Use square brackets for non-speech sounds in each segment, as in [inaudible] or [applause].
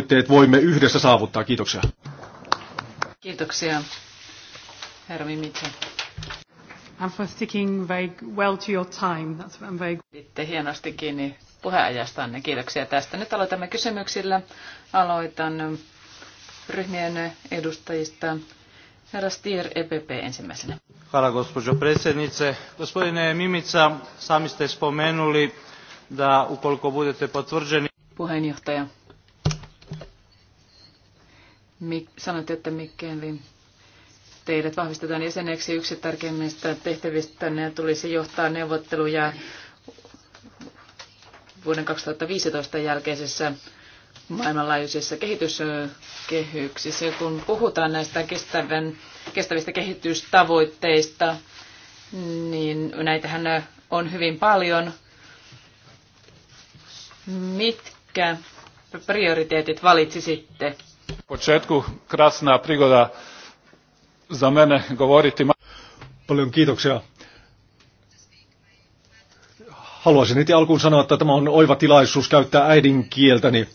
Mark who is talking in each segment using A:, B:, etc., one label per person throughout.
A: tavoitteet voimme yhdessä saavuttaa. Kiitoksia.
B: Kiitoksia, herra Mimitsa. And for sticking very well to your time. That's I'm
C: very... Sitten hienosti kiinni puheenajastanne. Kiitoksia tästä. Nyt aloitamme kysymyksillä. Aloitan ryhmien edustajista. Herra Stier, EPP ensimmäisenä.
D: Hvala, gospođo predsjednice. Gospodine Mimica, sami ste spomenuli da ukoliko budete potvrđeni... Puheenjohtaja
C: sanoitte, että mikäli teidät vahvistetaan jäseneksi yksi tärkeimmistä tehtävistä, ne tulisi johtaa neuvotteluja vuoden 2015 jälkeisessä maailmanlaajuisessa kehityskehyksissä. Kun puhutaan näistä kestävän, kestävistä kehitystavoitteista, niin näitähän on hyvin paljon. Mitkä prioriteetit valitsisitte?
E: Početku krasna prigoda za mene govoriti. Paljon kiitoksia.
A: Haluaisin heti alkuun sanoa, että tämä on oiva tilaisuus käyttää äidinkieltäni.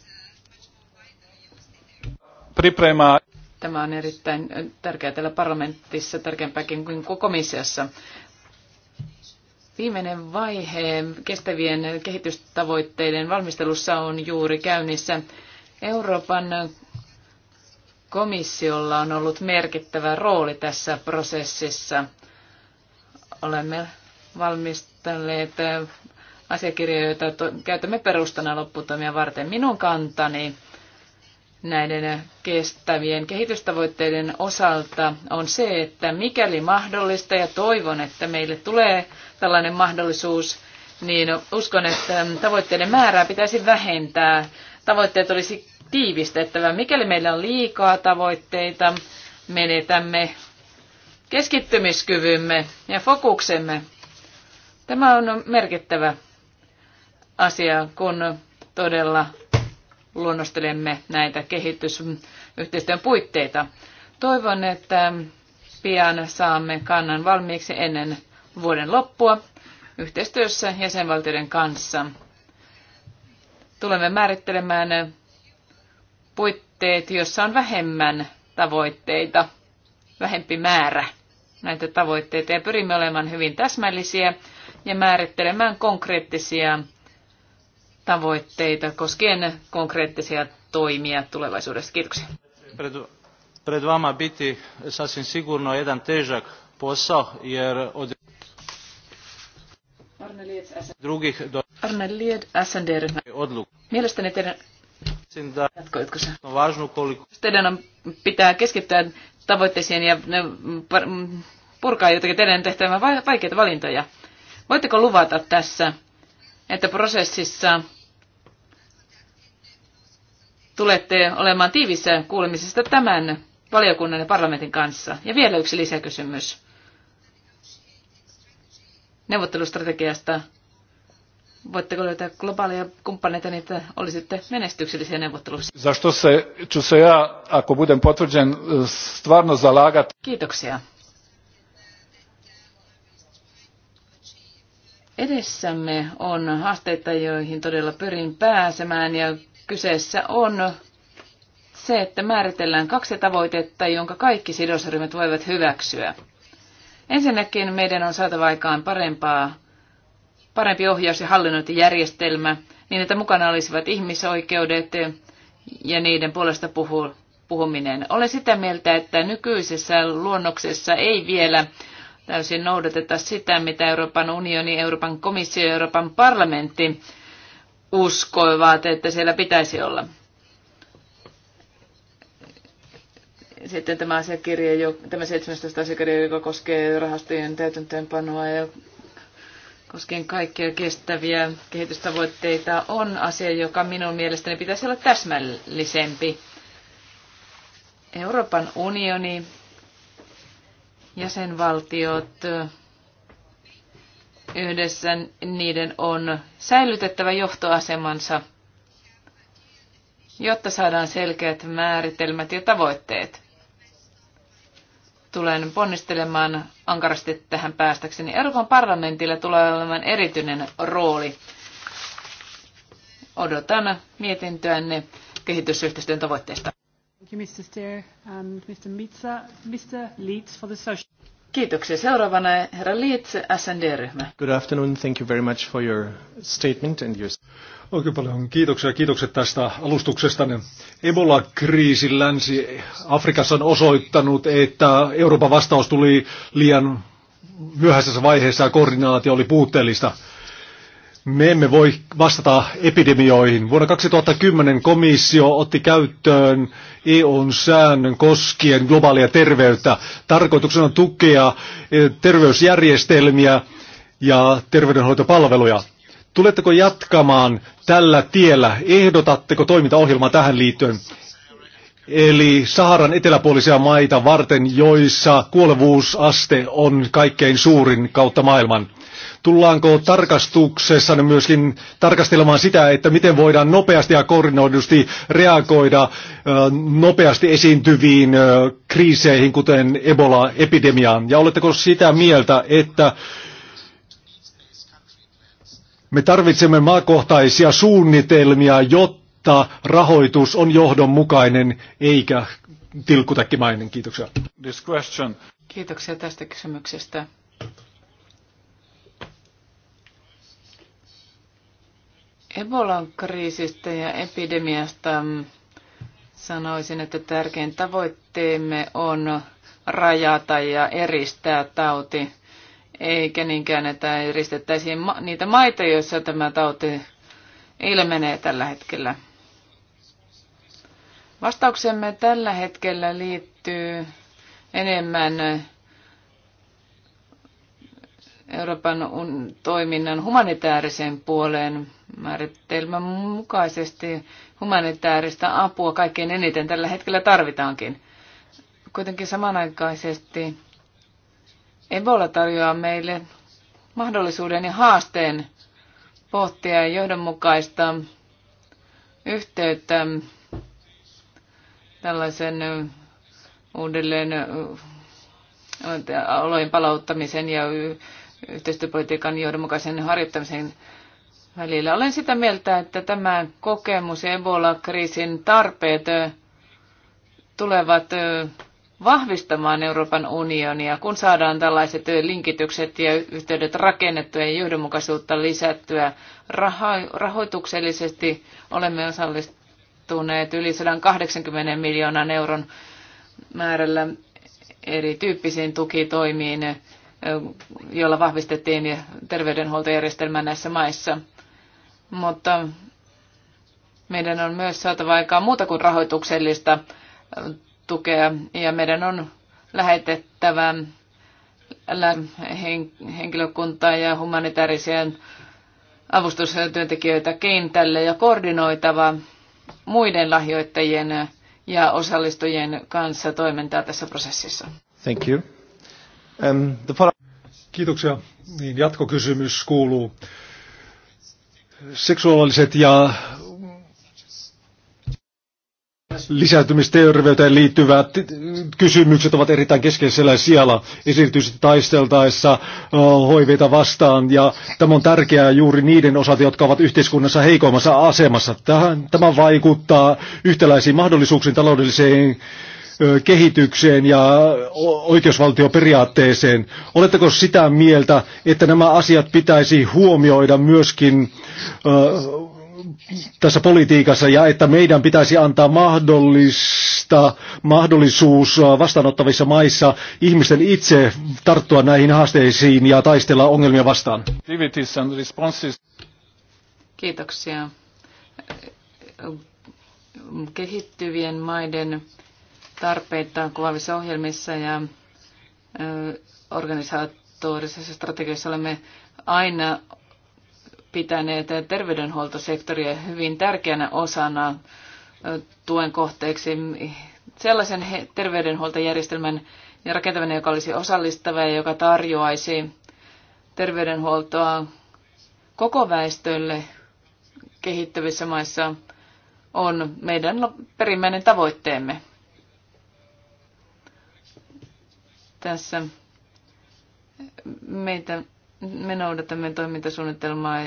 E: Priprema.
C: Tämä on erittäin tärkeää täällä parlamentissa, tärkeämpääkin kuin komissiossa. Viimeinen vaihe kestävien kehitystavoitteiden valmistelussa on juuri käynnissä. Euroopan Komissiolla on ollut merkittävä rooli tässä prosessissa. Olemme valmistelleet eh, asiakirjoja, joita käytämme perustana lopputoimia varten. Minun kantani näiden eh, kestävien kehitystavoitteiden osalta on se, että mikäli mahdollista, ja toivon, että meille tulee tällainen mahdollisuus, niin uskon, että mm, tavoitteiden määrää pitäisi vähentää. Tavoitteet olisi tiivistettävä. Mikäli meillä on liikaa tavoitteita, menetämme keskittymiskyvymme ja fokuksemme. Tämä on merkittävä asia, kun todella luonnostelemme näitä kehitysyhteistyön puitteita. Toivon, että pian saamme kannan valmiiksi ennen vuoden loppua yhteistyössä jäsenvaltioiden kanssa. Tulemme määrittelemään puitteet, joissa on vähemmän tavoitteita, vähempi määrä näitä tavoitteita ja pyrimme olemaan hyvin täsmällisiä ja määrittelemään konkreettisia tavoitteita koskien konkreettisia toimia
D: tulevaisuudessa. Kiitoksia. Pred, pred vama biti sasvim sigurno jedan težak posao, jer od drugih do... Arne Lied, SND-ryhmä. Mielestäni teidän Jatkoitko sä?
C: Teidän on, pitää keskittyä tavoitteisiin ja mm, purkaa jotakin teidän tehtävän vaikeita valintoja. Voitteko luvata tässä, että prosessissa tulette olemaan tiivissä kuulemisesta tämän valiokunnan ja parlamentin kanssa? Ja vielä yksi lisäkysymys neuvottelustrategiasta voitteko löytää globaaleja kumppaneita, niin että olisitte menestyksellisiä neuvottelussa.
E: Zašto se, ću se ja, ako budem potvrđen, stvarno zalagat. Kiitoksia.
C: Edessämme on haasteita, joihin todella pyrin pääsemään ja kyseessä on se, että määritellään kaksi tavoitetta, jonka kaikki sidosryhmät voivat hyväksyä. Ensinnäkin meidän on saatava aikaan parempaa parempi ohjaus- ja hallinnointijärjestelmä niin, että mukana olisivat ihmisoikeudet ja niiden puolesta puhuminen. Olen sitä mieltä, että nykyisessä luonnoksessa ei vielä täysin noudateta sitä, mitä Euroopan unioni, Euroopan komissio ja Euroopan parlamentti uskoivat, että siellä pitäisi olla. Sitten tämä asiakirja, tämä 17. asiakirja, joka koskee rahastojen täytäntöönpanoa ja koskien kaikkia kestäviä kehitystavoitteita on asia, joka minun mielestäni pitäisi olla täsmällisempi. Euroopan unioni, jäsenvaltiot, yhdessä niiden on säilytettävä johtoasemansa, jotta saadaan selkeät määritelmät ja tavoitteet tulen ponnistelemaan ankarasti tähän päästäkseni. Euroopan parlamentilla tulee olemaan erityinen rooli. Odotan mietintöänne kehitysyhteistyön tavoitteista.
F: Thank you, Mr. and Mr. Mitsa. Mr. Leeds for the social...
C: Kiitoksia. Seuraavana herra Liitse, SND-ryhmä.
A: Good afternoon. Thank you very much for your statement and your... Oikein paljon kiitoksia. Kiitokset tästä alustuksesta. Ebola-kriisi Länsi-Afrikassa on osoittanut, että Euroopan vastaus tuli liian myöhäisessä vaiheessa ja koordinaatio oli puutteellista. Me emme voi vastata epidemioihin. Vuonna 2010 komissio otti käyttöön EUn säännön koskien globaalia terveyttä. Tarkoituksena on tukea eh, terveysjärjestelmiä ja terveydenhoitopalveluja. Tuletteko jatkamaan tällä tiellä? Ehdotatteko toimintaohjelmaa tähän liittyen? Eli Saharan eteläpuolisia maita varten, joissa kuolevuusaste on kaikkein suurin kautta maailman. Tullaanko tarkastuksessa myöskin tarkastelemaan sitä, että miten voidaan nopeasti ja koordinoidusti reagoida nopeasti esiintyviin kriiseihin, kuten Ebola-epidemiaan? Ja oletteko sitä mieltä, että me tarvitsemme maakohtaisia suunnitelmia, jotta rahoitus on johdonmukainen eikä tilkkutäkkimäinen. Kiitoksia.
E: Kiitoksia
C: tästä kysymyksestä. Ebolan kriisistä ja epidemiasta sanoisin, että tärkein tavoitteemme on rajata ja eristää tauti, eikä niinkään, että eristettäisiin niitä maita, joissa tämä tauti ilmenee tällä hetkellä. Vastauksemme tällä hetkellä liittyy enemmän Euroopan toiminnan humanitaariseen puoleen määritelmän mukaisesti humanitaarista apua kaikkein eniten tällä hetkellä tarvitaankin. Kuitenkin samanaikaisesti Ebola tarjoaa meille mahdollisuuden ja haasteen pohtia johdonmukaista yhteyttä tällaisen uudelleen olojen palauttamisen ja yhteistyöpolitiikan johdonmukaisen harjoittamisen välillä. Olen sitä mieltä, että tämä kokemus ja Ebola-kriisin tarpeet tulevat vahvistamaan Euroopan unionia, kun saadaan tällaiset linkitykset ja yhteydet rakennettua ja johdonmukaisuutta lisättyä. Raho- rahoituksellisesti olemme osallistuneet yli 180 miljoonan euron määrällä erityyppisiin tukitoimiin, joilla vahvistettiin terveydenhuoltojärjestelmää näissä maissa mutta meidän on myös saatava aikaan muuta kuin rahoituksellista tukea ja meidän on lähetettävä henkilökuntaa ja humanitaarisia avustustyöntekijöitä kentälle ja koordinoitava muiden lahjoittajien ja osallistujien kanssa toimintaa tässä prosessissa.
E: Thank you.
A: Um, the... Kiitoksia. Niin, jatkokysymys kuuluu seksuaaliset ja lisääntymisterveyteen liittyvät kysymykset ovat erittäin keskeisellä siellä esityisesti taisteltaessa hoiveita vastaan, ja tämä on tärkeää juuri niiden osalta, jotka ovat yhteiskunnassa heikoimmassa asemassa. Tämä vaikuttaa yhtäläisiin mahdollisuuksiin taloudelliseen kehitykseen ja oikeusvaltioperiaatteeseen. Oletteko sitä mieltä, että nämä asiat pitäisi huomioida myöskin tässä politiikassa ja että meidän pitäisi antaa mahdollista, mahdollisuus vastaanottavissa maissa ihmisten itse tarttua näihin haasteisiin ja taistella ongelmia vastaan?
C: Kiitoksia. Kehittyvien maiden tarpeitaan kuvaavissa ohjelmissa ja organisatorisessa strategiassa olemme aina pitäneet terveydenhuoltosektoria hyvin tärkeänä osana tuen kohteeksi sellaisen terveydenhuoltojärjestelmän ja rakentaminen, joka olisi osallistava ja joka tarjoaisi terveydenhuoltoa koko väestölle kehittyvissä maissa on meidän perimmäinen tavoitteemme. Tässä meitä, me noudatamme toimintasuunnitelmaa,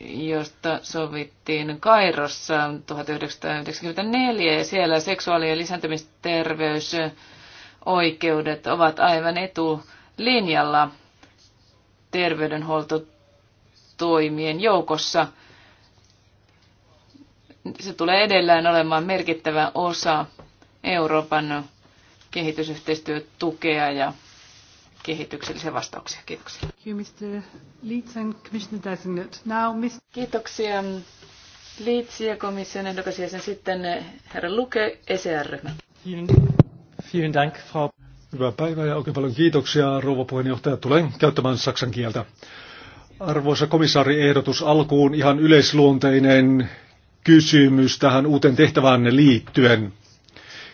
C: josta sovittiin Kairossa 1994 ja siellä seksuaali- ja lisääntymisterveysoikeudet ovat aivan etulinjalla terveydenhuoltotoimien joukossa. Se tulee edelleen olemaan merkittävä osa Euroopan kehitysyhteistyötukea ja kehityksellisiä vastauksia. Kiitoksia. Kiitoksia Leeds ja komission ehdokas ja sen sitten eh, herra Luke, ECR-ryhmä.
A: Vielen Dank, Frau. Hyvää päivää ja oikein paljon kiitoksia, rouva puheenjohtaja. Tulen käyttämään saksan kieltä. Arvoisa komissaari, ehdotus alkuun ihan yleisluonteinen kysymys tähän uuteen tehtävään liittyen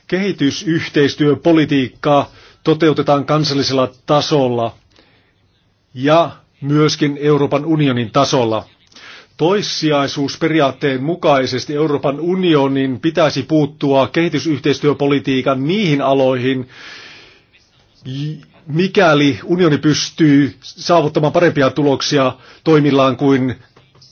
A: kehitysyhteistyöpolitiikkaa toteutetaan kansallisella tasolla ja myöskin Euroopan unionin tasolla. Toissijaisuusperiaatteen mukaisesti Euroopan unionin pitäisi puuttua kehitysyhteistyöpolitiikan niihin aloihin, mikäli unioni pystyy saavuttamaan parempia tuloksia toimillaan kuin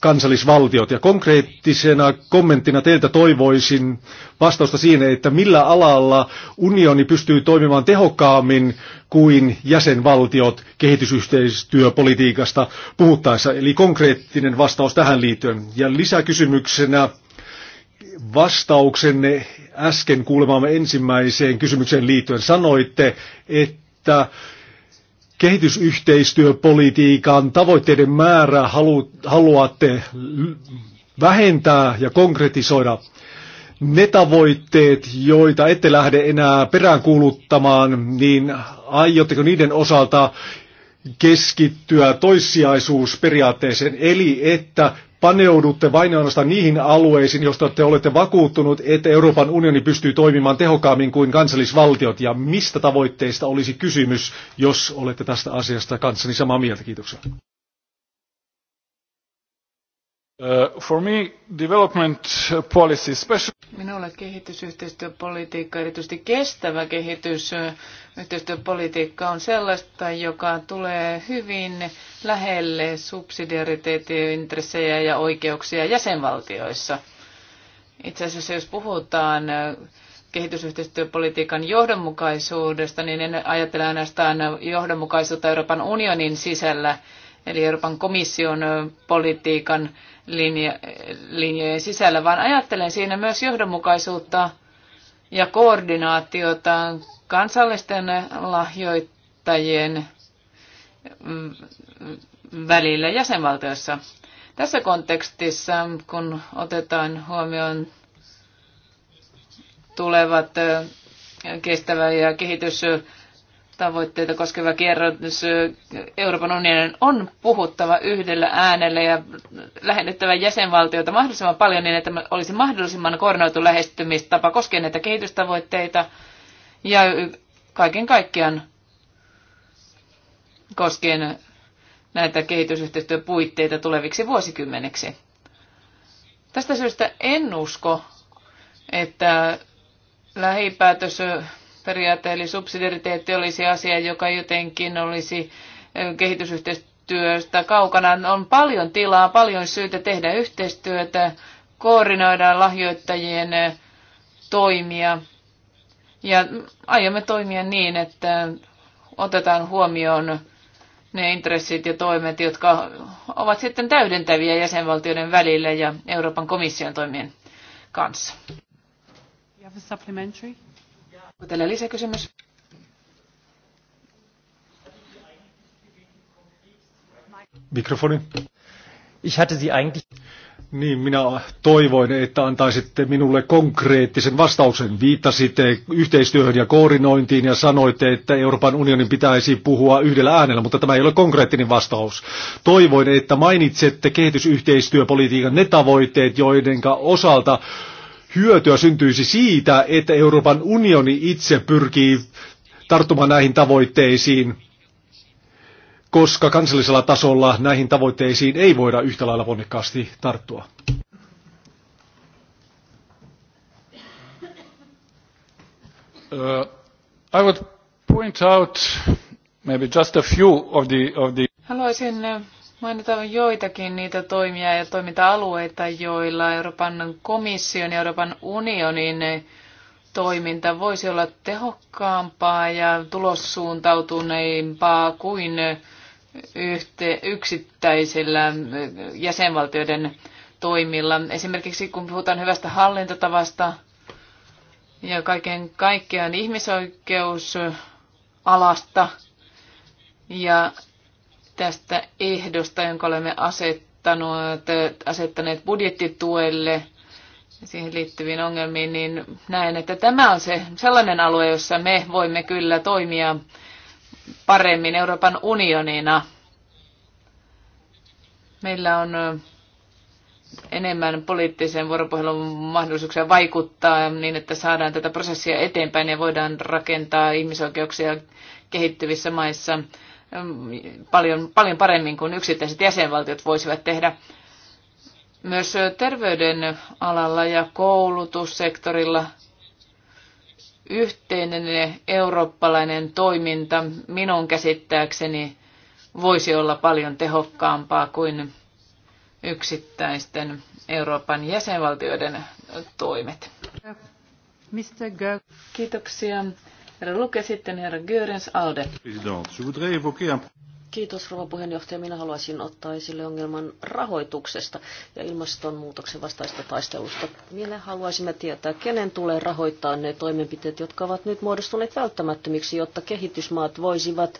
A: kansallisvaltiot. Ja konkreettisena kommenttina teiltä toivoisin vastausta siihen, että millä alalla unioni pystyy toimimaan tehokkaammin kuin jäsenvaltiot kehitysyhteistyöpolitiikasta puhuttaessa. Eli konkreettinen vastaus tähän liittyen. Ja lisäkysymyksenä vastauksenne äsken kuulemaamme ensimmäiseen kysymykseen liittyen sanoitte, että kehitysyhteistyöpolitiikan tavoitteiden määrää halu, haluatte vähentää ja konkretisoida ne tavoitteet, joita ette lähde enää peräänkuuluttamaan, niin aiotteko niiden osalta keskittyä toissijaisuusperiaatteeseen, eli että paneudutte vain ainoastaan niihin alueisiin, joista te olette vakuuttunut, että Euroopan unioni pystyy toimimaan tehokkaammin kuin kansallisvaltiot. Ja mistä tavoitteista olisi kysymys, jos olette tästä asiasta kanssani samaa mieltä? Kiitoksia.
E: Uh, for me, development policy, especially...
C: Minulle kehitysyhteistyöpolitiikka, erityisesti kestävä kehitysyhteistyöpolitiikka on sellaista, joka tulee hyvin lähelle subsidiariteettiintressejä ja oikeuksia jäsenvaltioissa. Itse asiassa jos puhutaan kehitysyhteistyöpolitiikan johdonmukaisuudesta, niin en ajattele ainoastaan johdonmukaisuutta Euroopan unionin sisällä, eli Euroopan komission politiikan linja, linjojen sisällä, vaan ajattelen siinä myös johdonmukaisuutta ja koordinaatiota kansallisten lahjoittajien mm, välillä jäsenvaltioissa. Tässä kontekstissa, kun otetaan huomioon tulevat kestävä ja kehitys tavoitteita koskeva kierros Euroopan unionin on puhuttava yhdellä äänellä ja lähennettävä jäsenvaltioita mahdollisimman paljon niin, että olisi mahdollisimman koordinoitu lähestymistapa koskien näitä kehitystavoitteita ja kaiken kaikkiaan koskien näitä kehitysyhteistyöpuitteita tuleviksi vuosikymmeneksi. Tästä syystä en usko, että lähipäätös perusperiaate, eli subsidiariteetti olisi asia, joka jotenkin olisi kehitysyhteistyöstä kaukana. On paljon tilaa, paljon syytä tehdä yhteistyötä, koordinoida lahjoittajien toimia. Ja aiomme toimia niin, että otetaan huomioon ne intressit ja toimet, jotka ovat sitten täydentäviä jäsenvaltioiden välillä ja Euroopan komission toimien kanssa. You have a supplementary? Teillä lisäkysymys?
A: Mikrofoni. Ich hatte sie eigentlich... Niin, minä toivoin, että antaisitte minulle konkreettisen vastauksen. Viittasitte yhteistyöhön ja koordinointiin ja sanoitte, että Euroopan unionin pitäisi puhua yhdellä äänellä, mutta tämä ei ole konkreettinen vastaus. Toivoin, että mainitsette kehitysyhteistyöpolitiikan ne tavoitteet, joidenka osalta hyötyä syntyisi siitä, että Euroopan unioni itse pyrkii tarttumaan näihin tavoitteisiin, koska kansallisella tasolla näihin tavoitteisiin ei voida yhtä lailla
E: ponnekkaasti tarttua. Uh, I would point out maybe just a few of the, of the...
C: Haluaisin uh, Mainitaan joitakin niitä toimia ja toiminta-alueita, joilla Euroopan komission ja Euroopan unionin toiminta voisi olla tehokkaampaa ja tulossuuntautuneimpaa kuin yhte, yksittäisillä jäsenvaltioiden toimilla. Esimerkiksi kun puhutaan hyvästä hallintotavasta ja kaiken kaikkiaan ihmisoikeusalasta ja tästä ehdosta, jonka olemme asettanut, asettaneet budjettituelle ja siihen liittyviin ongelmiin, niin näen, että tämä on se sellainen alue, jossa me voimme kyllä toimia paremmin Euroopan unionina. Meillä on enemmän poliittisen vuoropuhelun mahdollisuuksia vaikuttaa niin, että saadaan tätä prosessia eteenpäin ja voidaan rakentaa ihmisoikeuksia kehittyvissä maissa paljon, paljon paremmin kuin yksittäiset jäsenvaltiot voisivat tehdä. Myös terveyden alalla ja koulutussektorilla yhteinen eurooppalainen toiminta minun käsittääkseni voisi olla paljon tehokkaampaa kuin yksittäisten Euroopan jäsenvaltioiden toimet.
G: Mr. Kiitoksia. Herra Luke, sitten herra Görens Alde. Kiitos rouva puheenjohtaja. Minä haluaisin ottaa esille ongelman rahoituksesta ja ilmastonmuutoksen vastaista taistelusta. Minä haluaisimme tietää, kenen tulee rahoittaa ne toimenpiteet, jotka ovat nyt muodostuneet välttämättömiksi, jotta kehitysmaat voisivat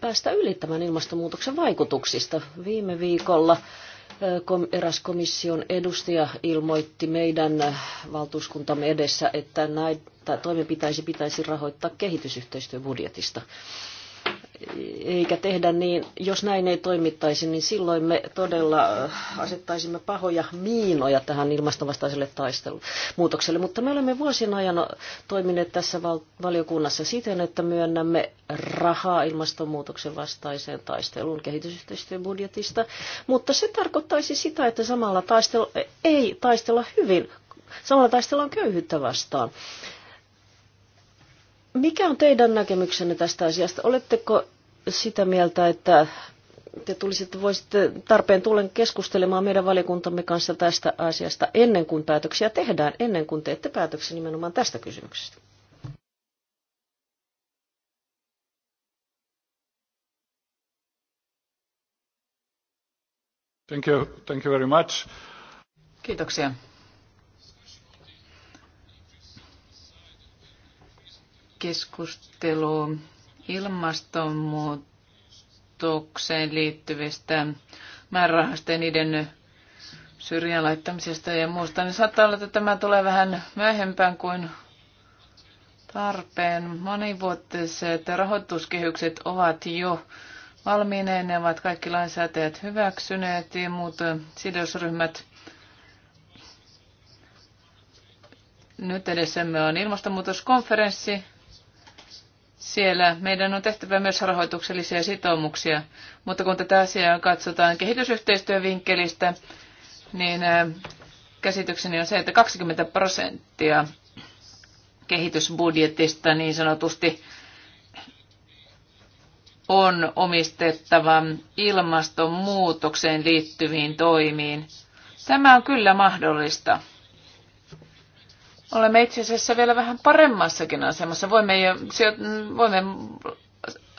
G: päästä yli tämän ilmastonmuutoksen vaikutuksista. Viime viikolla eräs komission edustaja ilmoitti meidän valtuuskuntamme edessä, että näitä toimenpiteitä pitäisi rahoittaa kehitysyhteistyöbudjetista. budjetista eikä tehdä niin, jos näin ei toimittaisi, niin silloin me todella äh, asettaisimme pahoja miinoja tähän ilmastovastaiselle taistelulle muutokselle. Mutta me olemme vuosien ajan toimineet tässä val- valiokunnassa siten, että myönnämme rahaa ilmastonmuutoksen vastaiseen taisteluun budjetista. mutta se tarkoittaisi sitä, että samalla taistelu ei taistella hyvin, samalla taistellaan köyhyyttä vastaan. Mikä on teidän näkemyksenne tästä asiasta? Oletteko sitä mieltä, että te tulisitte, voisitte tarpeen tullen keskustelemaan meidän valiokuntamme kanssa tästä asiasta ennen kuin päätöksiä tehdään, ennen kuin teette päätöksen nimenomaan tästä kysymyksestä.
E: Thank you, thank you very much.
C: Kiitoksia. Keskustelu ilmastonmuutokseen liittyvistä määrärahasta ja niiden syrjään laittamisesta ja muusta, niin saattaa olla, että tämä tulee vähän myöhempään kuin tarpeen. Monivuotiset rahoituskehykset ovat jo valmiineen, ne ovat kaikki lainsäätäjät hyväksyneet ja muut sidosryhmät. Nyt edessämme on ilmastonmuutoskonferenssi, siellä meidän on tehtävä myös rahoituksellisia sitoumuksia, mutta kun tätä asiaa katsotaan kehitysyhteistyövinkkelistä, niin käsitykseni on se, että 20 prosenttia kehitysbudjetista niin sanotusti on omistettava ilmastonmuutokseen liittyviin toimiin. Tämä on kyllä mahdollista olemme itse asiassa vielä vähän paremmassakin asemassa. Voimme, jo, voimme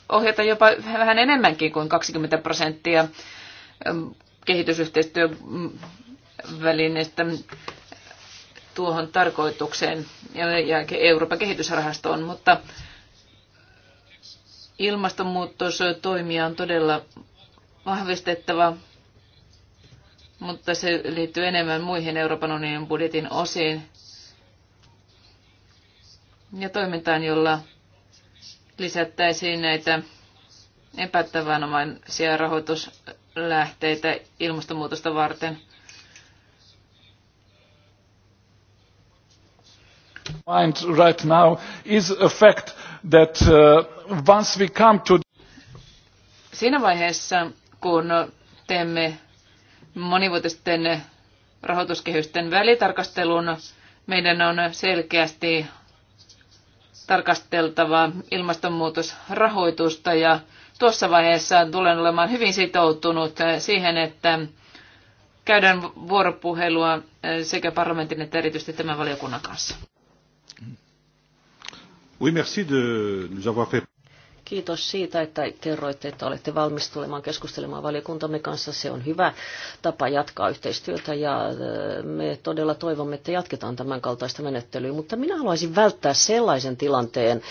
C: ohjata jopa vähän enemmänkin kuin 20 prosenttia mm, kehitysyhteistyön tuohon tarkoitukseen ja Euroopan kehitysrahastoon, mutta toimia on todella vahvistettava, mutta se liittyy enemmän muihin Euroopan unionin budjetin osiin ja toimintaan, jolla lisättäisiin näitä epätavanomaisia rahoituslähteitä ilmastonmuutosta varten.
E: mind right now is a fact that uh, once we come to
C: Siinä vaiheessa, kun teemme monivuotisten rahoituskehysten välitarkastelun, meidän on selkeästi tarkasteltava ilmastonmuutosrahoitusta ja tuossa vaiheessa tulen olemaan hyvin sitoutunut siihen, että käydään vuoropuhelua sekä parlamentin että erityisesti tämän valiokunnan kanssa.
D: Oui, merci de nous avoir fait...
G: Kiitos siitä, että kerroitte, että olette valmis tulemaan keskustelemaan valiokuntamme kanssa. Se on hyvä tapa jatkaa yhteistyötä ja äh, me todella toivomme, että jatketaan tämän kaltaista menettelyä. Mutta minä haluaisin välttää sellaisen tilanteen,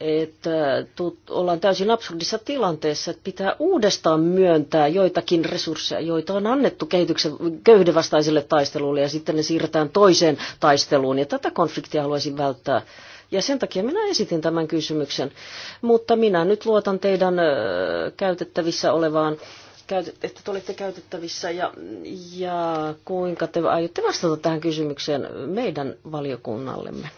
G: että ollaan täysin absurdissa tilanteessa, että pitää uudestaan myöntää joitakin resursseja, joita on annettu kehityksen köyhdevastaiselle taistelulle ja sitten ne siirretään toiseen taisteluun. Ja tätä konfliktia haluaisin välttää. Ja sen takia minä esitin tämän kysymyksen. Mutta minä nyt luotan teidän käytettävissä olevaan että te olette käytettävissä ja, ja kuinka te aiotte vastata tähän kysymykseen meidän valiokunnallemme.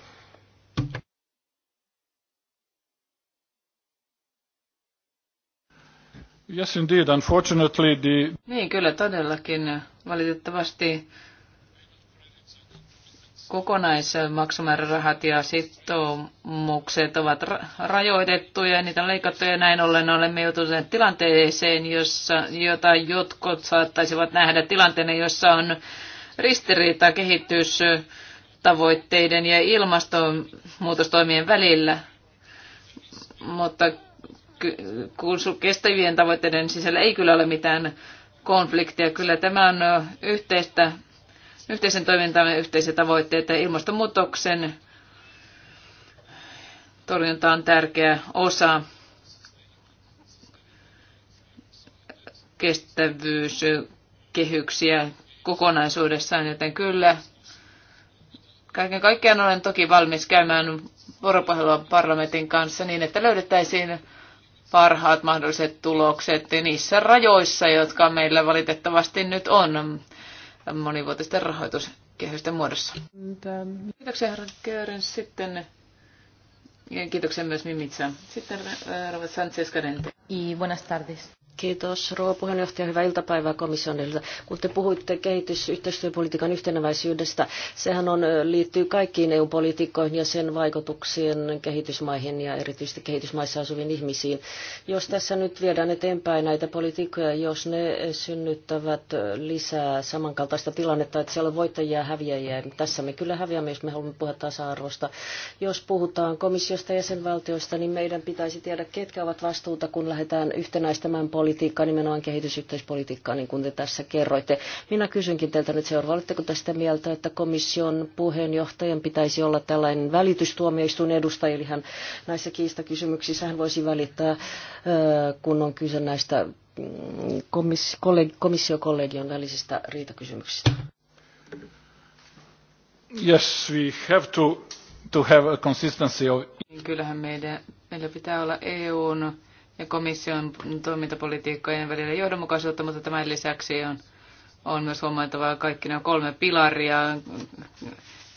E: Yes, indeed. Unfortunately, the...
C: Niin, kyllä todellakin. Valitettavasti kokonaismaksumäärärahat ja sitoumukset ovat rajoitettuja ja niitä on leikattu ja näin ollen olemme joutuneet tilanteeseen, jossa, jota jotkut saattaisivat nähdä tilanteena, jossa on ristiriita tavoitteiden ja ilmastonmuutostoimien välillä. Mutta kun kestävien tavoitteiden sisällä ei kyllä ole mitään konfliktia, kyllä tämä on yhteistä yhteisen toimintamme yhteisiä tavoitteita. Ilmastonmuutoksen torjunta on tärkeä osa kestävyyskehyksiä kokonaisuudessaan, joten kyllä kaiken kaikkiaan olen toki valmis käymään vuoropuhelua parlamentin kanssa niin, että löydettäisiin parhaat mahdolliset tulokset niissä rajoissa, jotka meillä valitettavasti nyt on monivuotisten rahoituskehysten muodossa. Kiitoksia herra Köören. Sitten kiitoksia myös Mimitsa. Sitten herra äh, Sanchez Cadente.
H: Y buenas tardes.
G: Kiitos rouva puheenjohtaja. Hyvää iltapäivää komissionilta. Kun te puhuitte kehitysyhteistyöpolitiikan yhtenäväisyydestä, sehän on, liittyy kaikkiin EU-politiikkoihin ja sen vaikutuksiin kehitysmaihin ja erityisesti kehitysmaissa asuviin ihmisiin. Jos tässä nyt viedään eteenpäin näitä politiikkoja, jos ne synnyttävät lisää samankaltaista tilannetta, että siellä on voittajia ja häviäjiä, niin tässä me kyllä häviämme, jos me haluamme puhua tasa-arvosta. Jos puhutaan komissiosta ja jäsenvaltioista, niin meidän pitäisi tiedä, ketkä ovat vastuuta, kun lähdetään yhtenäistämään politiikkaa politiikkaa, nimenomaan kehitysyhteispolitiikkaa, niin kuin te tässä kerroitte. Minä kysynkin teiltä nyt seuraava, oletteko tästä mieltä, että komission puheenjohtajan pitäisi olla tällainen välitystuomioistuin edustaja, eli hän näissä kiistakysymyksissä hän voisi välittää, kun on kyse näistä mm, komissiokollegion välisistä
E: riitakysymyksistä. Yes, we have to, to have a consistency of...
C: Niin kyllähän meidän, meillä pitää olla EUn ja komission toimintapolitiikkojen välillä johdonmukaisuutta, mutta tämän lisäksi on, on myös huomattavaa kaikki nämä kolme pilaria,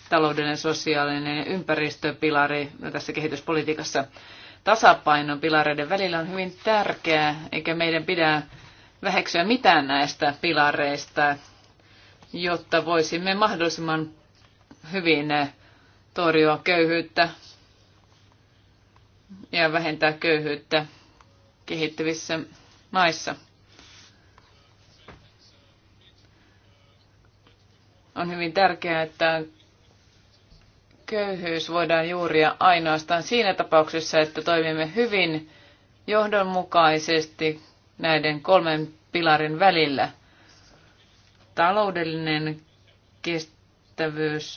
C: taloudellinen, sosiaalinen ja ympäristöpilari tässä kehityspolitiikassa. Tasapaino pilareiden välillä on hyvin tärkeää, eikä meidän pidä väheksyä mitään näistä pilareista, jotta voisimme mahdollisimman hyvin torjua köyhyyttä ja vähentää köyhyyttä kehittyvissä maissa. On hyvin tärkeää, että köyhyys voidaan juuria ainoastaan siinä tapauksessa, että toimimme hyvin johdonmukaisesti näiden kolmen pilarin välillä. Taloudellinen kestävyys,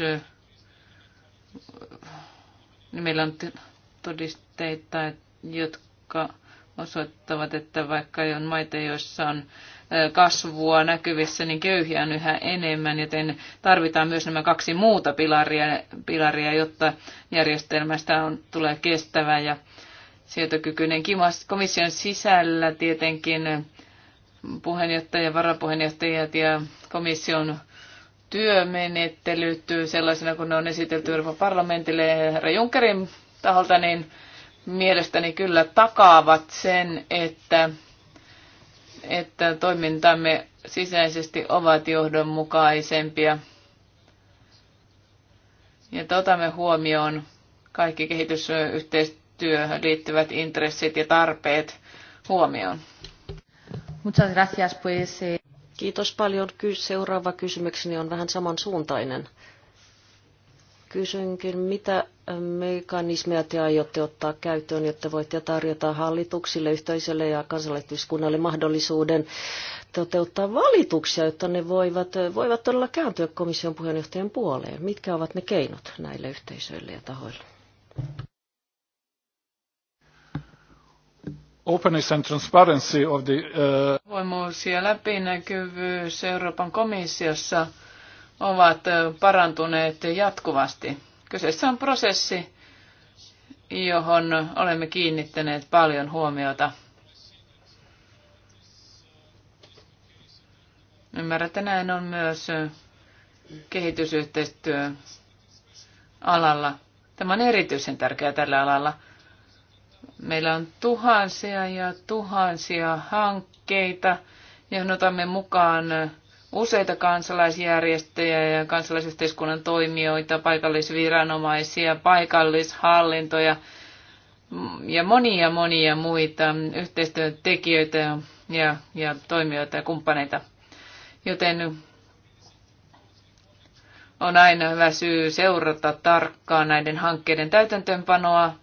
C: niin meillä on todisteita, jotka osoittavat, että vaikka on maita, joissa on kasvua näkyvissä, niin köyhiä on yhä enemmän, joten tarvitaan myös nämä kaksi muuta pilaria, pilaria jotta järjestelmästä on, tulee kestävä ja sietokykyinen. Komission sisällä tietenkin puheenjohtaja, varapuheenjohtajat ja komission työmenettelyt sellaisena, kun ne on esitelty Euroopan parlamentille ja herra Junckerin taholta, niin mielestäni kyllä takaavat sen, että, että toimintamme sisäisesti ovat johdonmukaisempia. Ja otamme huomioon kaikki kehitysyhteistyöhön liittyvät intressit ja tarpeet
G: huomioon. Muchas gracias, pues. Eh. Kiitos paljon. Seuraava kysymykseni on vähän samansuuntainen. Kysynkin, mitä mekanismeja te aiotte ottaa käyttöön, jotta voitte tarjota hallituksille, yhteisölle ja kansalaisyhteiskunnalle mahdollisuuden toteuttaa valituksia, jotta ne voivat, voivat todella kääntyä komission puheenjohtajan puoleen? Mitkä ovat ne keinot näille yhteisöille ja tahoille?
E: Openness and transparency of the, uh...
C: Voimuus ja läpinäkyvyys Euroopan komissiossa – ovat parantuneet jatkuvasti. Kyseessä on prosessi, johon olemme kiinnittäneet paljon huomiota. Ymmärrätte, näin on myös kehitysyhteistyö alalla. Tämä on erityisen tärkeää tällä alalla. Meillä on tuhansia ja tuhansia hankkeita, johon otamme mukaan useita kansalaisjärjestöjä ja kansalaisyhteiskunnan toimijoita, paikallisviranomaisia, paikallishallintoja ja monia monia muita yhteistyötekijöitä ja, ja toimijoita ja kumppaneita. Joten on aina hyvä syy seurata tarkkaan näiden hankkeiden täytäntöönpanoa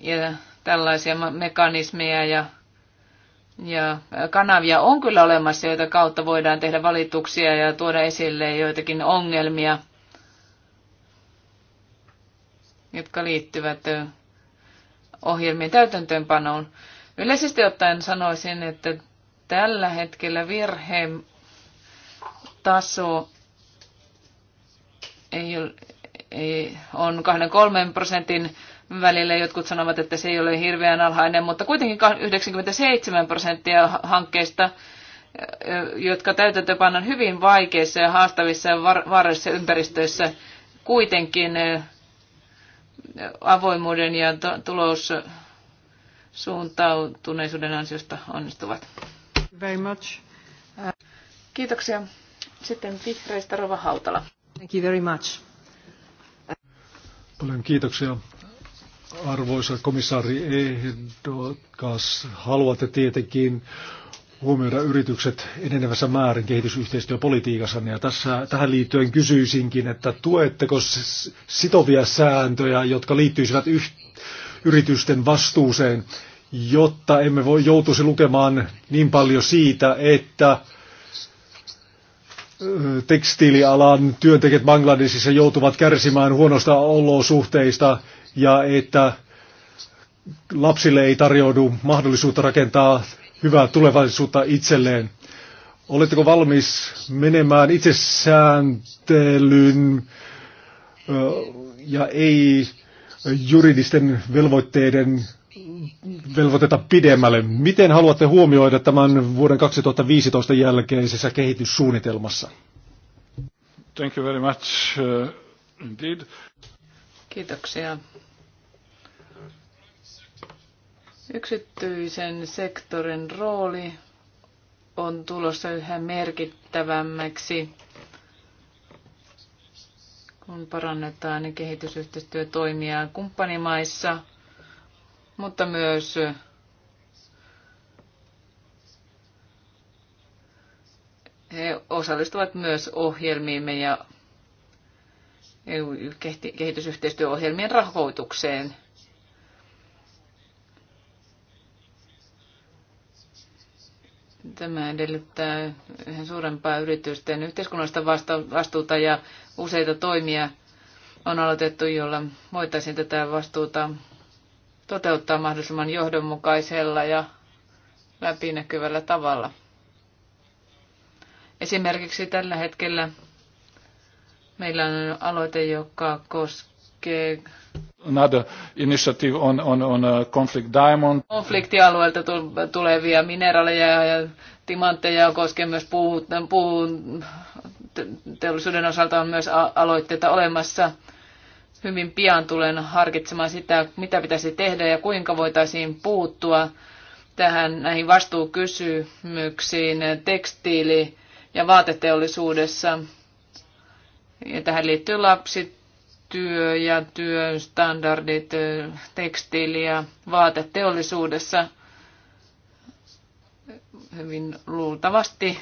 C: ja tällaisia mekanismeja ja ja äh, kanavia on kyllä olemassa, joita kautta voidaan tehdä valituksia ja tuoda esille joitakin ongelmia, jotka liittyvät äh, ohjelmien täytäntöönpanoon. Yleisesti ottaen sanoisin, että tällä hetkellä virheen taso ei, ei, on 2-3 prosentin Välillä jotkut sanovat, että se ei ole hirveän alhainen, mutta kuitenkin 97 prosenttia hankkeista, jotka täytäntöpannan hyvin vaikeissa ja haastavissa ja vaarallisissa ympäristöissä, kuitenkin avoimuuden ja tulos suuntautuneisuuden ansiosta onnistuvat. Very much. Kiitoksia. Sitten vihreistä Rova Hautala. Thank
G: you very much.
A: Paljon kiitoksia. Arvoisa komissaari ehdokas, haluatte tietenkin huomioida yritykset enenevässä määrin kehitysyhteistyöpolitiikassa. Ja tässä, tähän liittyen kysyisinkin, että tuetteko sitovia sääntöjä, jotka liittyisivät yh- yritysten vastuuseen, jotta emme voi joutuisi lukemaan niin paljon siitä, että tekstiilialan työntekijät Bangladesissa joutuvat kärsimään huonosta olosuhteista ja että lapsille ei tarjoudu mahdollisuutta rakentaa hyvää tulevaisuutta itselleen. Oletteko valmis menemään itsesääntelyn ja ei juridisten velvoitteiden velvoiteta pidemmälle? Miten haluatte huomioida tämän vuoden 2015 jälkeisessä kehityssuunnitelmassa?
E: Thank you very much, uh, indeed.
C: Kiitoksia. Yksityisen sektorin rooli on tulossa yhä merkittävämmäksi, kun parannetaan kehitysyhteistyötoimia kumppanimaissa, mutta myös he osallistuvat myös ohjelmiimme ja EU-kehitysyhteistyöohjelmien rahoitukseen. Tämä edellyttää yhä suurempaa yritysten yhteiskunnallista vastuuta ja useita toimia on aloitettu, joilla voitaisiin tätä vastuuta toteuttaa mahdollisimman johdonmukaisella ja läpinäkyvällä tavalla. Esimerkiksi tällä hetkellä Meillä on aloite, joka koskee
E: another initiative on, on, on a uh, conflict diamond.
C: Konfliktialueelta tulevia mineraaleja ja timantteja koskee myös puun, puun teollisuuden osalta on myös aloitteita olemassa. Hyvin pian tulen harkitsemaan sitä, mitä pitäisi tehdä ja kuinka voitaisiin puuttua tähän näihin vastuukysymyksiin tekstiili- ja vaateteollisuudessa ja tähän liittyy lapsityö ja työn standardit, tekstiili- ja vaateteollisuudessa. Hyvin luultavasti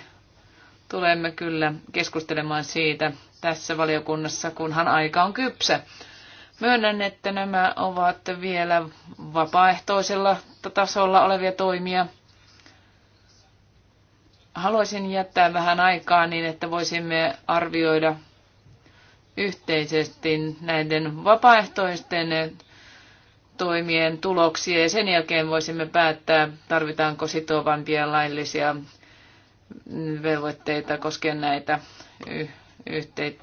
C: tulemme kyllä keskustelemaan siitä tässä valiokunnassa, kunhan aika on kypsä. Myönnän, että nämä ovat vielä vapaaehtoisella tasolla olevia toimia. Haluaisin jättää vähän aikaa niin, että voisimme arvioida yhteisesti näiden vapaaehtoisten toimien tuloksia ja sen jälkeen voisimme päättää, tarvitaanko sitovampia laillisia velvoitteita koskien näitä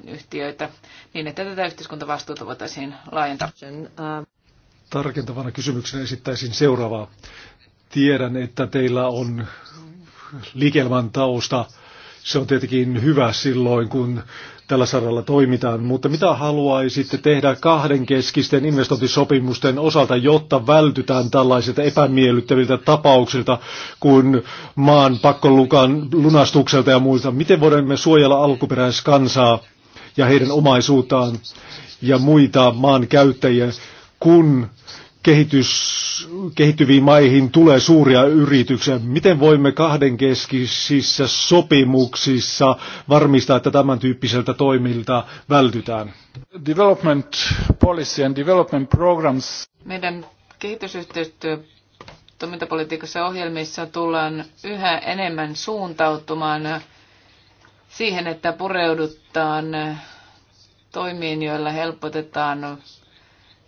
C: yhtiöitä niin, että tätä yhteiskuntavastuuta voitaisiin laajentaa.
A: Tarkentavana kysymyksenä esittäisin seuraavaa. Tiedän, että teillä on liikelman tausta. Se on tietenkin hyvä silloin, kun tällä saralla toimitaan. Mutta mitä haluaisitte tehdä kahdenkeskisten investointisopimusten osalta, jotta vältytään tällaisilta epämiellyttäviltä tapauksilta kuin maan pakkolukan lunastukselta ja muilta? Miten voimme suojella alkuperäiskansaa ja heidän omaisuuttaan ja muita maan käyttäjiä, kun kehitys, kehittyviin maihin tulee suuria yrityksiä. Miten voimme kahdenkeskisissä sopimuksissa varmistaa,
E: että tämän tyyppiseltä toimilta vältytään? Development policy and development programs.
C: Meidän kehitysyhteistyö toimintapolitiikassa ohjelmissa tullaan yhä enemmän suuntautumaan siihen, että pureudutaan toimiin, joilla helpotetaan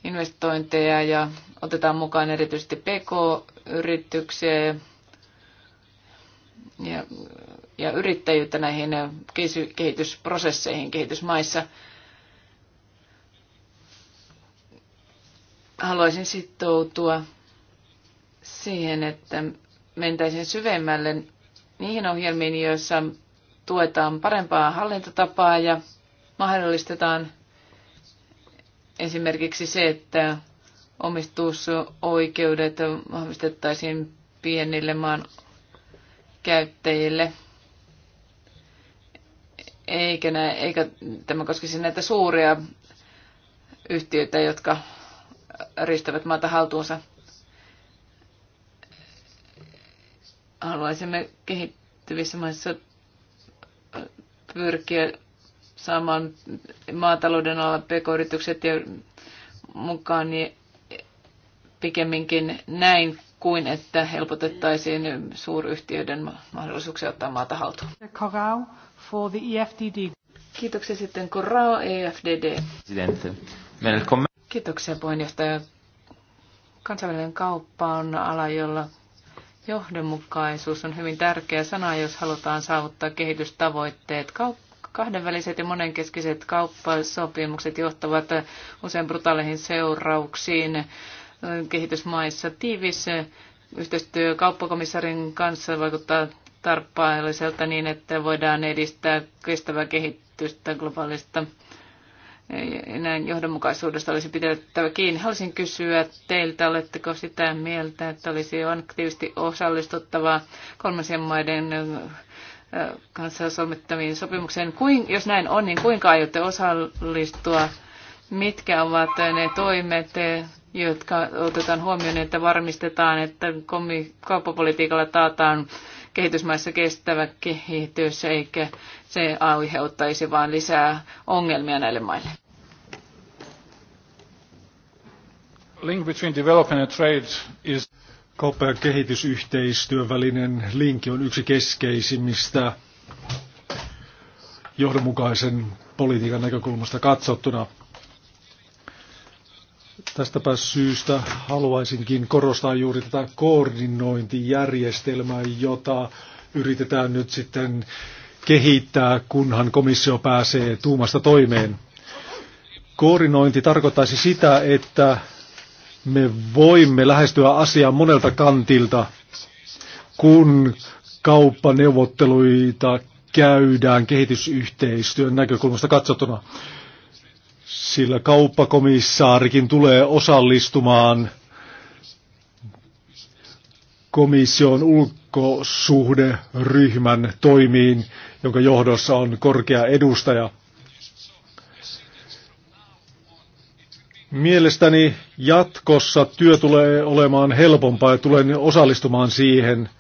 C: investointeja ja otetaan mukaan erityisesti PK-yrityksiä ja, ja yrittäjyyttä näihin kehitysprosesseihin kehitysmaissa. Haluaisin sitoutua siihen, että mentäisin syvemmälle niihin ohjelmiin, joissa tuetaan parempaa hallintotapaa ja mahdollistetaan esimerkiksi se, että omistusoikeudet vahvistettaisiin pienille maan käyttäjille. Eikä, nä, eikä tämä koskisi näitä suuria yhtiöitä, jotka ristävät maata haltuunsa. Haluaisimme kehittyvissä maissa pyrkiä saamaan maatalouden alla pk-yritykset ja mukaan, niin pikemminkin näin kuin että helpotettaisiin suuryhtiöiden mahdollisuuksia ottaa maata haltuun. For the EFDD. Kiitoksia sitten Corrao EFDD. Kiitoksia puheenjohtaja. Kansainvälinen kauppa on ala, jolla johdonmukaisuus on hyvin tärkeä sana, jos halutaan saavuttaa kehitystavoitteet. Kauppa kahdenväliset ja monenkeskiset kauppasopimukset johtavat usein brutaaleihin seurauksiin kehitysmaissa. Tiivis yhteistyö kauppakomissarin kanssa vaikuttaa tarpeelliselta niin, että voidaan edistää kestävää kehitystä globaalista näin johdonmukaisuudesta olisi pidettävä kiinni. Haluaisin kysyä teiltä, oletteko sitä mieltä, että olisi aktiivisesti osallistuttavaa kolmansien maiden äh, kanssa solmittaviin sopimukseen. Kuin, jos näin on, niin kuinka aiotte osallistua? Mitkä ovat ne toimet jotka otetaan huomioon, niin että varmistetaan, että kauppapolitiikalla taataan kehitysmaissa kestävä kehitys, eikä se aiheuttaisi vaan lisää ongelmia näille maille.
E: Link between development and trade is... Kauppa- ja kehitysyhteistyön
A: välinen linkki on yksi keskeisimmistä johdonmukaisen politiikan näkökulmasta katsottuna. Tästäpä syystä haluaisinkin korostaa juuri tätä koordinointijärjestelmää, jota yritetään nyt sitten kehittää, kunhan komissio pääsee tuumasta toimeen. Koordinointi tarkoittaisi sitä, että me voimme lähestyä asiaa monelta kantilta, kun kauppaneuvotteluita käydään kehitysyhteistyön näkökulmasta katsottuna sillä kauppakomissaarikin tulee osallistumaan komission ulkosuhderyhmän toimiin, jonka johdossa on korkea edustaja. Mielestäni jatkossa työ tulee olemaan helpompaa ja tulen osallistumaan siihen.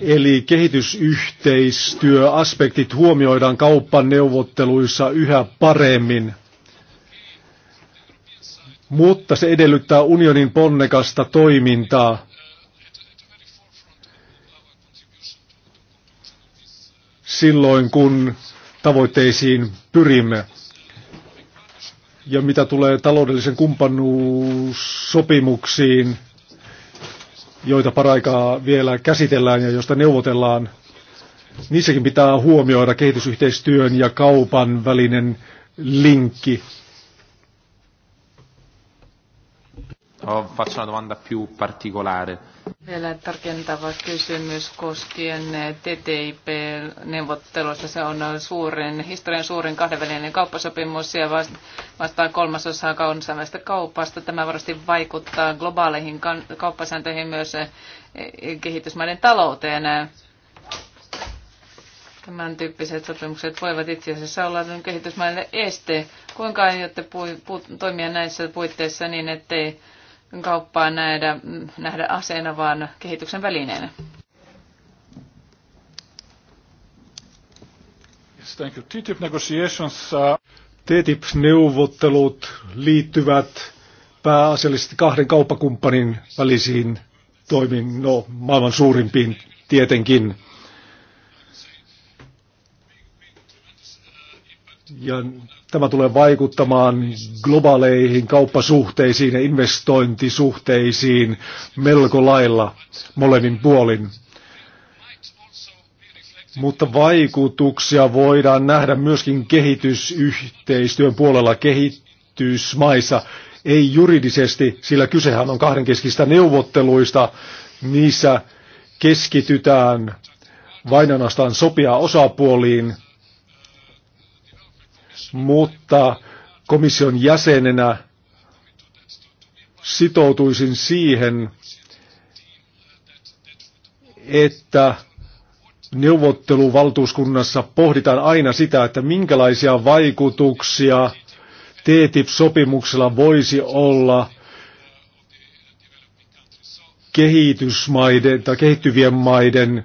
A: Eli kehitysyhteistyöaspektit huomioidaan kauppaneuvotteluissa yhä paremmin mutta se edellyttää unionin ponnekasta toimintaa. silloin, kun tavoitteisiin pyrimme. Ja mitä tulee taloudellisen kumppanuussopimuksiin, joita paraikaa vielä käsitellään ja joista neuvotellaan, niissäkin pitää huomioida kehitysyhteistyön ja kaupan välinen linkki.
F: Faccio una domanda più particolare.
C: Vielä tarkentava kysymys koskien TTIP-neuvottelusta. Se on suurin, historian suurin kahdenvälinen kauppasopimus ja vastaa kolmasosaa kansainvälistä kaupasta. Tämä varmasti vaikuttaa globaaleihin kauppasääntöihin myös e, kehitysmaiden talouteen. Tämän tyyppiset sopimukset voivat itse asiassa olla kehitysmaille este. Kuinka aiotte toimia näissä puitteissa niin, ettei kauppaa nähdä, nähdä aseena, vaan kehityksen välineenä.
E: Yes, thank you. TTIP negotiations, uh... TTIP-neuvottelut liittyvät
A: pääasiallisesti kahden kauppakumppanin välisiin toimiin, no maailman suurimpiin tietenkin. Ja Tämä tulee vaikuttamaan globaaleihin kauppasuhteisiin ja investointisuhteisiin melko lailla molemmin puolin. Mutta vaikutuksia voidaan nähdä myöskin kehitysyhteistyön puolella kehitysmaissa. Ei juridisesti, sillä kysehän on kahdenkeskistä neuvotteluista. Niissä keskitytään vain ainoastaan sopia osapuoliin – mutta komission jäsenenä sitoutuisin siihen, että neuvotteluvaltuuskunnassa pohditaan aina sitä, että minkälaisia vaikutuksia TTIP-sopimuksella voisi olla kehitysmaiden tai kehittyvien maiden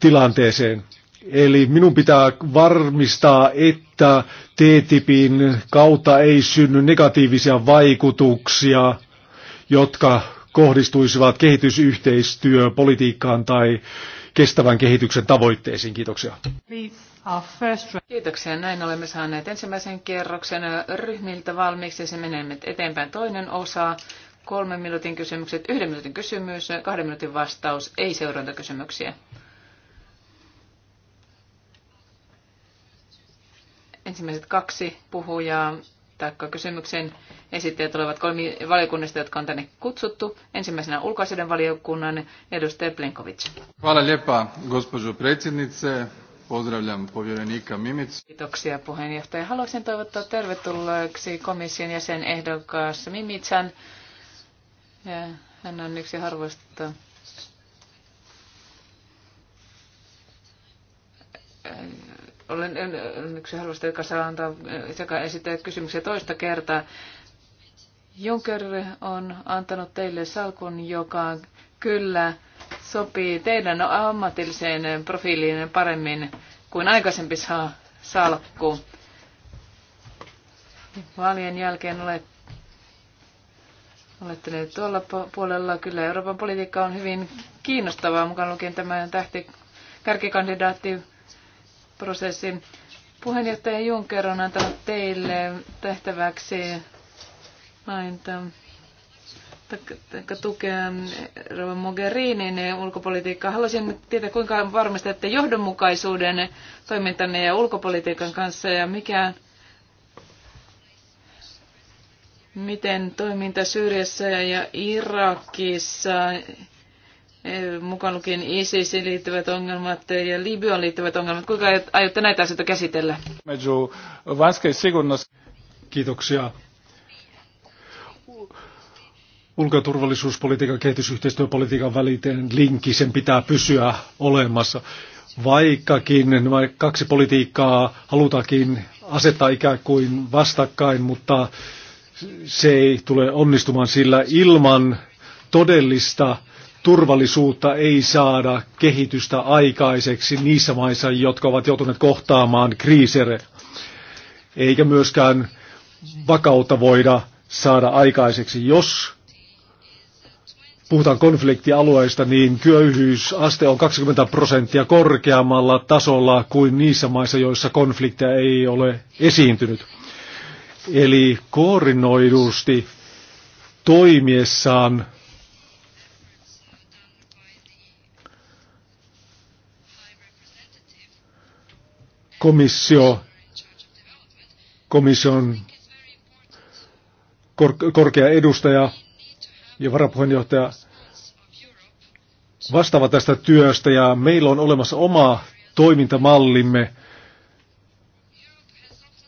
A: tilanteeseen. Eli minun pitää varmistaa, että TTIPin kautta ei synny negatiivisia vaikutuksia, jotka kohdistuisivat kehitysyhteistyöpolitiikkaan tai kestävän kehityksen tavoitteisiin. Kiitoksia.
F: Kiitoksia.
C: Näin olemme saaneet ensimmäisen kerroksen ryhmiltä valmiiksi ja se menemme eteenpäin toinen osa. Kolmen minuutin kysymykset, yhden minuutin kysymys, kahden minuutin vastaus, ei seurantakysymyksiä. ensimmäiset kaksi puhujaa taikka kysymyksen esittäjät tulevat kolmi valiokunnista, jotka on tänne kutsuttu. Ensimmäisenä ulkoasioiden valiokunnan edustaja Plenkovic.
E: Hvala Lepa, gospođo predsjednice. Pozdravljam povjerenika Mimic.
C: Kiitoksia puheenjohtaja. Haluaisin toivottaa tervetulleeksi komission jäsen ehdokas Mimitsan. Ja hän on yksi harvoista olen yksi halusta, joka saa antaa sekä esittää kysymyksiä toista kertaa. Juncker on antanut teille salkun, joka kyllä sopii teidän ammatilliseen profiiliin paremmin kuin aikaisempi salkku. Vaalien jälkeen olette Olette nyt tuolla puolella. Kyllä Euroopan politiikka on hyvin kiinnostavaa, mukaan lukien tämä tähti kärkikandidaatti prosessi. Puheenjohtaja Juncker on antanut teille tehtäväksi mainita tukea Rova Mogherinin ulkopolitiikkaa. Haluaisin tietää, kuinka varmistatte johdonmukaisuuden toimintanne ja ulkopolitiikan kanssa ja mikä, miten toiminta Syyriassa ja Irakissa Eh, mukaan lukien ISISiin liittyvät ongelmat ja Libyan liittyvät ongelmat. Kuinka aiotte näitä asioita käsitellä?
E: Kiitoksia.
A: Ulko- ja turvallisuuspolitiikan kehitysyhteistyöpolitiikan väliteen linkki, sen pitää pysyä olemassa. Vaikkakin nämä kaksi politiikkaa halutakin asettaa ikään kuin vastakkain, mutta se ei tule onnistumaan sillä ilman todellista turvallisuutta ei saada kehitystä aikaiseksi niissä maissa, jotka ovat joutuneet kohtaamaan kriisere, eikä myöskään vakautta voida saada aikaiseksi. Jos puhutaan konfliktialueista, niin köyhyysaste on 20 prosenttia korkeammalla tasolla kuin niissä maissa, joissa konflikteja ei ole esiintynyt. Eli koordinoidusti toimiessaan komissio, komission kor, korkea edustaja ja varapuheenjohtaja vastaava tästä työstä ja meillä on olemassa oma toimintamallimme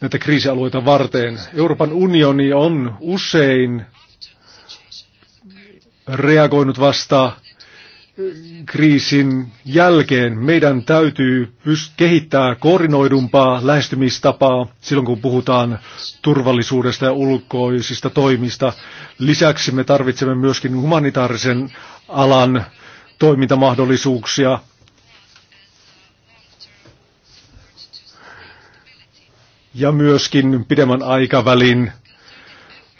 A: näitä kriisialueita varten. Euroopan unioni on usein reagoinut vastaan kriisin jälkeen meidän täytyy kehittää koordinoidumpaa lähestymistapaa silloin, kun puhutaan turvallisuudesta ja ulkoisista toimista. Lisäksi me tarvitsemme myöskin humanitaarisen alan toimintamahdollisuuksia. Ja myöskin pidemmän aikavälin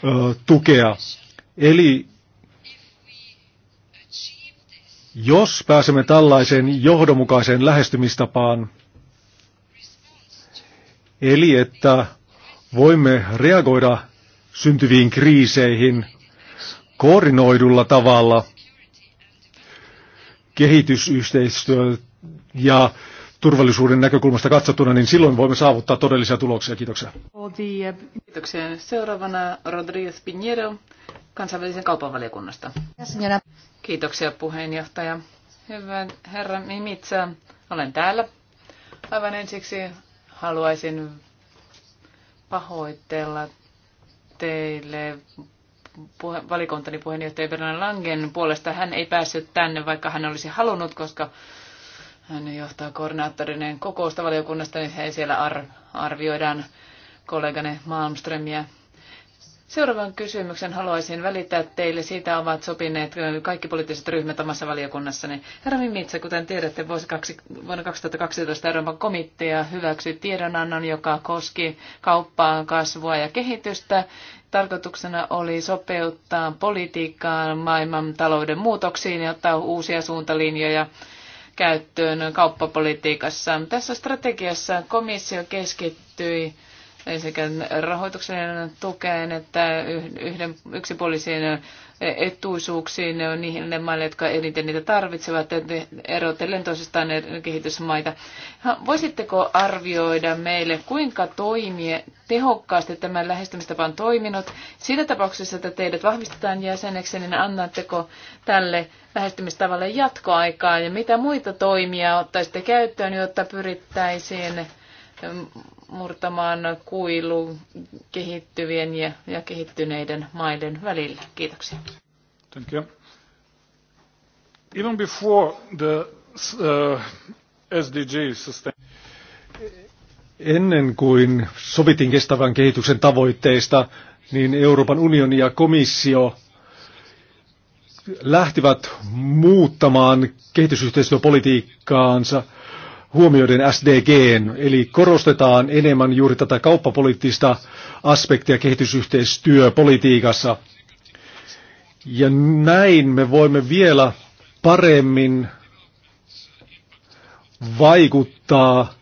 A: ö, tukea. Eli jos pääsemme tällaiseen johdonmukaiseen lähestymistapaan, eli että voimme reagoida syntyviin kriiseihin koordinoidulla tavalla kehitysyhteistyö ja turvallisuuden näkökulmasta katsottuna, niin silloin voimme saavuttaa todellisia tuloksia. Kiitoksia.
C: Kiitoksia. Seuraavana Rodríguez Piñero kansainvälisen kaupan valiokunnasta. Kiitoksia puheenjohtaja. Hyvä herra Mimitsa, olen täällä. Aivan ensiksi haluaisin pahoitella teille puhe, valikuntani puheenjohtaja Bernan Langen puolesta. Hän ei päässyt tänne, vaikka hän olisi halunnut, koska hän johtaa koordinaattorinen kokousta valiokunnasta, niin he siellä ar- arvioidaan kollegane Malmströmiä Seuraavan kysymyksen haluaisin välittää teille. Siitä ovat sopineet kaikki poliittiset ryhmät omassa valiokunnassani. Herra Mimitsa, kuten tiedätte, vuosi kaksi, vuonna 2012 Euroopan komitea hyväksyi tiedonannon, joka koski kauppaa, kasvua ja kehitystä. Tarkoituksena oli sopeuttaa politiikkaan maailman talouden muutoksiin ja ottaa uusia suuntalinjoja käyttöön kauppapolitiikassa. Tässä strategiassa komissio keskittyi sekä rahoituksen tukeen että yhden, yksipuolisiin etuisuuksiin niihin ne maille, jotka eniten niitä tarvitsevat, erotellen toisistaan kehitysmaita. Voisitteko arvioida meille, kuinka toimii tehokkaasti tämä lähestymistapa on toiminut? Siinä tapauksessa, että teidät vahvistetaan jäseneksi, niin annatteko tälle lähestymistavalle jatkoaikaa ja mitä muita toimia ottaisitte käyttöön, jotta pyrittäisiin murtamaan kuilu kehittyvien ja, ja kehittyneiden maiden välillä.
E: Kiitoksia. Thank you. Even before the uh, SDG sustain...
A: Ennen kuin sovitin kestävän kehityksen tavoitteista, niin Euroopan unioni ja komissio lähtivät muuttamaan kehitysyhteistyöpolitiikkaansa – huomioiden SDG, eli korostetaan enemmän juuri tätä kauppapoliittista aspektia kehitysyhteistyöpolitiikassa. Ja näin me voimme vielä paremmin vaikuttaa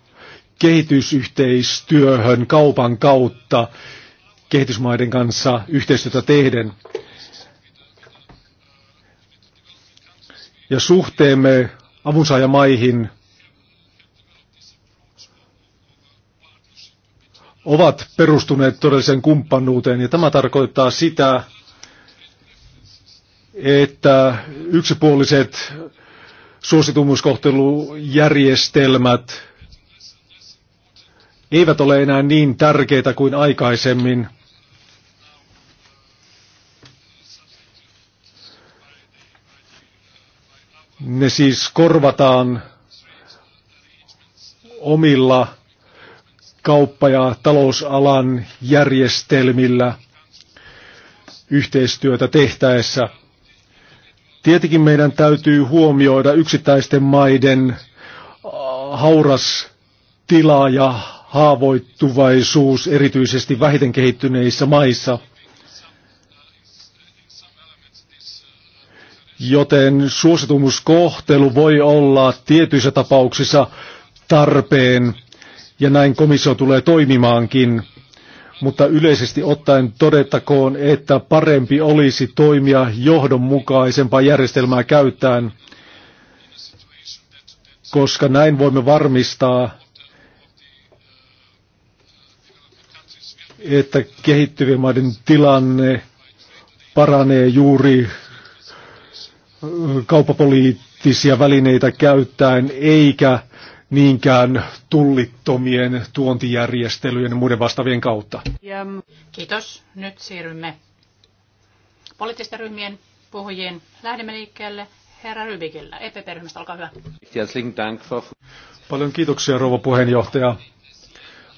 A: kehitysyhteistyöhön kaupan kautta kehitysmaiden kanssa yhteistyötä tehden. Ja suhteemme avunsaajamaihin ovat perustuneet todelliseen kumppanuuteen. Ja tämä tarkoittaa sitä, että yksipuoliset suositumuskohtelujärjestelmät eivät ole enää niin tärkeitä kuin aikaisemmin. Ne siis korvataan omilla kauppa- ja talousalan järjestelmillä yhteistyötä tehtäessä. Tietenkin meidän täytyy huomioida yksittäisten maiden äh, hauras tila ja haavoittuvaisuus, erityisesti vähiten kehittyneissä maissa. Joten suositumuskohtelu voi olla tietyissä tapauksissa tarpeen ja näin komissio tulee toimimaankin. Mutta yleisesti ottaen todettakoon, että parempi olisi toimia johdonmukaisempaa järjestelmää käyttäen, koska näin voimme varmistaa, että kehittyvien maiden tilanne paranee juuri kauppapoliittisia välineitä käyttäen, eikä niinkään tullittomien tuontijärjestelyjen ja muiden vastaavien kautta.
B: Kiitos. Nyt siirrymme poliittisten ryhmien puhujien. Lähdemme liikkeelle herra Rybikillä. EPP-ryhmästä, olkaa hyvä.
A: Paljon kiitoksia, rouva puheenjohtaja.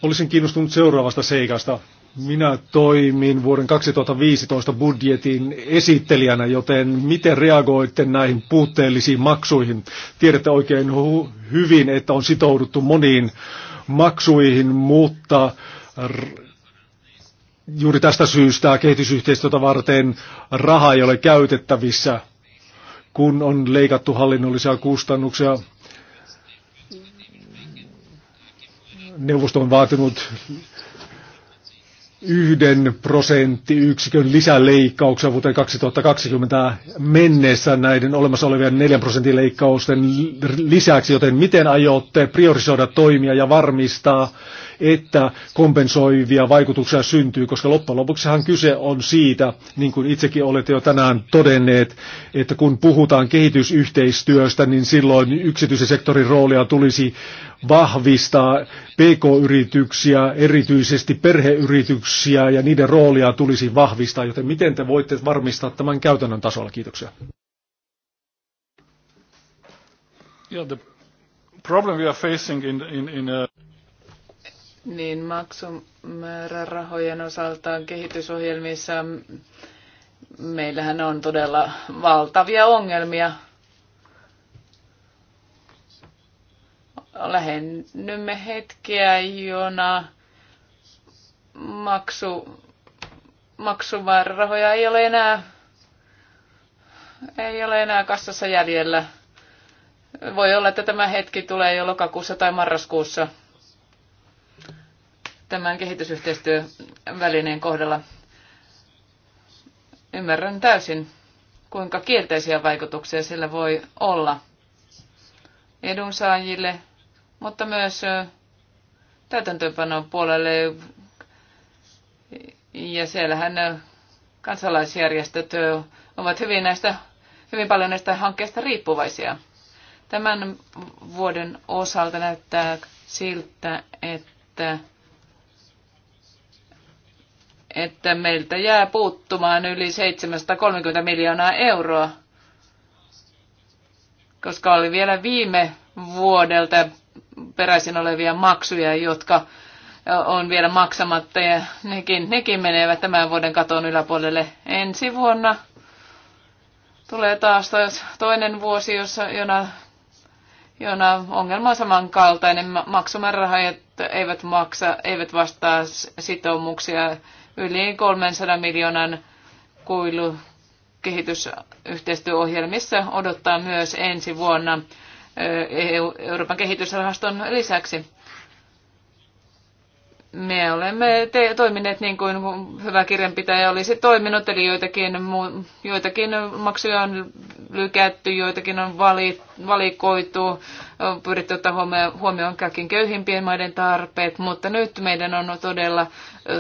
A: Olisin kiinnostunut seuraavasta seikasta. Minä toimin vuoden 2015 budjetin esittelijänä, joten miten reagoitte näihin puutteellisiin maksuihin? Tiedätte oikein hyvin, että on sitouduttu moniin maksuihin, mutta juuri tästä syystä kehitysyhteistyötä varten raha ei ole käytettävissä, kun on leikattu hallinnollisia kustannuksia. Neuvosto on vaatinut yhden prosenttiyksikön lisäleikkauksia vuoteen 2020 mennessä näiden olemassa olevien 4 prosentin leikkausten lisäksi, joten miten aiotte priorisoida toimia ja varmistaa, että kompensoivia vaikutuksia syntyy, koska loppujen lopuksihan kyse on siitä, niin kuin itsekin olette jo tänään todenneet, että kun puhutaan kehitysyhteistyöstä, niin silloin yksityisen sektorin roolia tulisi vahvistaa pk-yrityksiä, erityisesti perheyrityksiä ja niiden roolia tulisi vahvistaa, joten miten te voitte varmistaa tämän käytännön tasolla? Kiitoksia.
E: Yeah, the problem we are facing in, in, in a... Uh,
C: niin maksumäärärahojen osaltaan kehitysohjelmissa meillähän on todella valtavia ongelmia. Lähennymme hetkeä, jona maksu, maksumäärärahoja ei ole enää ei ole enää kassassa jäljellä. Voi olla, että tämä hetki tulee jo lokakuussa tai marraskuussa tämän kehitysyhteistyövälineen kohdalla. Ymmärrän täysin, kuinka kielteisiä vaikutuksia sillä voi olla edunsaajille, mutta myös täytäntöönpanon puolelle. Ja siellähän kansalaisjärjestöt ovat hyvin, näistä, hyvin paljon näistä hankkeista riippuvaisia. Tämän vuoden osalta näyttää siltä, että että meiltä jää puuttumaan yli 730 miljoonaa euroa, koska oli vielä viime vuodelta peräisin olevia maksuja, jotka on vielä maksamatta ja nekin, nekin menevät tämän vuoden katon yläpuolelle ensi vuonna. Tulee taas toinen vuosi, jossa, jona, jona ongelma on samankaltainen. Maksumäärärahat eivät, maksa, eivät vastaa sitoumuksia yli 300 miljoonan kuilu kehitysyhteistyöohjelmissa odottaa myös ensi vuonna e Euroopan kehitysrahaston lisäksi me olemme te- toimineet niin kuin hyvä kirjanpitäjä olisi toiminut, eli joitakin, mu- joitakin maksuja on lykätty, joitakin on vali- valikoitu, on pyritty ottaa huomioon, huomioon kaikkien köyhimpien maiden tarpeet, mutta nyt meidän on todella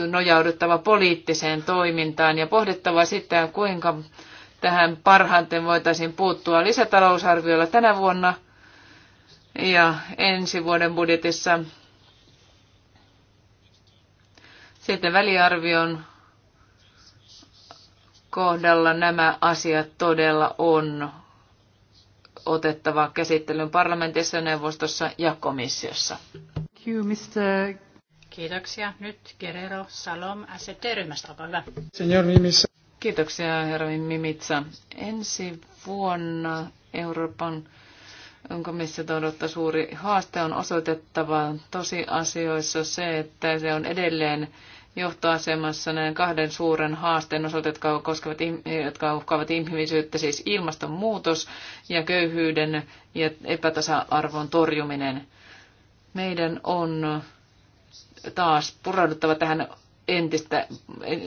C: nojauduttava poliittiseen toimintaan ja pohdittava sitä, kuinka tähän parhaiten voitaisiin puuttua lisätalousarviolla tänä vuonna ja ensi vuoden budjetissa sitten väliarvion kohdalla nämä asiat todella on otettava käsittelyyn parlamentissa, neuvostossa ja komissiossa.
B: Kiitoksia. Nyt Guerrero Salom ST-ryhmästä, olkaa hyvä.
C: Senior Mimitsa.
B: Kiitoksia, herra
C: Mimitsa.
B: Ensi
C: vuonna Euroopan komissio odottaa suuri haaste on osoitettava tosiasioissa se, että se on edelleen johtoasemassa näin kahden suuren haasteen osalta, jotka, koskevat, jotka uhkaavat ihmisyyttä, siis ilmastonmuutos ja köyhyyden ja epätasa-arvon torjuminen. Meidän on taas purauduttava tähän entistä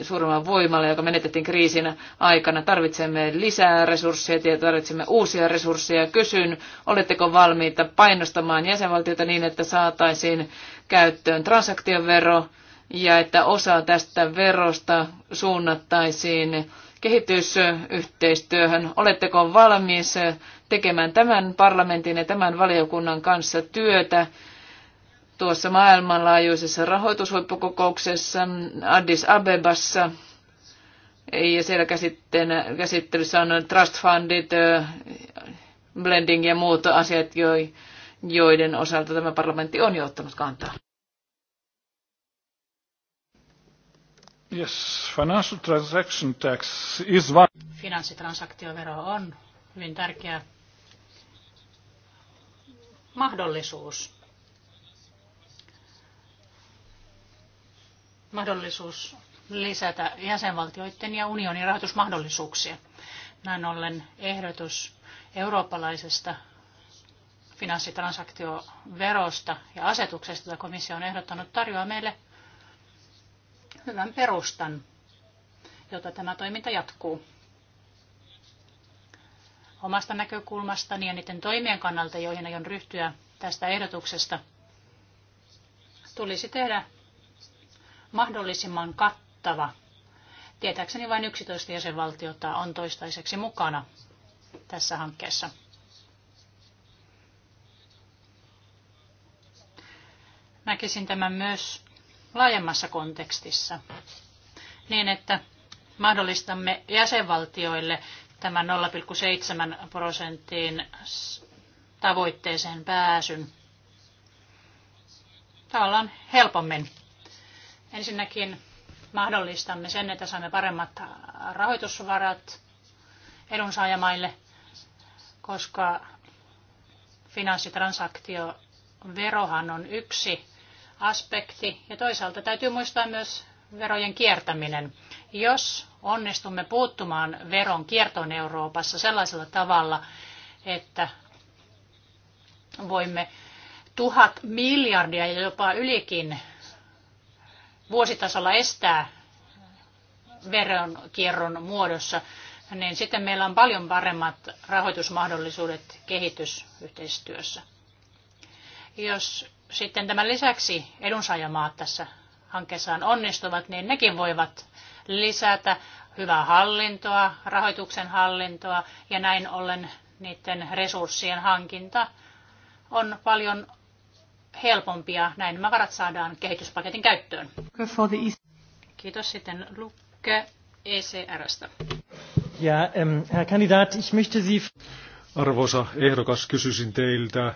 C: suuremman voimalla, joka menetettiin kriisin aikana. Tarvitsemme lisää resursseja ja tarvitsemme uusia resursseja. Kysyn, oletteko valmiita painostamaan jäsenvaltiota niin, että saataisiin käyttöön transaktiovero, ja että osa tästä verosta suunnattaisiin kehitysyhteistyöhön. Oletteko valmis tekemään tämän parlamentin ja tämän valiokunnan kanssa työtä tuossa maailmanlaajuisessa rahoitushuippukokouksessa Addis Abebassa? Ja siellä käsittelyssä on trust fundit, blending ja muut asiat, joiden osalta tämä parlamentti on jo ottanut kantaa.
E: Yes, financial transaction tax is one.
B: Finanssitransaktiovero on hyvin tärkeä mahdollisuus. Mahdollisuus lisätä jäsenvaltioiden ja unionin rahoitusmahdollisuuksia. Näin ollen ehdotus eurooppalaisesta finanssitransaktioverosta ja asetuksesta, jota komissio on ehdottanut, tarjoaa meille hyvän perustan, jota tämä toiminta jatkuu. Omasta näkökulmastani ja niiden toimien kannalta, joihin aion ryhtyä tästä ehdotuksesta, tulisi tehdä mahdollisimman kattava. Tietääkseni vain 11 jäsenvaltiota on toistaiseksi mukana tässä hankkeessa. Näkisin tämän myös laajemmassa kontekstissa niin, että mahdollistamme jäsenvaltioille tämän 0,7 prosentin tavoitteeseen pääsyn tavallaan helpommin. Ensinnäkin mahdollistamme sen, että saamme paremmat rahoitusvarat edunsaajamaille, koska finanssitransaktioverohan on yksi aspekti ja toisaalta täytyy muistaa myös verojen kiertäminen. Jos onnistumme puuttumaan veron kiertoon Euroopassa sellaisella tavalla, että voimme tuhat miljardia ja jopa ylikin vuositasolla estää veronkierron muodossa, niin sitten meillä on paljon paremmat rahoitusmahdollisuudet kehitysyhteistyössä. Jos sitten tämän lisäksi edunsaajamaat tässä hankkeessaan onnistuvat, niin nekin voivat lisätä hyvää hallintoa, rahoituksen hallintoa ja näin ollen niiden resurssien hankinta on paljon helpompi ja näin nämä varat saadaan kehityspaketin käyttöön. Kiitos sitten Lukke ECRstä.
A: Ja, ähm, Herr Kandidat, ich möchte Sie... Arvoisa ehdokas, kysyisin teiltä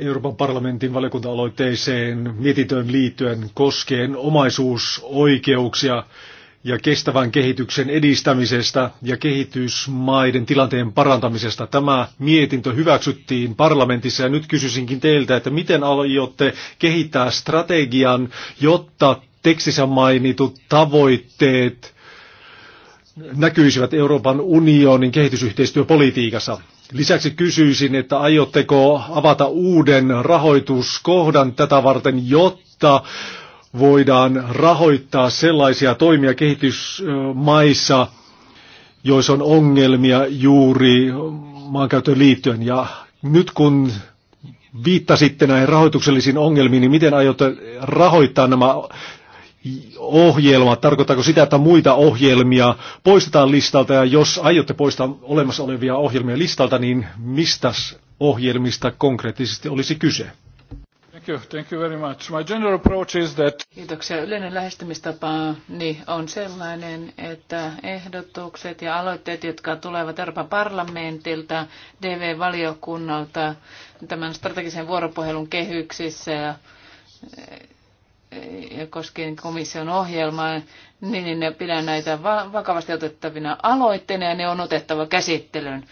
A: Euroopan parlamentin valiokunta-aloitteeseen mietintöön liittyen koskien omaisuusoikeuksia ja kestävän kehityksen edistämisestä ja kehitysmaiden tilanteen parantamisesta. Tämä mietintö hyväksyttiin parlamentissa ja nyt kysyisinkin teiltä, että miten aiotte kehittää strategian, jotta tekstissä mainitut tavoitteet näkyisivät Euroopan unionin kehitysyhteistyöpolitiikassa. Lisäksi kysyisin, että aiotteko avata uuden rahoituskohdan tätä varten, jotta voidaan rahoittaa sellaisia toimia kehitysmaissa, joissa on ongelmia juuri maankäyttöön liittyen. Ja nyt kun viittasitte näihin rahoituksellisiin ongelmiin, niin miten aiotte rahoittaa nämä ohjelma. Tarkoittaako sitä, että muita ohjelmia poistetaan listalta ja jos aiotte poistaa olemassa olevia ohjelmia listalta, niin mistä ohjelmista konkreettisesti olisi kyse?
E: Thank you, thank you very much. My general approach
C: is that... Kiitoksia. Yleinen lähestymistapa niin on sellainen, että ehdotukset ja aloitteet, jotka tulevat Euroopan parlamentilta, DV-valiokunnalta, tämän strategisen vuoropuhelun kehyksissä ja koskien komission ohjelmaa, niin, niin ne pidän näitä vakavasti otettavina aloitteina ja ne on otettava käsittelyyn.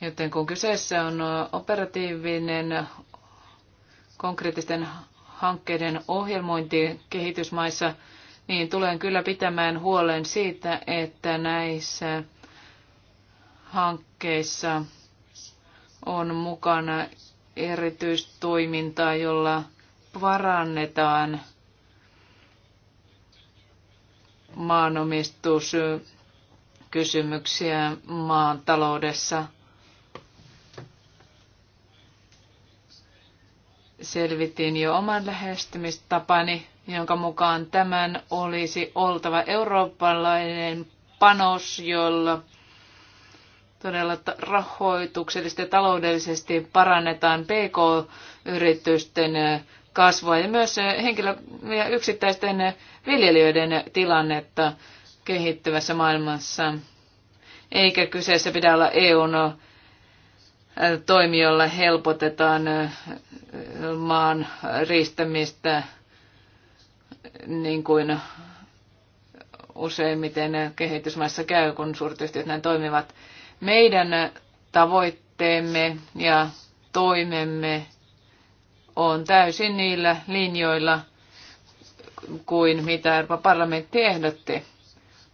C: Joten kun kyseessä on operatiivinen konkreettisten hankkeiden ohjelmointi kehitysmaissa, niin tulen kyllä pitämään huolen siitä, että näissä hankkeissa on mukana erityistoimintaa, jolla varannetaan maanomistuskysymyksiä maantaloudessa. Selvitin jo oman lähestymistapani, jonka mukaan tämän olisi oltava eurooppalainen panos, jolla todella rahoituksellisesti ja taloudellisesti parannetaan PK-yritysten kasvua ja myös henkilö- ja yksittäisten viljelijöiden tilannetta kehittyvässä maailmassa. Eikä kyseessä pidä olla EUn toimijoilla helpotetaan maan riistämistä niin kuin useimmiten kehitysmaissa käy, kun suurtyhtiöt näin toimivat. Meidän tavoitteemme ja toimemme on täysin niillä linjoilla kuin mitä Euroopan parlamentti ehdotti.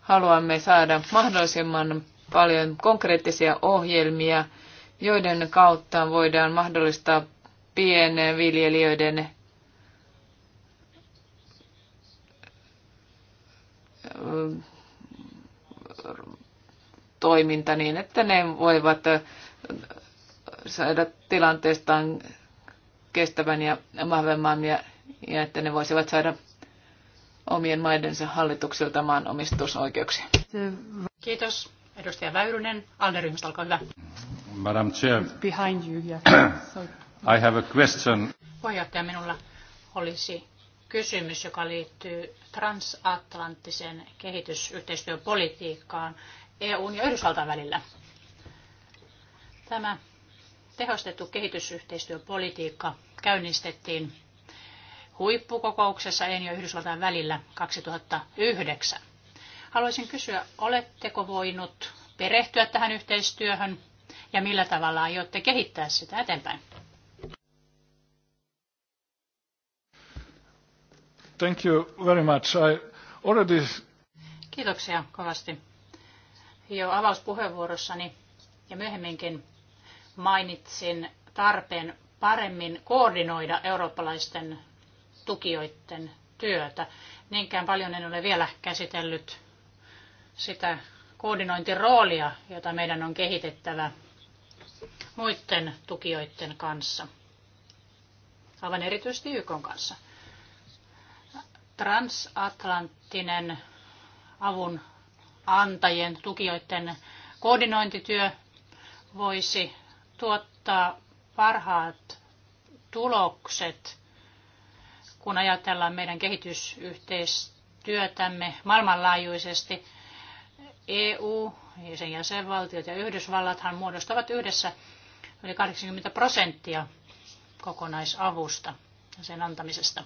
C: Haluamme saada mahdollisimman paljon konkreettisia ohjelmia, joiden kautta voidaan mahdollistaa viljelijöiden toiminta niin, että ne voivat saada tilanteestaan kestävän ja vahvemman ja, ja että ne voisivat saada omien maidensa hallituksilta omistusoikeuksia.
B: Kiitos. Edustaja Väyrynen, ALDE-ryhmästä, olkaa hyvä.
E: Madam Chair,
F: behind you, yeah. [clears throat] I
E: have a question.
B: Puheenjohtaja, minulla olisi kysymys, joka liittyy transatlanttisen kehitysyhteistyöpolitiikkaan EUn ja Yhdysvaltain välillä. Tämä tehostettu kehitysyhteistyöpolitiikka käynnistettiin huippukokouksessa EUn ja Yhdysvaltain välillä 2009. Haluaisin kysyä, oletteko voinut perehtyä tähän yhteistyöhön ja millä tavalla aiotte kehittää sitä eteenpäin?
E: Thank you very much. I already...
B: Kiitoksia kovasti. Jo avauspuheenvuorossani ja myöhemminkin mainitsin tarpeen paremmin koordinoida eurooppalaisten tukijoiden työtä. Niinkään paljon en ole vielä käsitellyt sitä koordinointiroolia, jota meidän on kehitettävä muiden tukijoiden kanssa, aivan erityisesti YK kanssa. Transatlanttinen avun antajien tukijoiden koordinointityö voisi tuottaa parhaat tulokset, kun ajatellaan meidän kehitysyhteistyötämme maailmanlaajuisesti. EU ja sen jäsenvaltiot ja Yhdysvallathan muodostavat yhdessä yli 80 prosenttia kokonaisavusta ja sen antamisesta.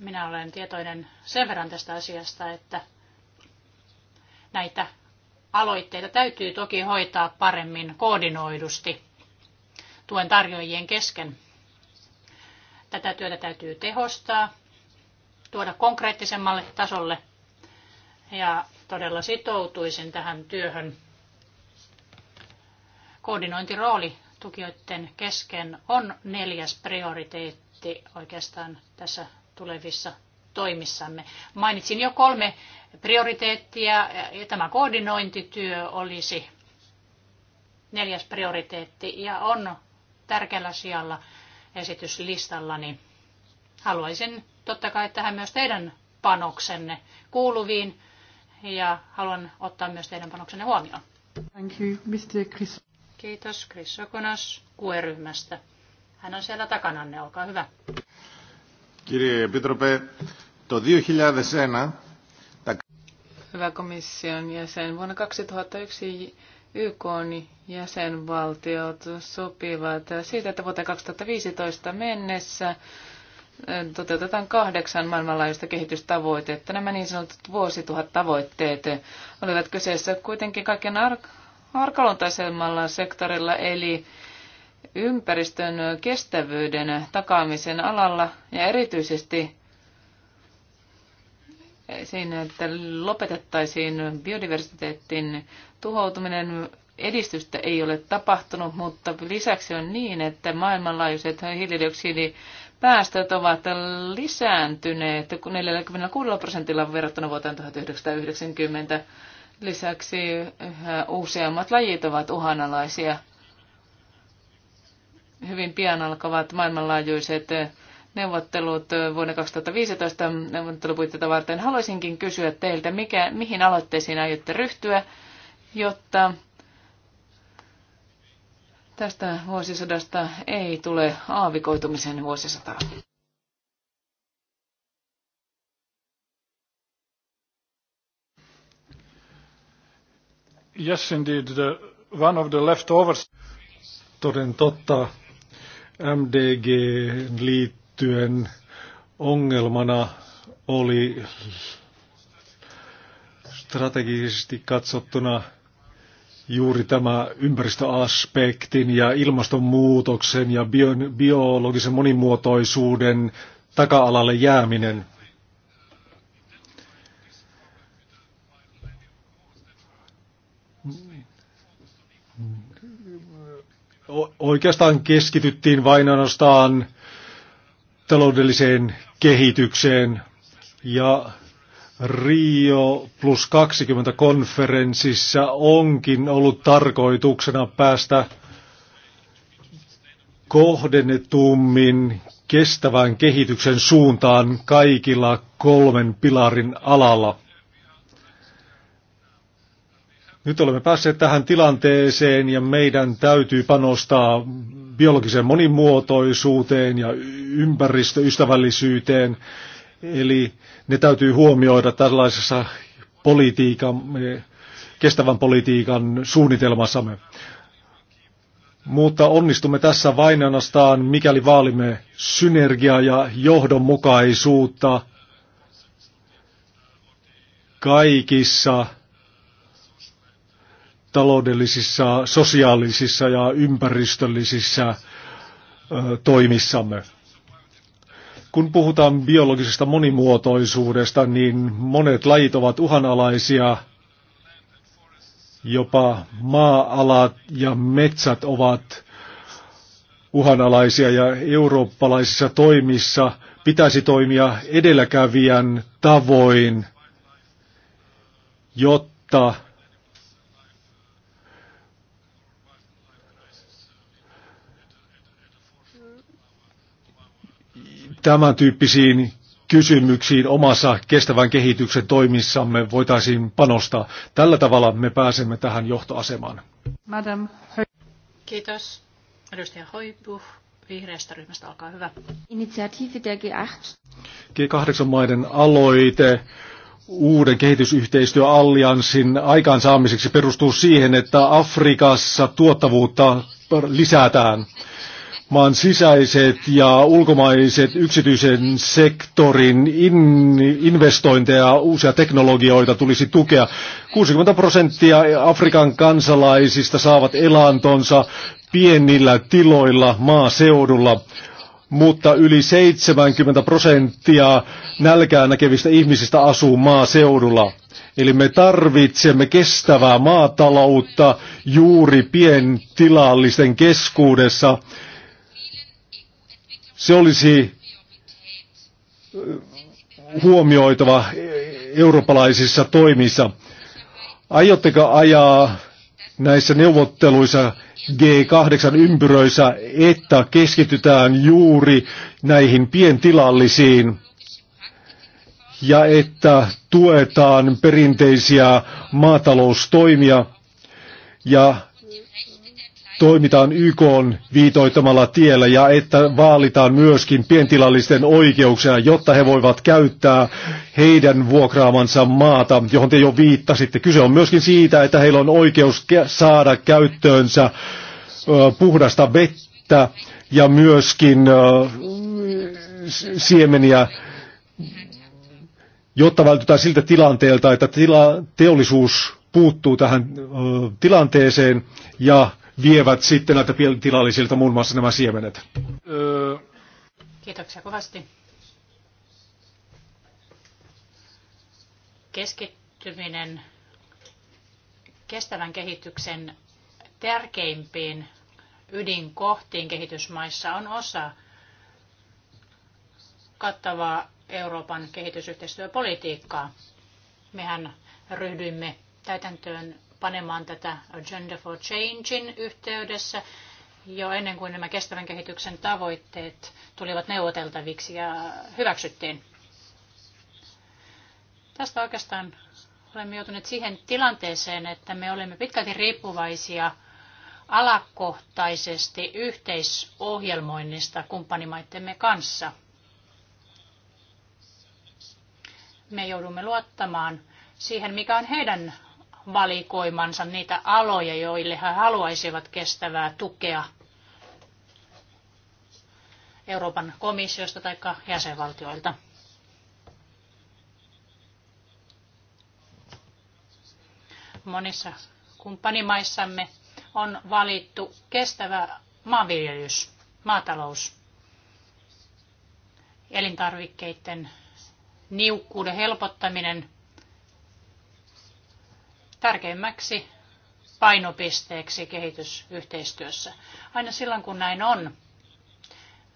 B: Minä olen tietoinen sen verran tästä asiasta, että Näitä aloitteita täytyy toki hoitaa paremmin koordinoidusti tuen tarjoajien kesken. Tätä työtä täytyy tehostaa, tuoda konkreettisemmalle tasolle ja todella sitoutuisin tähän työhön. Koordinointirooli tukijoiden kesken on neljäs prioriteetti oikeastaan tässä tulevissa toimissamme. Mainitsin jo kolme prioriteettia ja tämä koordinointityö olisi neljäs prioriteetti ja on tärkeällä sijalla esityslistallani. Haluaisin totta kai tähän myös teidän panoksenne kuuluviin ja haluan ottaa myös teidän panoksenne huomioon.
F: Thank you, Mr. Chris.
B: Kiitos Chris Sokonas QE-ryhmästä. Hän on siellä takananne, olkaa hyvä.
D: Kirje Epitrope, to 2001
C: hyvä komission
B: jäsen. Vuonna
C: 2001 YK jäsenvaltiot sopivat siitä, että vuoteen 2015 mennessä toteutetaan kahdeksan maailmanlaajuista kehitystavoitetta. Nämä niin sanotut vuosituhat tavoitteet olivat kyseessä kuitenkin kaiken ar- arkaluontaisemmalla sektorilla, eli ympäristön kestävyyden takaamisen alalla ja erityisesti siinä, että lopetettaisiin biodiversiteetin tuhoutuminen. Edistystä ei ole tapahtunut, mutta lisäksi on niin, että maailmanlaajuiset hiilidioksidipäästöt ovat lisääntyneet 46 prosentilla verrattuna vuoteen 1990. Lisäksi useammat lajit ovat uhanalaisia. Hyvin pian alkavat maailmanlaajuiset neuvottelut vuonna 2015 neuvottelupuitteita varten. Haluaisinkin kysyä teiltä, mikä, mihin aloitteisiin aiotte ryhtyä, jotta tästä vuosisadasta ei tule aavikoitumisen vuosisataa.
E: Yes, indeed, the, one of the leftovers.
A: Toden totta, MDG liit liittyen ongelmana oli strategisesti katsottuna juuri tämä ympäristöaspektin ja ilmastonmuutoksen ja bio, biologisen monimuotoisuuden taka-alalle jääminen. Oikeastaan keskityttiin vain ainoastaan taloudelliseen kehitykseen ja Rio plus 20 konferenssissa onkin ollut tarkoituksena päästä kohdennetummin kestävän kehityksen suuntaan kaikilla kolmen pilarin alalla. Nyt olemme päässeet tähän tilanteeseen ja meidän täytyy panostaa biologiseen monimuotoisuuteen ja ympäristöystävällisyyteen. Eli ne täytyy huomioida tällaisessa politiikan, kestävän politiikan suunnitelmassamme. Mutta onnistumme tässä vain ainoastaan, mikäli vaalimme synergiaa ja johdonmukaisuutta kaikissa taloudellisissa, sosiaalisissa ja ympäristöllisissä toimissamme. Kun puhutaan biologisesta monimuotoisuudesta, niin monet lajit ovat uhanalaisia. Jopa maa-alat ja metsät ovat uhanalaisia ja eurooppalaisissa toimissa pitäisi toimia edelläkävijän tavoin, jotta tämän tyyppisiin kysymyksiin omassa kestävän kehityksen toimissamme voitaisiin panostaa. Tällä tavalla me pääsemme tähän johtoasemaan.
B: Madam. Kiitos. Edustaja Hoipu, vihreästä ryhmästä, olkaa hyvä.
I: Initiatiivi G8.
A: G8-maiden aloite uuden kehitysyhteistyöallianssin aikaansaamiseksi perustuu siihen, että Afrikassa tuottavuutta lisätään maan sisäiset ja ulkomaiset yksityisen sektorin in, investointeja, uusia teknologioita tulisi tukea. 60 prosenttia Afrikan kansalaisista saavat elantonsa pienillä tiloilla maaseudulla, mutta yli 70 prosenttia nälkää näkevistä ihmisistä asuu maaseudulla. Eli me tarvitsemme kestävää maataloutta juuri pientilallisten keskuudessa se olisi eh, huomioitava eurooppalaisissa toimissa. Aiotteko ajaa näissä neuvotteluissa G8-ympyröissä, että keskitytään juuri näihin pientilallisiin ja että tuetaan perinteisiä maataloustoimia ja toimitaan YK on viitoittamalla tiellä ja että vaalitaan myöskin pientilallisten oikeuksia, jotta he voivat käyttää heidän vuokraamansa maata, johon te jo viittasitte. Kyse on myöskin siitä, että heillä on oikeus saada käyttöönsä puhdasta vettä ja myöskin siemeniä, jotta vältytään siltä tilanteelta, että tila, teollisuus puuttuu tähän tilanteeseen ja vievät sitten näiltä tilallisilta muun muassa nämä
E: siemenet.
B: Kiitoksia kovasti. Keskittyminen kestävän kehityksen tärkeimpiin ydinkohtiin kehitysmaissa on osa kattavaa Euroopan kehitysyhteistyöpolitiikkaa. Mehän ryhdyimme täytäntöön panemaan tätä Agenda for Changein yhteydessä jo ennen kuin nämä kestävän kehityksen tavoitteet tulivat neuvoteltaviksi ja hyväksyttiin. Tästä oikeastaan olemme joutuneet siihen tilanteeseen, että me olemme pitkälti riippuvaisia alakohtaisesti yhteisohjelmoinnista kumppanimaittemme kanssa. Me joudumme luottamaan siihen, mikä on heidän valikoimansa niitä aloja, joille he haluaisivat kestävää tukea Euroopan komissiosta tai jäsenvaltioilta. Monissa kumppanimaissamme on valittu kestävä maanviljelys, maatalous, elintarvikkeiden niukkuuden helpottaminen – tärkeimmäksi painopisteeksi kehitysyhteistyössä. Aina silloin kun näin on,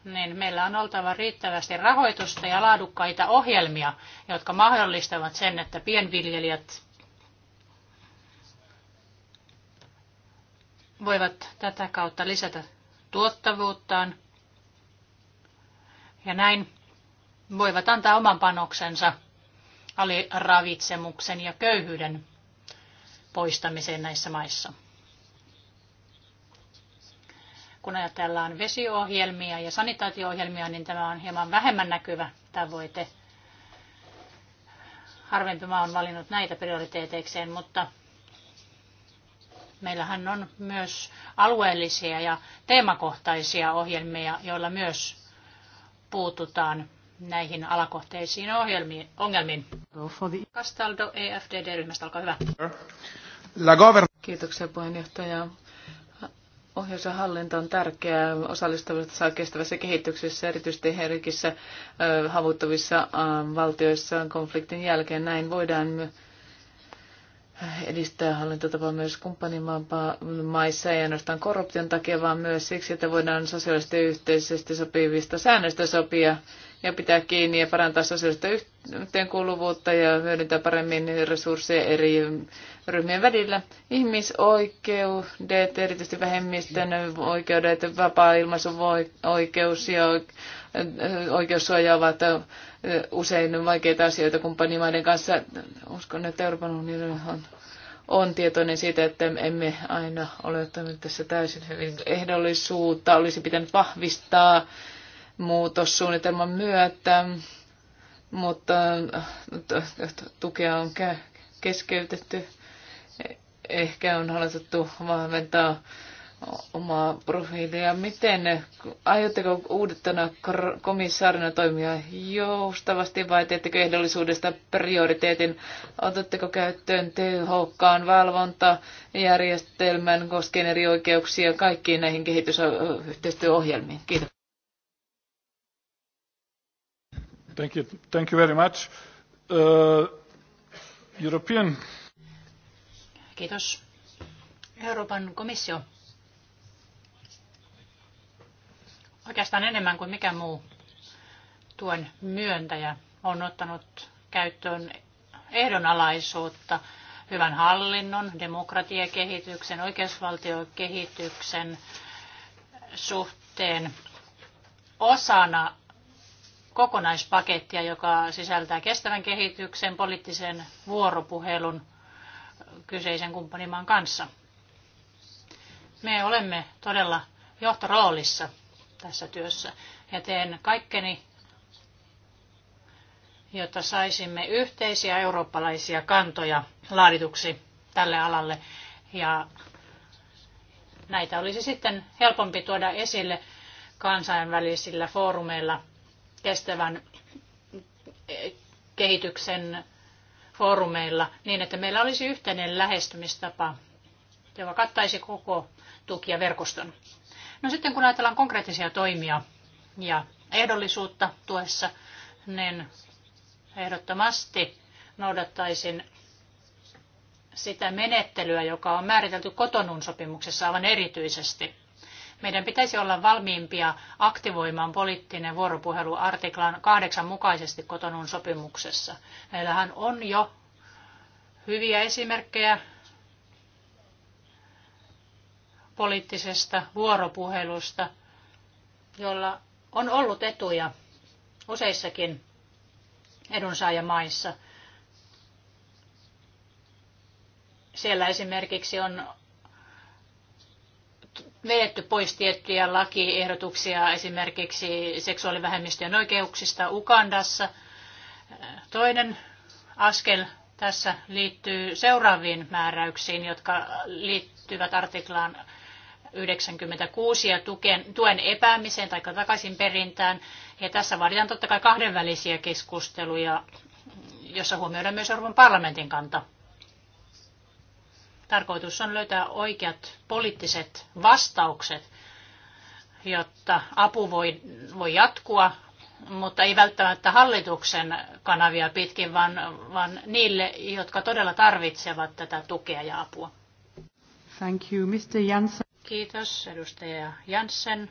B: niin meillä on oltava riittävästi rahoitusta ja laadukkaita ohjelmia, jotka mahdollistavat sen, että pienviljelijät voivat tätä kautta lisätä tuottavuuttaan ja näin voivat antaa oman panoksensa aliravitsemuksen ja köyhyyden poistamiseen näissä maissa. Kun ajatellaan vesiohjelmia ja sanitaatioohjelmia, niin tämä on hieman vähemmän näkyvä tavoite. Harvempi maa on valinnut näitä prioriteeteikseen, mutta meillähän on myös alueellisia ja teemakohtaisia ohjelmia, joilla myös puututaan näihin alakohteisiin ohjelmiin, ongelmiin. Castaldo EFDD-ryhmästä, olkaa hyvä. La
C: govern- Kiitoksia puheenjohtaja. Ohjaus ja hallinta on tärkeää saa kestävässä kehityksessä, erityisesti herkissä havuttavissa valtioissa konfliktin jälkeen. Näin voidaan edistää hallintotapaa myös kumppanimaissa, ei ainoastaan korruption takia, vaan myös siksi, että voidaan sosiaalisesti ja yhteisesti sopivista säännöistä sopia ja pitää kiinni ja parantaa sosiaalista yhteenkuuluvuutta ja hyödyntää paremmin resursseja eri ryhmien välillä. Ihmisoikeudet, erityisesti vähemmistön oikeudet, vapaa-ilmaisun oikeus ja oikeussuoja ovat usein vaikeita asioita kumppanimaiden kanssa. Uskon, että Euroopan unioni on on tietoinen siitä, että emme aina ole ottaneet tässä täysin hyvin. Ehdollisuutta olisi pitänyt vahvistaa muutossuunnitelman myötä, mutta tukea on keskeytetty. Ehkä on haluttu vahventaa omaa profiilia. Miten, aiotteko uudetana komissaarina toimia joustavasti vai teettekö ehdollisuudesta prioriteetin? Otatteko käyttöön tehokkaan valvontajärjestelmän koskien eri oikeuksia kaikkiin näihin kehitysyhteistyöohjelmiin?
E: Kiitos. Thank you, thank you very much. Uh, European...
B: Kiitos. Euroopan komissio oikeastaan enemmän kuin mikä muu tuen myöntäjä on ottanut käyttöön ehdonalaisuutta hyvän hallinnon, demokratiakehityksen, oikeusvaltiokehityksen suhteen osana kokonaispakettia, joka sisältää kestävän kehityksen, poliittisen vuoropuhelun kyseisen kumppanimaan kanssa. Me olemme todella johtoroolissa tässä työssä ja teen kaikkeni, jotta saisimme yhteisiä eurooppalaisia kantoja laadituksi tälle alalle ja näitä olisi sitten helpompi tuoda esille kansainvälisillä foorumeilla – kestävän kehityksen foorumeilla niin, että meillä olisi yhteinen lähestymistapa, joka kattaisi koko tukijaverkoston. No sitten kun ajatellaan konkreettisia toimia ja ehdollisuutta tuessa, niin ehdottomasti noudattaisin sitä menettelyä, joka on määritelty kotonun sopimuksessa aivan erityisesti. Meidän pitäisi olla valmiimpia aktivoimaan poliittinen vuoropuhelu artiklan kahdeksan mukaisesti kotonun sopimuksessa. Meillähän on jo hyviä esimerkkejä poliittisesta vuoropuhelusta, jolla on ollut etuja useissakin edunsaajamaissa. Siellä esimerkiksi on vedetty pois tiettyjä lakiehdotuksia esimerkiksi seksuaalivähemmistöjen oikeuksista Ugandassa. Toinen askel tässä liittyy seuraaviin määräyksiin, jotka liittyvät artiklaan 96 ja tuken, tuen epäämiseen tai takaisinperintään. Ja tässä vaaditaan totta kai kahdenvälisiä keskusteluja, jossa huomioidaan myös Euroopan parlamentin kanta. Tarkoitus on löytää oikeat poliittiset vastaukset, jotta apu voi, voi jatkua, mutta ei välttämättä hallituksen kanavia pitkin, vaan, vaan niille, jotka todella tarvitsevat tätä tukea ja apua.
I: Thank you, Mr. Janssen.
B: Kiitos, edustaja Janssen.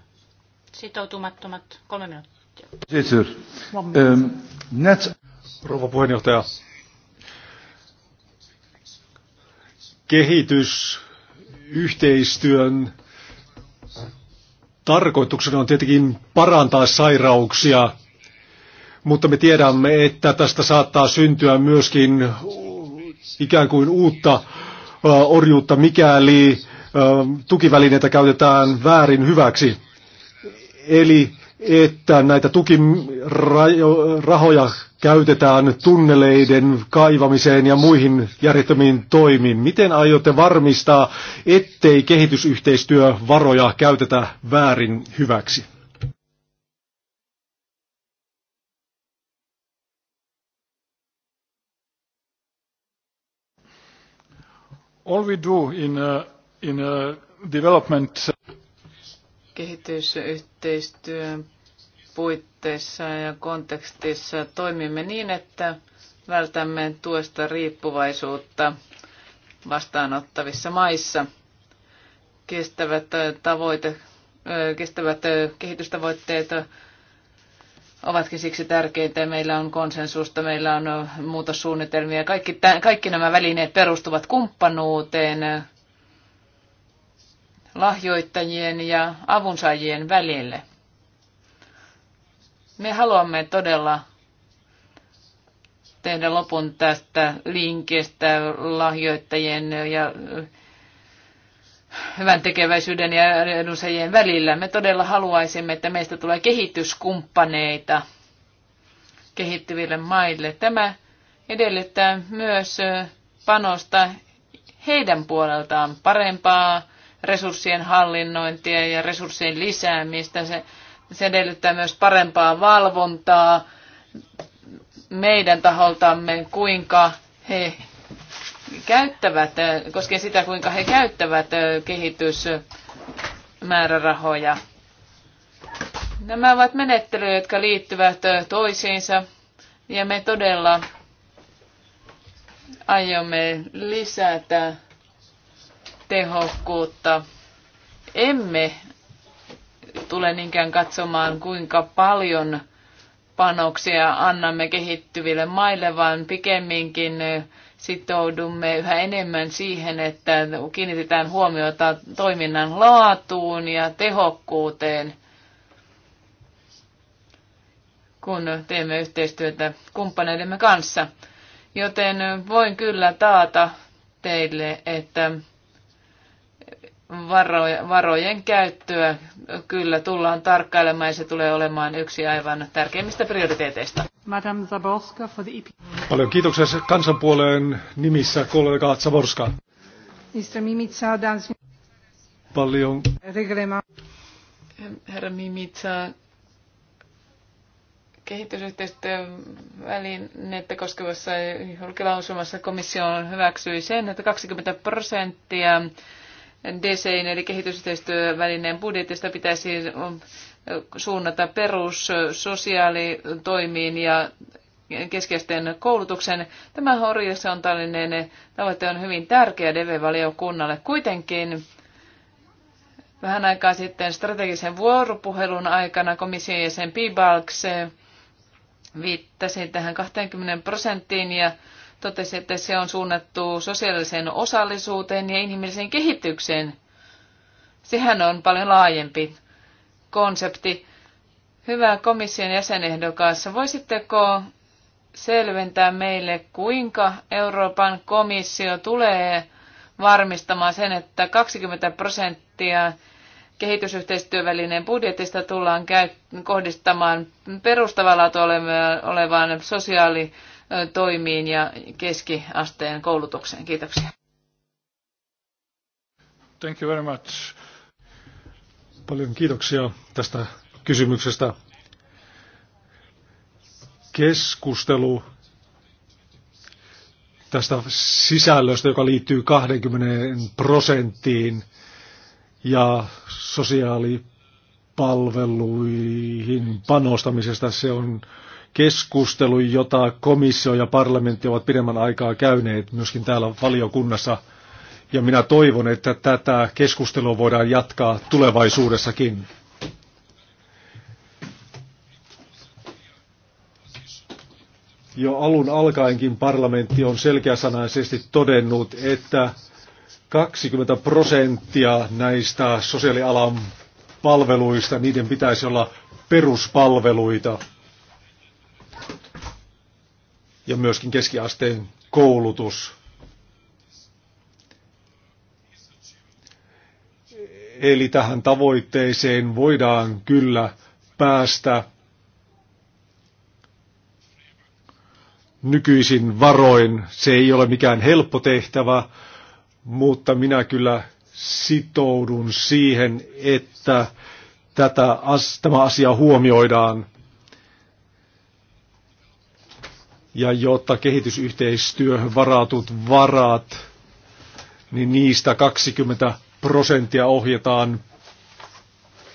B: Sitoutumattomat kolme minuuttia.
E: Kiitos. Ehm,
A: Rouva puheenjohtaja, kehitys yhteistyön tarkoituksena on tietenkin parantaa sairauksia, mutta me tiedämme, että tästä saattaa syntyä myöskin ikään kuin uutta orjuutta, mikäli tukivälineitä käytetään väärin hyväksi. Eli että näitä tukirahoja käytetään tunneleiden kaivamiseen ja muihin järjettömiin toimiin. Miten aiotte varmistaa, ettei kehitysyhteistyövaroja käytetä väärin hyväksi?
E: All we do in, uh, in uh, development
C: kehitysyhteistyön puitteissa ja kontekstissa toimimme niin, että vältämme tuosta riippuvaisuutta vastaanottavissa maissa. Kestävät, tavoite, kestävät kehitystavoitteet ovatkin siksi tärkeitä. Meillä on konsensusta, meillä on muutossuunnitelmia. Kaikki, kaikki nämä välineet perustuvat kumppanuuteen, lahjoittajien ja avunsaajien välille. Me haluamme todella tehdä lopun tästä linkistä lahjoittajien ja hyvän tekeväisyyden ja edunsaajien välillä. Me todella haluaisimme, että meistä tulee kehityskumppaneita kehittyville maille. Tämä edellyttää myös panosta heidän puoleltaan parempaa resurssien hallinnointia ja resurssien lisäämistä. Se, se edellyttää myös parempaa valvontaa meidän taholtamme, kuinka he käyttävät, koskien sitä, kuinka he käyttävät kehitysmäärärahoja. Nämä ovat menettelyjä, jotka liittyvät toisiinsa, ja me todella aiomme lisätä tehokkuutta. Emme tule niinkään katsomaan, kuinka paljon panoksia annamme kehittyville maille, vaan pikemminkin sitoudumme yhä enemmän siihen, että kiinnitetään huomiota toiminnan laatuun ja tehokkuuteen, kun teemme yhteistyötä kumppaneidemme kanssa. Joten voin kyllä taata teille, että varojen käyttöä kyllä tullaan tarkkailemaan ja se tulee olemaan yksi aivan tärkeimmistä prioriteeteista.
B: Madame Zaborska for
F: the EP.
A: Paljon kiitoksia kansanpuoleen nimissä kollega Zaborska.
C: Mr. Mimitsa, dans... Paljon. Herra Mimitsa, kehitysyhteistyön välinettä koskevassa julkilausumassa komissio hyväksyi sen, että 20 prosenttia DCin eli kehitysyhteistyövälineen budjetista pitäisi um, suunnata perus sosiaalitoimiin ja keskeisten koulutuksen. Tämä horisontaalinen tavoite on hyvin tärkeä DV-valiokunnalle. Kuitenkin vähän aikaa sitten strategisen vuoropuhelun aikana komission jäsen Pibalks viittasi tähän 20 prosenttiin ja totesi, että se on suunnattu sosiaaliseen osallisuuteen ja inhimilliseen kehitykseen. Sehän on paljon laajempi konsepti. Hyvä komission jäsenehdokas, voisitteko selventää meille, kuinka Euroopan komissio tulee varmistamaan sen, että 20 prosenttia kehitysyhteistyövälineen budjetista tullaan kohdistamaan perustavalla olevaan sosiaali- toimiin ja keskiasteen koulutukseen. Kiitoksia.
E: Thank you very much. Paljon kiitoksia tästä
A: kysymyksestä. Keskustelu tästä sisällöstä, joka liittyy 20 prosenttiin ja sosiaalipalveluihin panostamisesta, se on keskustelu, jota komissio ja parlamentti ovat pidemmän aikaa käyneet myöskin täällä valiokunnassa. Ja minä toivon, että tätä keskustelua voidaan jatkaa tulevaisuudessakin. Jo alun alkaenkin parlamentti on selkeäsanaisesti todennut, että 20 prosenttia näistä sosiaalialan palveluista, niiden pitäisi olla peruspalveluita ja myöskin keskiasteen koulutus. Eli tähän tavoitteeseen voidaan kyllä päästä nykyisin varoin. Se ei ole mikään helppo tehtävä, mutta minä kyllä sitoudun siihen, että tätä, tämä asia huomioidaan ja jotta kehitysyhteistyöhön varatut varat, niin niistä 20 prosenttia ohjataan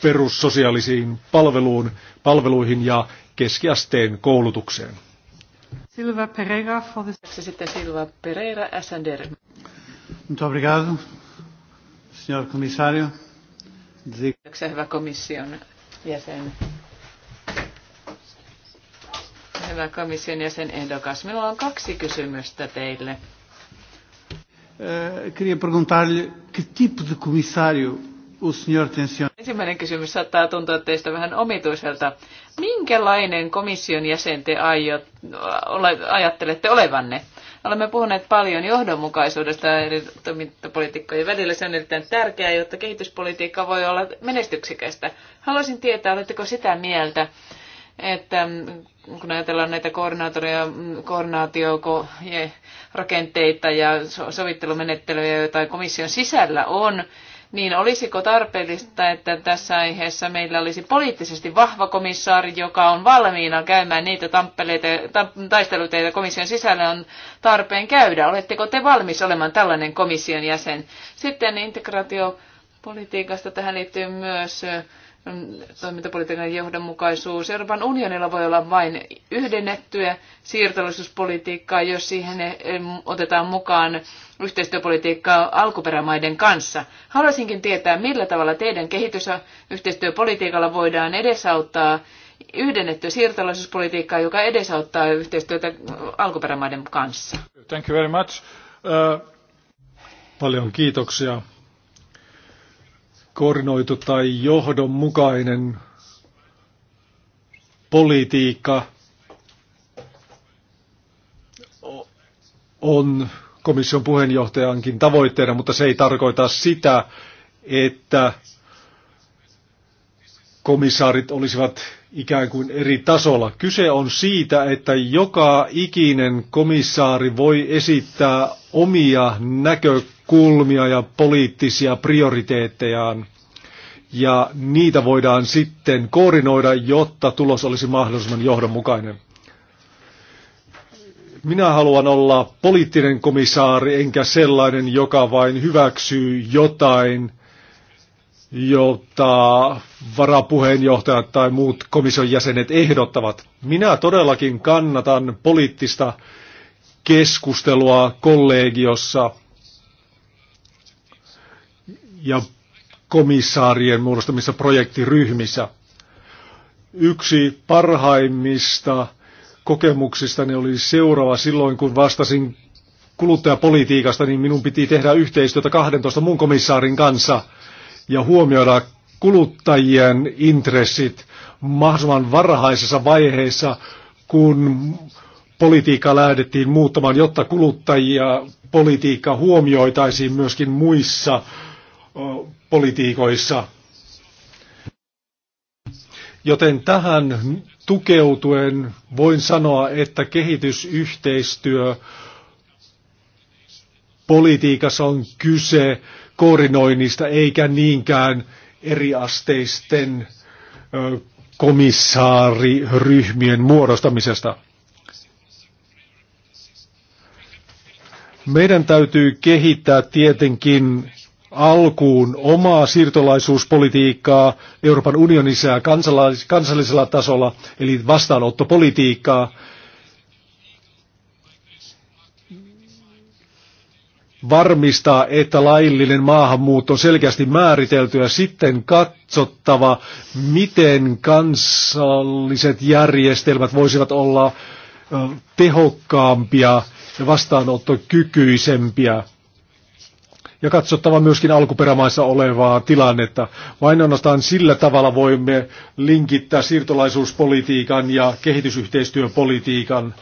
A: perussosiaalisiin palveluun, palveluihin ja keskiasteen koulutukseen.
E: Silva
C: Pereira for the... Sitten Silva Pereira, SNDR.
D: Muito obrigado, senhor comissário. Kiitoksia, hyvä
C: komission jäsen hyvä komission jäsen ehdokas. Minulla on kaksi kysymystä teille. Eh,
E: queria perguntar-lhe que tipo de comissário o senhor
C: Ensimmäinen kysymys saattaa tuntua teistä vähän omituiselta. Minkälainen komission jäsen te aiot, ole, ajattelette olevanne? Olemme puhuneet paljon johdonmukaisuudesta eri toimintapolitiikkojen välillä. Se on erittäin tärkeää, jotta kehityspolitiikka voi olla menestyksekästä. Haluaisin tietää, oletteko sitä mieltä, että mm, kun ajatellaan näitä koordinaatioja, mm, koordinaatiorakenteita ja sovittelumenettelyjä, joita komission sisällä on, niin olisiko tarpeellista, että tässä aiheessa meillä olisi poliittisesti vahva komissaari, joka on valmiina käymään niitä taisteluita, joita komission sisällä on tarpeen käydä? Oletteko te valmis olemaan tällainen komission jäsen? Sitten integraatiopolitiikasta tähän liittyy myös toimintapolitiikan johdonmukaisuus. Euroopan unionilla voi olla vain yhdennettyä siirtolaisuuspolitiikkaa, jos siihen otetaan mukaan yhteistyöpolitiikkaa alkuperämaiden kanssa. Haluaisinkin tietää, millä tavalla teidän kehitysyhteistyöpolitiikalla voidaan edesauttaa yhdennettyä siirtolaisuuspolitiikkaa, joka edesauttaa yhteistyötä
E: alkuperämaiden kanssa. Thank you very much. Uh... Paljon kiitoksia
A: koordinoitu tai johdonmukainen politiikka on komission puheenjohtajankin tavoitteena, mutta se ei tarkoita sitä, että komissaarit olisivat ikään kuin eri tasolla. Kyse on siitä, että joka ikinen komissaari voi esittää omia näkökulmia ja poliittisia prioriteettejaan. Ja niitä voidaan sitten koordinoida, jotta tulos olisi mahdollisimman johdonmukainen. Minä haluan olla poliittinen komissaari, enkä sellainen, joka vain hyväksyy jotain, jota varapuheenjohtajat tai muut komission jäsenet ehdottavat. Minä todellakin kannatan poliittista keskustelua kollegiossa ja komissaarien muodostamissa projektiryhmissä. Yksi parhaimmista kokemuksistani oli seuraava silloin, kun vastasin kuluttajapolitiikasta, niin minun piti tehdä yhteistyötä 12 muun komissaarin kanssa ja huomioida kuluttajien intressit mahdollisimman varhaisessa vaiheessa, kun politiikkaa lähdettiin muuttamaan, jotta kuluttajia politiikka huomioitaisiin myöskin muissa politiikoissa. Joten tähän tukeutuen voin sanoa, että kehitysyhteistyö politiikassa on kyse koordinoinnista eikä niinkään eriasteisten komissaariryhmien muodostamisesta. Meidän täytyy kehittää tietenkin alkuun omaa siirtolaisuuspolitiikkaa Euroopan unionissa ja kansallisella tasolla, eli vastaanottopolitiikkaa. varmistaa, että laillinen maahanmuutto on selkeästi määritelty ja sitten katsottava, miten kansalliset järjestelmät voisivat olla tehokkaampia ja vastaanottokykyisempiä. Ja katsottava myöskin alkuperämaissa olevaa tilannetta. Vain ainoastaan sillä tavalla voimme linkittää siirtolaisuuspolitiikan ja kehitysyhteistyöpolitiikan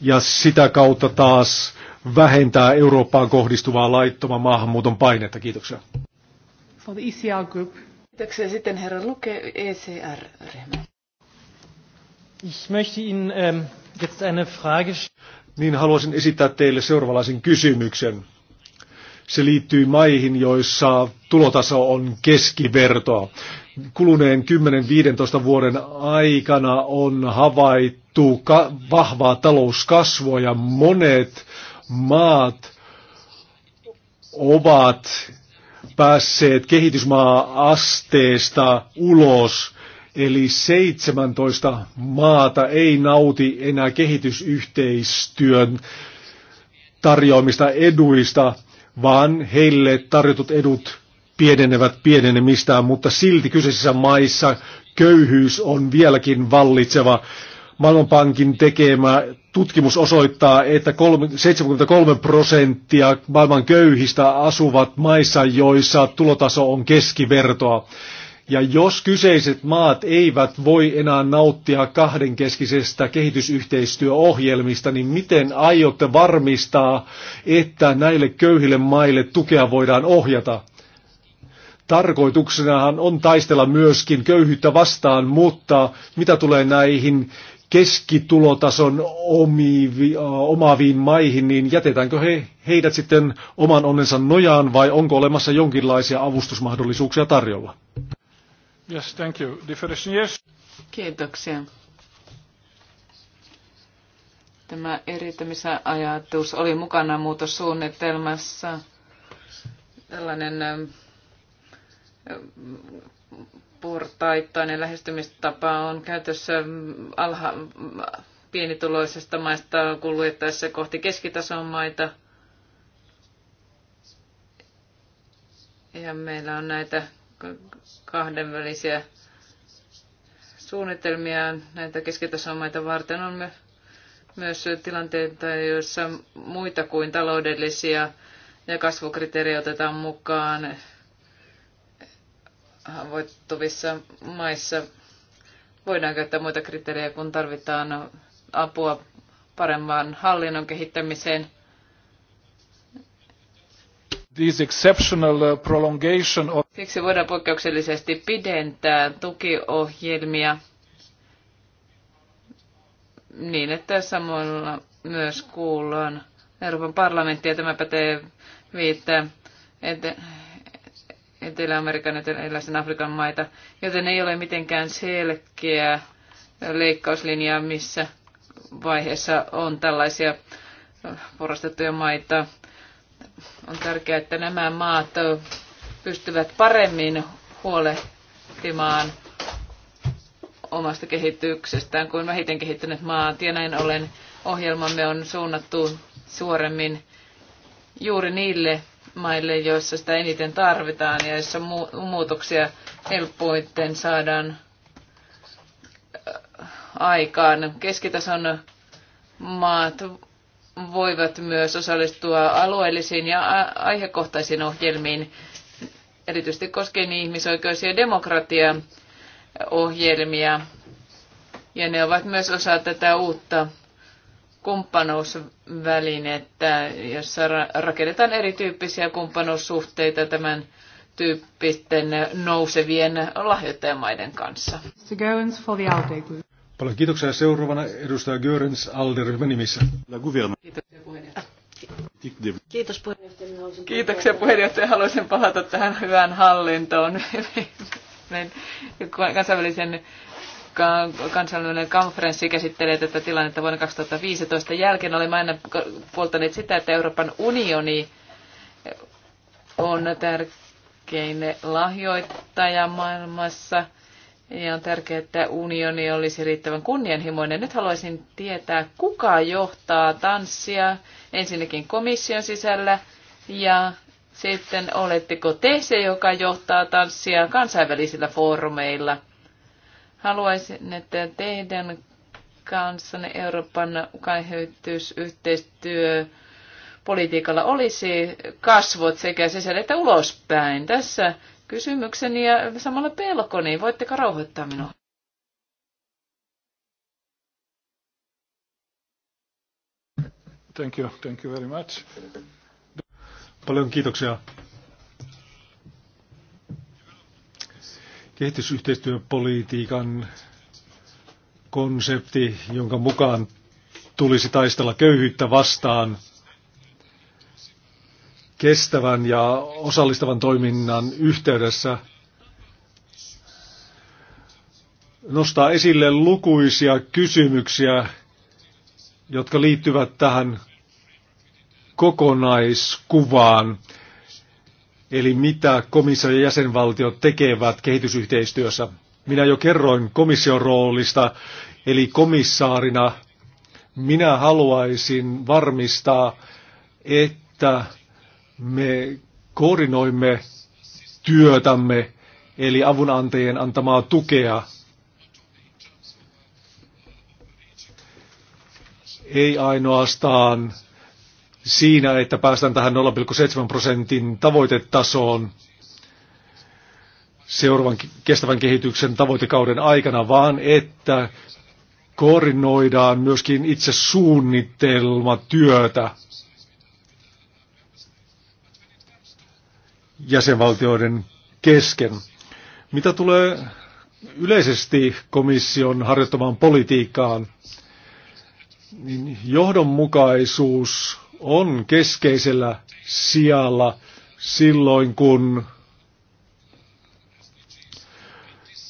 A: ja sitä kautta taas vähentää Eurooppaan kohdistuvaa laittoman maahanmuuton painetta. Kiitoksia.
C: For the ECR group. Kiitoksia sitten herra Luke, ECR-ryhmä.
A: Ich möchte Ihnen ähm, jetzt eine Frage niin haluaisin esittää teille seuraavanlaisen kysymyksen. Se liittyy maihin, joissa tulotaso on keskivertoa. Kuluneen 10-15 vuoden aikana on havaittu vahvaa talouskasvua ja monet maat ovat päässeet kehitysmaa-asteesta ulos Eli 17 maata ei nauti enää kehitysyhteistyön tarjoamista eduista, vaan heille tarjotut edut pienenevät pienenemistään, mutta silti kyseisissä maissa köyhyys on vieläkin vallitseva. Maailmanpankin tekemä tutkimus osoittaa, että 73 prosenttia maailman köyhistä asuvat maissa, joissa tulotaso on keskivertoa. Ja jos kyseiset maat eivät voi enää nauttia kahdenkeskisestä kehitysyhteistyöohjelmista, niin miten aiotte varmistaa, että näille köyhille maille tukea voidaan ohjata? Tarkoituksenahan on taistella myöskin köyhyyttä vastaan, mutta mitä tulee näihin keskitulotason omivi, omaaviin maihin, niin jätetäänkö he, heidät sitten oman onnensa nojaan vai onko olemassa jonkinlaisia avustusmahdollisuuksia tarjolla?
E: Yes, thank you. Kiitoksia.
C: Tämä eriyttämisajatus oli mukana muutossuunnitelmassa. Tällainen ähm, portaittainen lähestymistapa on käytössä ähm, alha, pienituloisesta maista kuljettaessa kohti keskitason maita. Ja meillä on näitä kahdenvälisiä suunnitelmia näitä keskitasomaita varten. On myös tilanteita, joissa muita kuin taloudellisia ja kasvukriteerejä otetaan mukaan voittuvissa maissa. Voidaan käyttää muita kriteerejä, kun tarvitaan apua paremman hallinnon kehittämiseen –
E: exceptional uh, prolongation of...
C: Siksi voidaan poikkeuksellisesti pidentää tukiohjelmia niin, että samalla myös kuullaan Euroopan ja Tämä pätee viittä Etelä-Amerikan ja Eteläisen Afrikan maita, joten ei ole mitenkään selkeä leikkauslinjaa, missä vaiheessa on tällaisia porastettuja maita. On tärkeää, että nämä maat pystyvät paremmin huolehtimaan omasta kehityksestään kuin vähiten kehittyneet maat. Ja näin ollen ohjelmamme on suunnattu suoremmin juuri niille maille, joissa sitä eniten tarvitaan ja joissa muutoksia helpoiten saadaan äh, aikaan. Keskitason maat voivat myös osallistua alueellisiin ja aihekohtaisiin ohjelmiin, erityisesti koskien ihmisoikeus- ja demokratiaohjelmia. Ja ne ovat myös osa tätä uutta kumppanuusvälinettä, jossa rakennetaan erityyppisiä kumppanuussuhteita tämän tyyppisten nousevien lahjoittajamaiden kanssa.
A: Paljon kiitoksia. Seuraavana edustaja Görens Alderman nimissä.
G: Kiitos puheenjohtaja.
C: Kiitoksia puheenjohtaja. Haluaisin palata tähän hyvään hallintoon. [laughs] Kansainvälisen kansainvälinen konferenssi käsittelee tätä tilannetta vuonna 2015 jälkeen. Olemme aina puoltaneet sitä, että Euroopan unioni on tärkein lahjoittaja maailmassa – ja on tärkeää, että unioni olisi riittävän kunnianhimoinen. Nyt haluaisin tietää, kuka johtaa tanssia ensinnäkin komission sisällä ja sitten oletteko te se, joka johtaa tanssia kansainvälisillä foorumeilla? Haluaisin, että teidän kanssanne Euroopan kaihoitusyhteistyö politiikalla olisi kasvot sekä sisällä että ulospäin. Tässä kysymykseni ja samalla pelkoni. Voitteko rauhoittaa minua?
E: Thank you, thank you very much.
A: Paljon kiitoksia. Kehitysyhteistyöpolitiikan konsepti, jonka mukaan tulisi taistella köyhyyttä vastaan – kestävän ja osallistavan toiminnan yhteydessä nostaa esille lukuisia kysymyksiä, jotka liittyvät tähän kokonaiskuvaan, eli mitä komissio ja jäsenvaltiot tekevät kehitysyhteistyössä. Minä jo kerroin komission roolista, eli komissaarina minä haluaisin varmistaa, että me koordinoimme työtämme, eli avunantajien antamaa tukea. Ei ainoastaan siinä, että päästään tähän 0,7 prosentin tavoitetasoon seuraavan kestävän kehityksen tavoitekauden aikana, vaan että koordinoidaan myöskin itse suunnitelmatyötä. työtä jäsenvaltioiden kesken. Mitä tulee yleisesti komission harjoittamaan politiikkaan, niin johdonmukaisuus on keskeisellä sijalla silloin, kun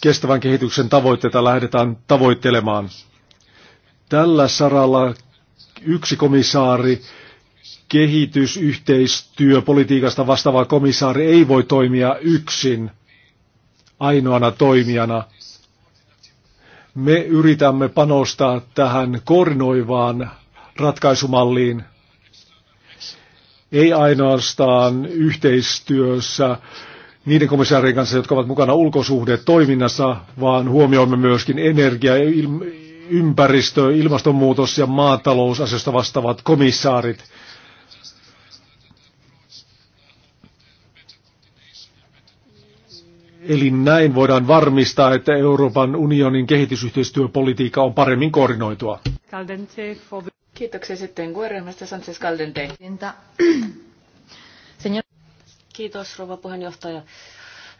A: kestävän kehityksen tavoitteita lähdetään tavoittelemaan. Tällä saralla yksi komissaari kehitysyhteistyöpolitiikasta vastaava komissaari ei voi toimia yksin ainoana toimijana. Me yritämme panostaa tähän koordinoivaan ratkaisumalliin, ei ainoastaan yhteistyössä niiden komissaarien kanssa, jotka ovat mukana toiminnassa, vaan huomioimme myöskin energia- ja ympäristö, ilmastonmuutos ja maatalousasioista vastaavat komissaarit – Eli näin voidaan varmistaa, että Euroopan unionin kehitysyhteistyöpolitiikka on paremmin koordinoitua.
B: Kiitoksia
G: sitten Guerremasta Sanchez Caldente. [clears throat] Kiitos rouva puheenjohtaja.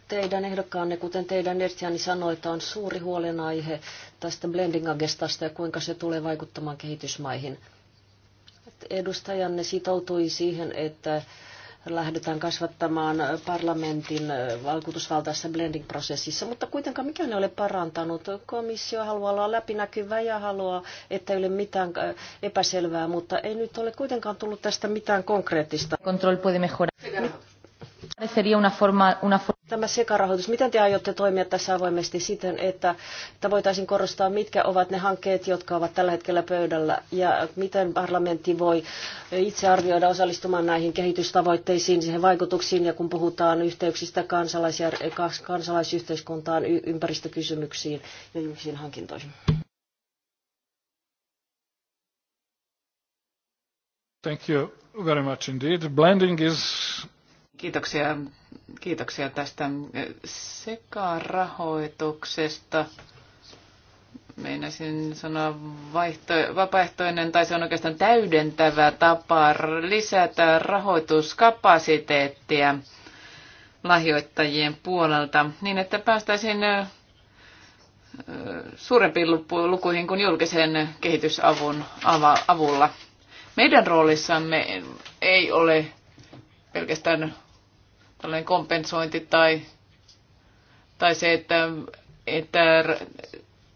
G: Teidän ehdokkaanne, kuten teidän sanoi, että on suuri huolenaihe tästä blending-agestasta ja kuinka se tulee vaikuttamaan kehitysmaihin. Edustajanne sitoutui siihen, että lähdetään kasvattamaan parlamentin valkutusvaltaisessa blending-prosessissa, mutta kuitenkaan mikään ei ole parantanut. Komissio haluaa olla läpinäkyvä ja haluaa, että ei ole mitään epäselvää, mutta ei nyt ole kuitenkaan tullut tästä mitään konkreettista. Control puede mejorar. Tämä sekarahoitus, miten te aiotte toimia tässä avoimesti siten, että, että voitaisiin korostaa, mitkä ovat ne hankkeet, jotka ovat tällä hetkellä pöydällä ja miten parlamentti voi itse arvioida osallistumaan näihin kehitystavoitteisiin, siihen vaikutuksiin ja kun puhutaan yhteyksistä kansalaisyhteiskuntaan, ympäristökysymyksiin ja julkisiin hankintoihin.
E: Thank you very much indeed. Blending is
G: Kiitoksia,
C: kiitoksia tästä sekarahoituksesta. Meinaisin sanoa vaihto, vapaaehtoinen, tai se on oikeastaan täydentävä tapa lisätä rahoituskapasiteettia lahjoittajien puolelta, niin että päästäisiin suurempiin lukuihin kuin julkisen kehitysavun avulla. Meidän roolissamme ei ole pelkästään tällainen kompensointi tai, tai se, että, että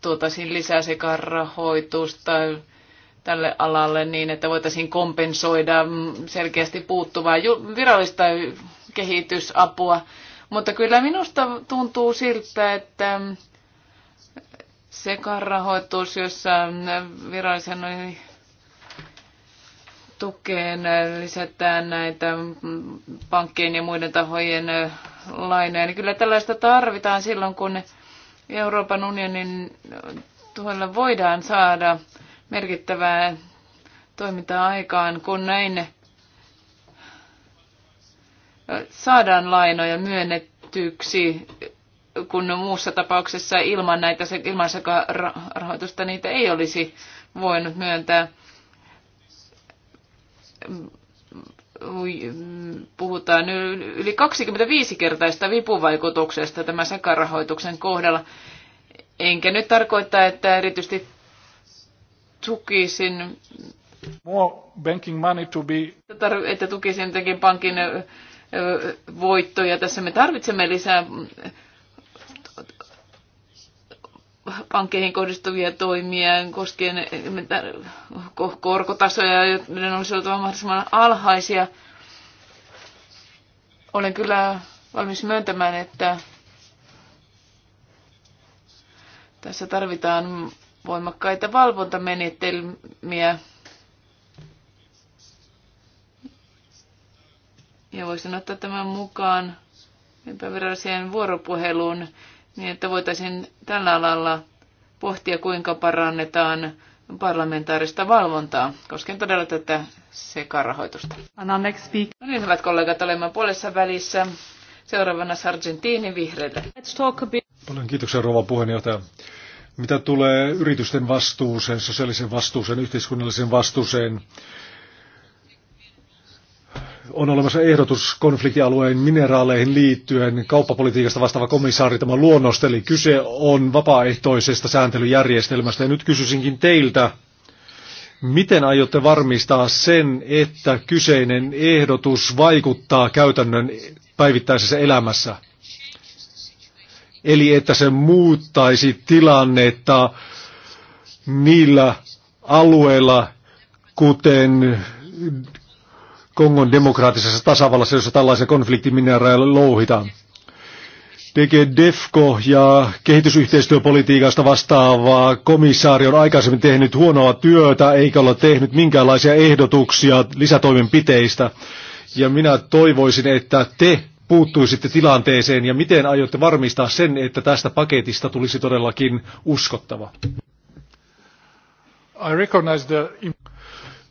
C: tuotaisiin lisää sekä rahoitusta tälle alalle niin, että voitaisiin kompensoida selkeästi puuttuvaa virallista kehitysapua. Mutta kyllä minusta tuntuu siltä, että sekarahoitus, jossa virallisen tukeen lisätään näitä pankkien ja muiden tahojen lainoja, niin kyllä tällaista tarvitaan silloin, kun Euroopan unionin tuolla voidaan saada merkittävää toimintaa aikaan, kun näin saadaan lainoja myönnettyksi, kun muussa tapauksessa ilman, näitä, ilman rahoitusta niitä ei olisi voinut myöntää puhutaan yli 25-kertaista vipuvaikutuksesta tämän sekarahoituksen kohdalla. Enkä nyt tarkoita, että erityisesti tukisin
E: More banking money to be...
C: että tukisin jotenkin pankin voittoja. Tässä me tarvitsemme lisää pankkeihin kohdistuvia toimia koskien korkotasoja, joiden olisi oltava mahdollisimman alhaisia. Olen kyllä valmis myöntämään, että tässä tarvitaan voimakkaita valvontamenetelmiä. Ja voisin ottaa tämän mukaan epäviralliseen vuoropuheluun niin, että voitaisiin tällä alalla pohtia, kuinka parannetaan parlamentaarista valvontaa, koskien todella tätä sekarahoitusta. Anna next speak. No niin, hyvät kollegat, olemme puolessa välissä. Seuraavana Sargentinin vihreille. Let's talk a bit.
A: Paljon kiitoksia, rouva puheenjohtaja. Mitä tulee yritysten vastuuseen, sosiaalisen vastuuseen, yhteiskunnallisen vastuuseen, on olemassa ehdotus konfliktialueen mineraaleihin liittyen. Kauppapolitiikasta vastaava komissaari tämä luonnosteli. Kyse on vapaaehtoisesta sääntelyjärjestelmästä. Ja nyt kysyisinkin teiltä, miten aiotte varmistaa sen, että kyseinen ehdotus vaikuttaa käytännön päivittäisessä elämässä? Eli että se muuttaisi tilannetta niillä alueilla, kuten Kongon demokraattisessa tasavallassa, jossa tällaisia konfliktimineraaleja louhitaan. DG DEFCO ja kehitysyhteistyöpolitiikasta vastaava komissaari on aikaisemmin tehnyt huonoa työtä eikä ole tehnyt minkäänlaisia ehdotuksia lisätoimenpiteistä. Ja minä toivoisin, että te puuttuisitte tilanteeseen ja miten aiotte varmistaa sen, että tästä paketista tulisi todellakin uskottava?
E: I recognize the...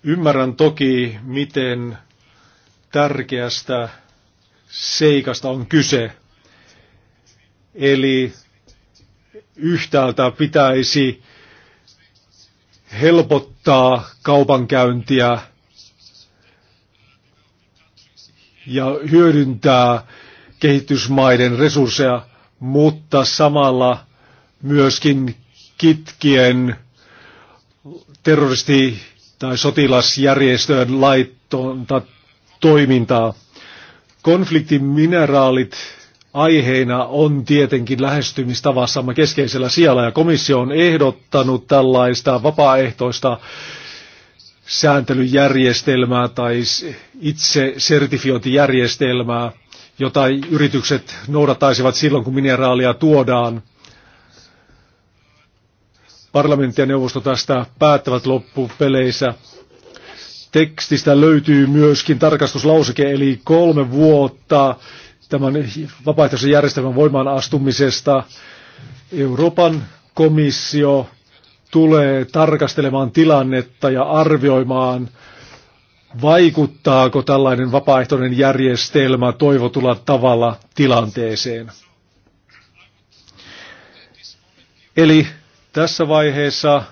A: Ymmärrän toki, miten tärkeästä seikasta on kyse. Eli yhtäältä pitäisi helpottaa kaupankäyntiä ja hyödyntää kehitysmaiden resursseja, mutta samalla myöskin kitkien terroristi- tai sotilasjärjestöjen laittonta toimintaa. Konfliktin mineraalit aiheena on tietenkin lähestymistavassamme keskeisellä sijalla ja komissio on ehdottanut tällaista vapaaehtoista sääntelyjärjestelmää tai itse sertifiointijärjestelmää, jota yritykset noudattaisivat silloin, kun mineraalia tuodaan. Parlamentti ja neuvosto tästä päättävät loppupeleissä tekstistä löytyy myöskin tarkastuslauseke, eli kolme vuotta tämän vapaaehtoisen järjestelmän voimaan astumisesta Euroopan komissio tulee tarkastelemaan tilannetta ja arvioimaan, vaikuttaako tällainen vapaaehtoinen järjestelmä toivotulla tavalla tilanteeseen. Eli tässä vaiheessa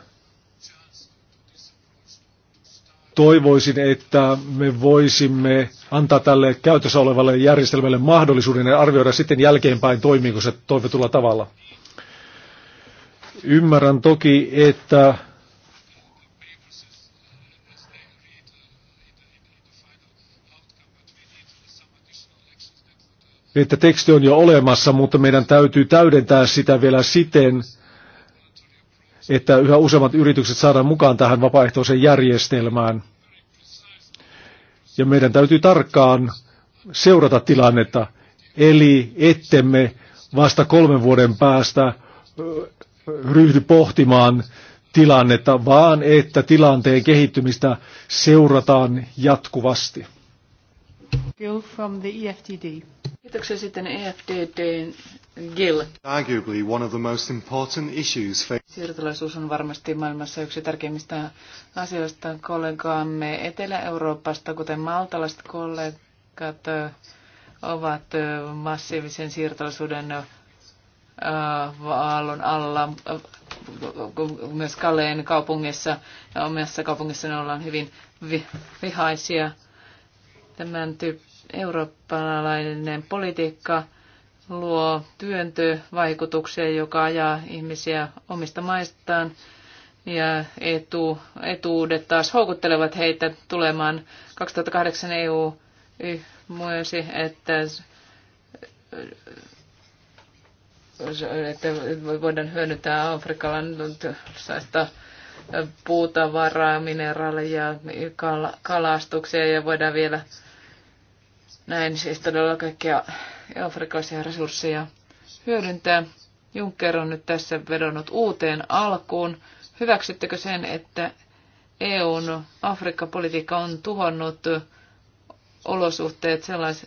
A: toivoisin, että me voisimme antaa tälle käytössä olevalle järjestelmälle mahdollisuuden ja arvioida sitten jälkeenpäin, toimiiko se toivotulla tavalla. Ymmärrän toki, että että teksti on jo olemassa, mutta meidän täytyy täydentää sitä vielä siten, että yhä useammat yritykset saadaan mukaan tähän vapaaehtoiseen järjestelmään. Ja meidän täytyy tarkkaan seurata tilannetta, eli ettemme vasta kolmen vuoden päästä ryhdy pohtimaan tilannetta, vaan että tilanteen kehittymistä seurataan jatkuvasti.
I: EFTD. E
C: Kiitoksia sitten EFDDn
A: Gill. Arguably one of the most important issues
C: Siirtolaisuus on varmasti maailmassa yksi tärkeimmistä asioista. Kollegaamme Etelä-Euroopasta, kuten maltalaiset kollegat, ovat massiivisen siirtolaisuuden aallon alla. Myös Kaleen kaupungissa ja omassa kaupungissa ne ollaan hyvin vihaisia. Tämän tyyppi eurooppalainen politiikka luo työntövaikutuksia, joka ajaa ihmisiä omista maistaan ja etu, etuudet taas houkuttelevat heitä tulemaan. 2008 EU myönsi, että, että voidaan hyödyntää Afrikalan puutavaraa, mineraaleja, kalastuksia ja voidaan vielä näin siis todella kaikkia afrikkalaisia resursseja hyödyntää. Juncker on nyt tässä vedonnut uuteen alkuun. Hyväksyttekö sen, että EUn Afrikka-politiikka on tuhonnut olosuhteet sellais,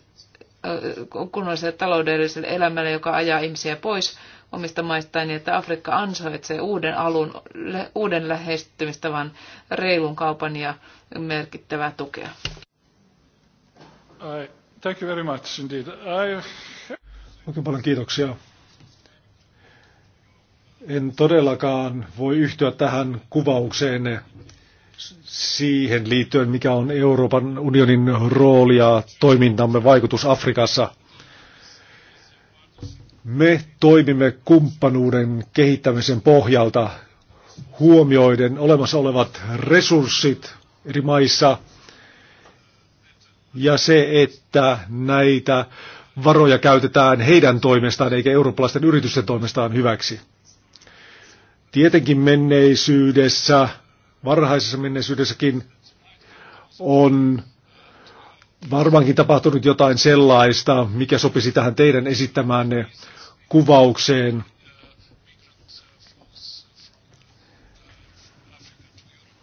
C: äh, kunnolliselle taloudelliselle elämälle, joka ajaa ihmisiä pois omista maistaan, niin että Afrikka ansaitsee uuden alun, uuden lähestymistavan, reilun kaupan ja
E: merkittävää tukea. Ai. Thank you very much indeed. I...
A: Oikein paljon kiitoksia. En todellakaan voi yhtyä tähän kuvaukseen siihen liittyen, mikä on Euroopan unionin rooli ja toimintamme vaikutus Afrikassa. Me toimimme kumppanuuden kehittämisen pohjalta huomioiden olemassa olevat resurssit eri maissa – ja se, että näitä varoja käytetään heidän toimestaan eikä eurooppalaisten yritysten toimestaan hyväksi. Tietenkin menneisyydessä, varhaisessa menneisyydessäkin on varmaankin tapahtunut jotain sellaista, mikä sopisi tähän teidän esittämäänne kuvaukseen.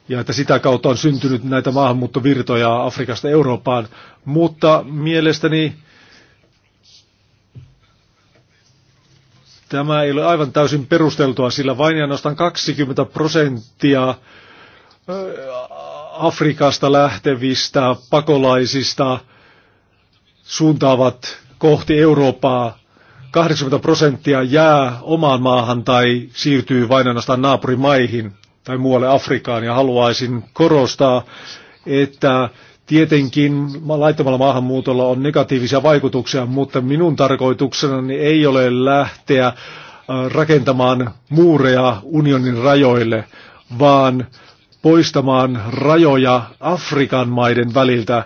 A: ja että sitä kautta on syntynyt näitä maahanmuuttovirtoja Afrikasta Eurooppaan. Mutta mielestäni tämä ei ole aivan täysin perusteltua, sillä vain ja nostan 20 prosenttia Afrikasta lähtevistä pakolaisista suuntaavat kohti Eurooppaa. 80 prosenttia jää omaan maahan tai siirtyy vain ainoastaan naapurimaihin tai muualle Afrikaan ja haluaisin korostaa, että Tietenkin laittomalla maahanmuutolla on negatiivisia vaikutuksia, mutta minun tarkoituksenani ei ole lähteä äh, rakentamaan muureja unionin rajoille, vaan poistamaan rajoja Afrikan maiden väliltä,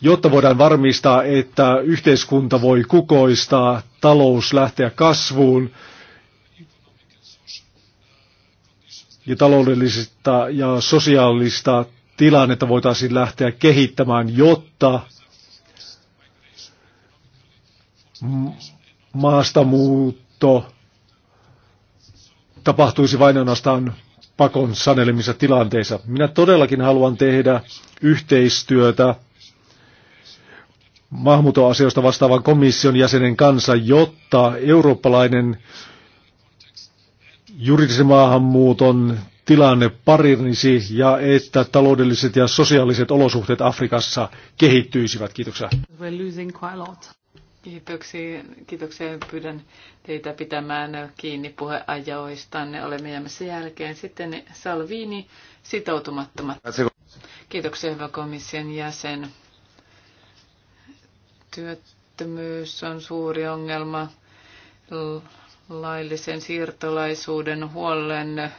A: jotta voidaan varmistaa, että yhteiskunta voi kukoistaa, talous lähteä kasvuun ja taloudellista ja sosiaalista tilannetta voitaisiin lähteä kehittämään, jotta maastamuutto tapahtuisi vain ainoastaan pakon sanelemissa tilanteissa. Minä todellakin haluan tehdä yhteistyötä maahanmuuttoasioista vastaavan komission jäsenen kanssa, jotta eurooppalainen juridisen maahanmuuton tilanne parinisi ja että taloudelliset ja sosiaaliset olosuhteet Afrikassa kehittyisivät. Kiitoksia.
C: Kiitoksia. Kiitoksia. Pyydän teitä pitämään kiinni puheajoistanne. Olemme jäämässä jälkeen. Sitten Salvini, sitoutumattomat. Kiitoksia, hyvä komission jäsen. Työttömyys on suuri ongelma laillisen siirtolaisuuden huolen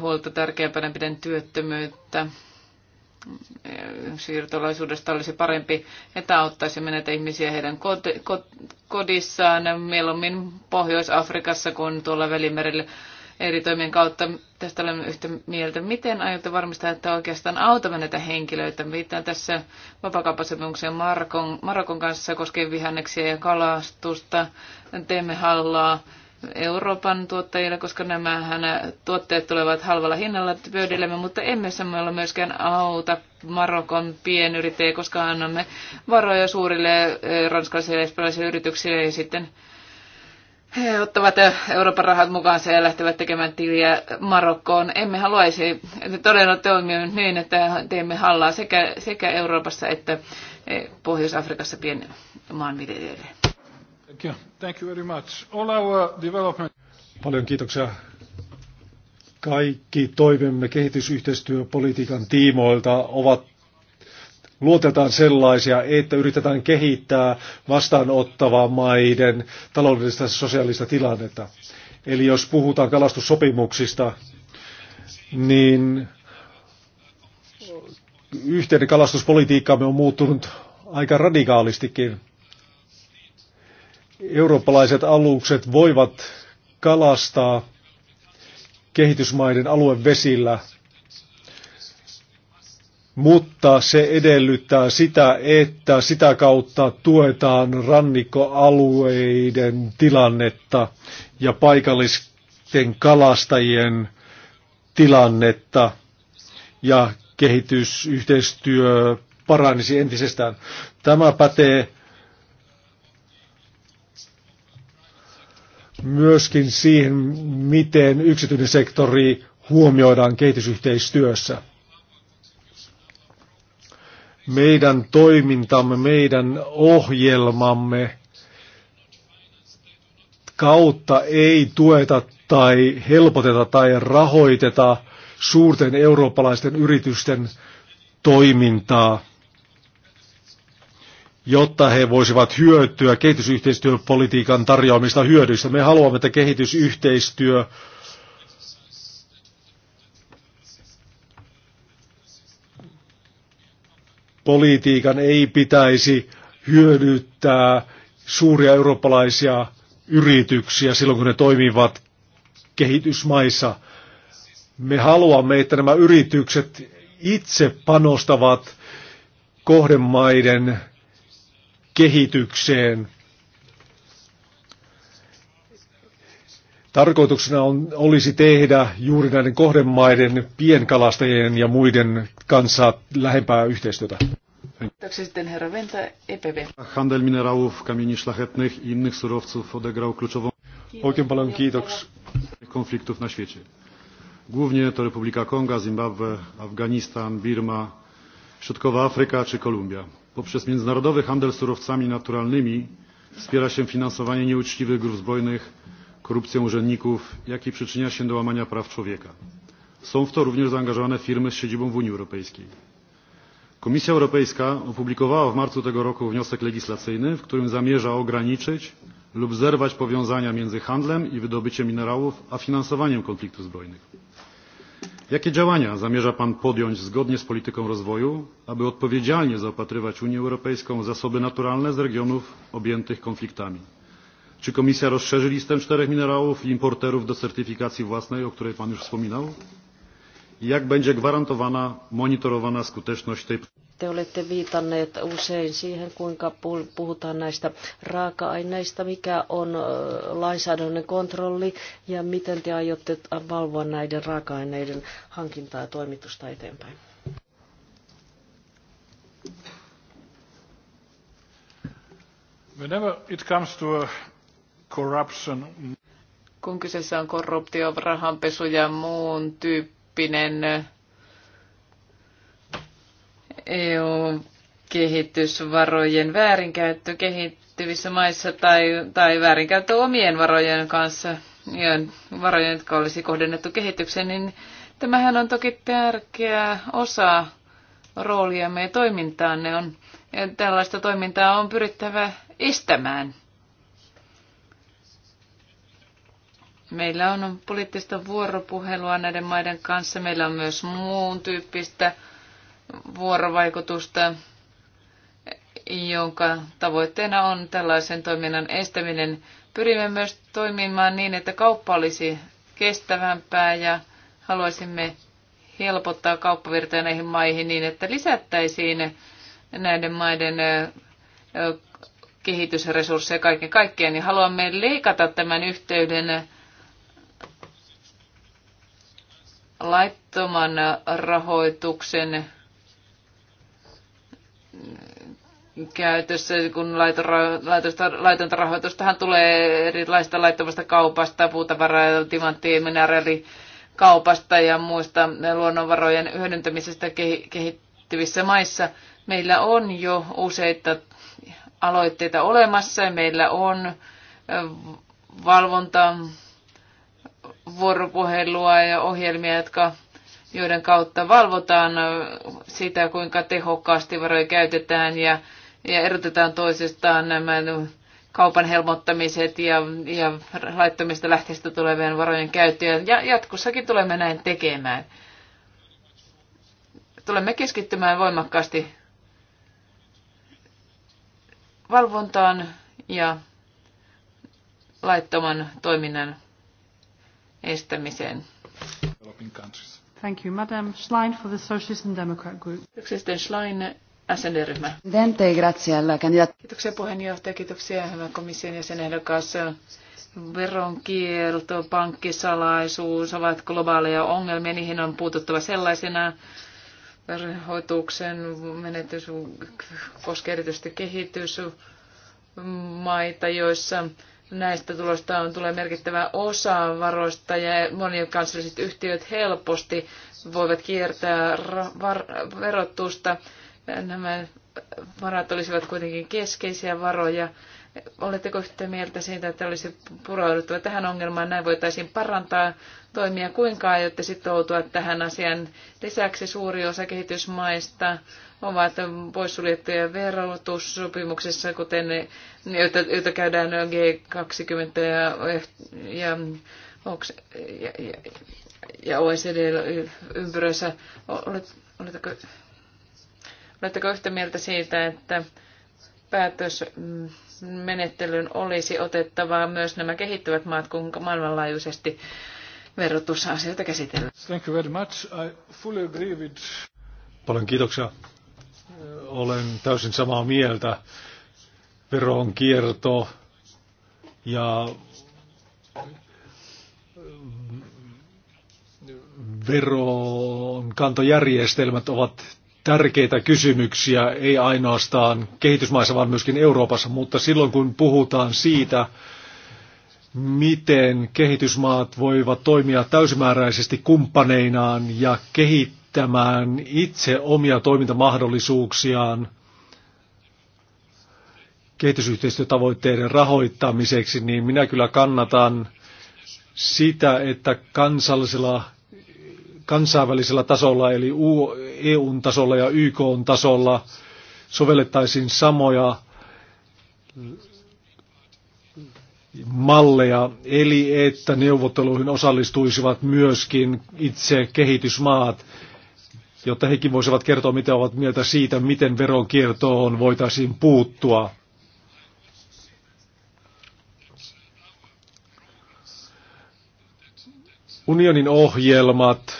C: huolta tärkeämpänä pidän työttömyyttä. Siirtolaisuudesta olisi parempi, että auttaisimme näitä ihmisiä heidän kodissaan, mieluummin Pohjois-Afrikassa kuin tuolla Välimerellä eri toimien kautta. Tästä olemme yhtä mieltä. Miten aiotte varmistaa, että oikeastaan autamme näitä henkilöitä? Viittaan tässä vapakauppasopimukseen Marokon kanssa koskien vihanneksia ja kalastusta teemme hallaa Euroopan tuottajille, koska nämä tuotteet tulevat halvalla hinnalla pöydillemme, mutta emme samalla myöskään auta Marokon pienyrittäjiä, koska annamme varoja suurille eh, ranskalaisille ja espanjalaisille yrityksille ja sitten he ottavat eh, Euroopan rahat mukaansa ja lähtevät tekemään tiliä Marokkoon. Emme haluaisi todella toimia niin, että teemme hallaa sekä, sekä Euroopassa että eh, Pohjois-Afrikassa pienen maanviljelijöille.
E: Thank you very much. All our development...
A: Paljon kiitoksia kaikki toivemme kehitysyhteistyöpolitiikan tiimoilta ovat luotetaan sellaisia, että yritetään kehittää vastaanottavaa maiden taloudellista ja sosiaalista tilannetta. Eli jos puhutaan kalastussopimuksista, niin yhteinen kalastuspolitiikkamme on muuttunut aika radikaalistikin eurooppalaiset alukset voivat kalastaa kehitysmaiden aluevesillä, mutta se edellyttää sitä, että sitä kautta tuetaan rannikkoalueiden tilannetta ja paikallisten kalastajien tilannetta ja kehitysyhteistyö paranisi entisestään. Tämä pätee myöskin siihen, miten yksityinen sektori huomioidaan kehitysyhteistyössä. Meidän toimintamme, meidän ohjelmamme kautta ei tueta tai helpoteta tai rahoiteta suurten eurooppalaisten yritysten toimintaa jotta he voisivat hyötyä kehitysyhteistyöpolitiikan tarjoamista hyödyistä. Me haluamme, että kehitysyhteistyö politiikan ei pitäisi hyödyttää suuria eurooppalaisia yrityksiä silloin, kun ne toimivat kehitysmaissa. Me haluamme, että nämä yritykset itse panostavat kohdemaiden kehitykseen. Tarkoituksena on, olisi tehdä juuri näiden kohdemaiden pienkalastajien ja muiden kanssa lähempää
D: yhteistyötä.
C: Kiitoksia sitten herra Venta, EPV.
D: Handel minerałów, kamieni szlachetnych i innych surowców odegrał kluczową... Oikein paljon kiitoks. ...konfliktów na świecie. Głównie to Republika Konga, Zimbabwe, Afganistan, Birma, Środkowa Afryka czy Kolumbia poprzez międzynarodowy handel surowcami naturalnymi wspiera się finansowanie nieuczciwych grup zbrojnych korupcję urzędników jak i przyczynia się do łamania praw człowieka. są w to również zaangażowane firmy z siedzibą w unii europejskiej. komisja europejska opublikowała w marcu tego roku wniosek legislacyjny w którym zamierza ograniczyć lub zerwać powiązania między handlem i wydobyciem minerałów a finansowaniem konfliktów zbrojnych jakie działania zamierza pan podjąć zgodnie z polityką rozwoju aby odpowiedzialnie zaopatrywać unię europejską w zasoby naturalne z regionów objętych konfliktami? czy komisja rozszerzy listę czterech minerałów i importerów do certyfikacji własnej o której pan już wspominał? jak będzie gwarantowana monitorowana skuteczność tej
G: te olette viitanneet usein siihen, kuinka puhutaan näistä raaka-aineista, mikä on lainsäädännön kontrolli ja miten te aiotte valvoa näiden raaka-aineiden hankintaa ja toimitusta eteenpäin.
E: Whenever it comes to corruption,
C: kun kyseessä on korruptio, rahanpesu ja muun tyyppinen EU-kehitysvarojen väärinkäyttö kehittyvissä maissa tai, tai väärinkäyttö omien varojen kanssa, varojen, jotka olisi kohdennettu kehitykseen, niin tämähän on toki tärkeä osa rooliamme ja Ne on, ja tällaista toimintaa on pyrittävä estämään. Meillä on poliittista vuoropuhelua näiden maiden kanssa. Meillä on myös muun tyyppistä vuorovaikutusta, jonka tavoitteena on tällaisen toiminnan estäminen. Pyrimme myös toimimaan niin, että kauppa olisi kestävämpää ja haluaisimme helpottaa kauppavirtoja näihin maihin niin, että lisättäisiin näiden maiden kehitysresursseja kaiken kaikkiaan, niin haluamme leikata tämän yhteyden laittoman rahoituksen käytössä, kun laitonta rahoitustahan tulee erilaista laittomasta kaupasta, puutavaraa, timanttia, mineraali, kaupasta ja muista luonnonvarojen hyödyntämisestä kehittyvissä maissa. Meillä on jo useita aloitteita olemassa ja meillä on valvonta, vuoropuhelua ja ohjelmia, jotka joiden kautta valvotaan sitä, kuinka tehokkaasti varoja käytetään ja, ja erotetaan toisistaan nämä kaupan helmottamiset ja, ja laittomista lähteistä tulevien varojen käyttöä. Ja jatkossakin tulemme näin tekemään. Tulemme keskittymään voimakkaasti valvontaan ja laittoman toiminnan estämiseen.
E: Developing countries.
I: Thank you, Madam Schlein for the Socialist and Democrat Group. Yksi
C: Schlein, SND-ryhmä. Kiitoksia puheenjohtaja, kiitoksia hyvän komission jäsenehdokas. Veronkierto, pankkisalaisuus ovat globaaleja ongelmia, niihin on puututtava sellaisena rahoituksen menetys koskee erityisesti kehitysmaita, joissa näistä tuloista on, tulee merkittävä osa varoista ja monikansalliset yhtiöt helposti voivat kiertää verotusta. Nämä varat olisivat kuitenkin keskeisiä varoja. Oletteko yhtä mieltä siitä, että olisi purauduttava tähän ongelmaan? Näin voitaisiin parantaa toimia. Kuinka aiotte sitoutua tähän asian? Lisäksi suuri osa kehitysmaista ovat poissuljettuja verotussopimuksissa, kuten ne, joita, joita käydään G20 ja, ja, ja, ja, ja OECD-ympyröissä. oletteko, oletteko yhtä mieltä siitä, että päätösmenettelyn olisi otettava myös nämä kehittyvät maat, kun maailmanlaajuisesti verotusasioita
E: käsitellään? Thank you very much. I fully agree with...
A: Paljon kiitoksia olen täysin samaa mieltä. Veronkierto ja veronkantojärjestelmät ovat tärkeitä kysymyksiä, ei ainoastaan kehitysmaissa, vaan myöskin Euroopassa, mutta silloin kun puhutaan siitä, miten kehitysmaat voivat toimia täysimääräisesti kumppaneinaan ja kehittää, kehittämään itse omia toimintamahdollisuuksiaan kehitysyhteistyötavoitteiden rahoittamiseksi, niin minä kyllä kannatan sitä, että kansallisella, kansainvälisellä tasolla, eli EUn tasolla ja YKn tasolla sovellettaisiin samoja malleja, eli että neuvotteluihin osallistuisivat myöskin itse kehitysmaat, jotta hekin voisivat kertoa, mitä ovat mieltä siitä, miten veronkiertoon voitaisiin puuttua. Unionin ohjelmat,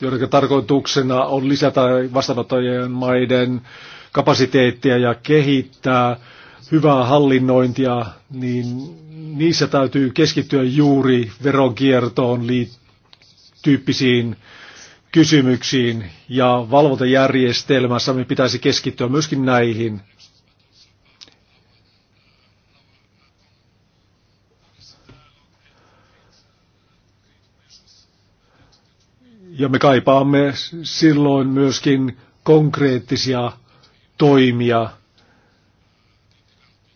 A: joiden tarkoituksena on lisätä vastaanottajien maiden kapasiteettia ja kehittää hyvää hallinnointia, niin niissä täytyy keskittyä juuri veronkiertoon liittyen tyyppisiin kysymyksiin ja valvontajärjestelmässä me pitäisi keskittyä myöskin näihin. Ja me kaipaamme silloin myöskin konkreettisia toimia,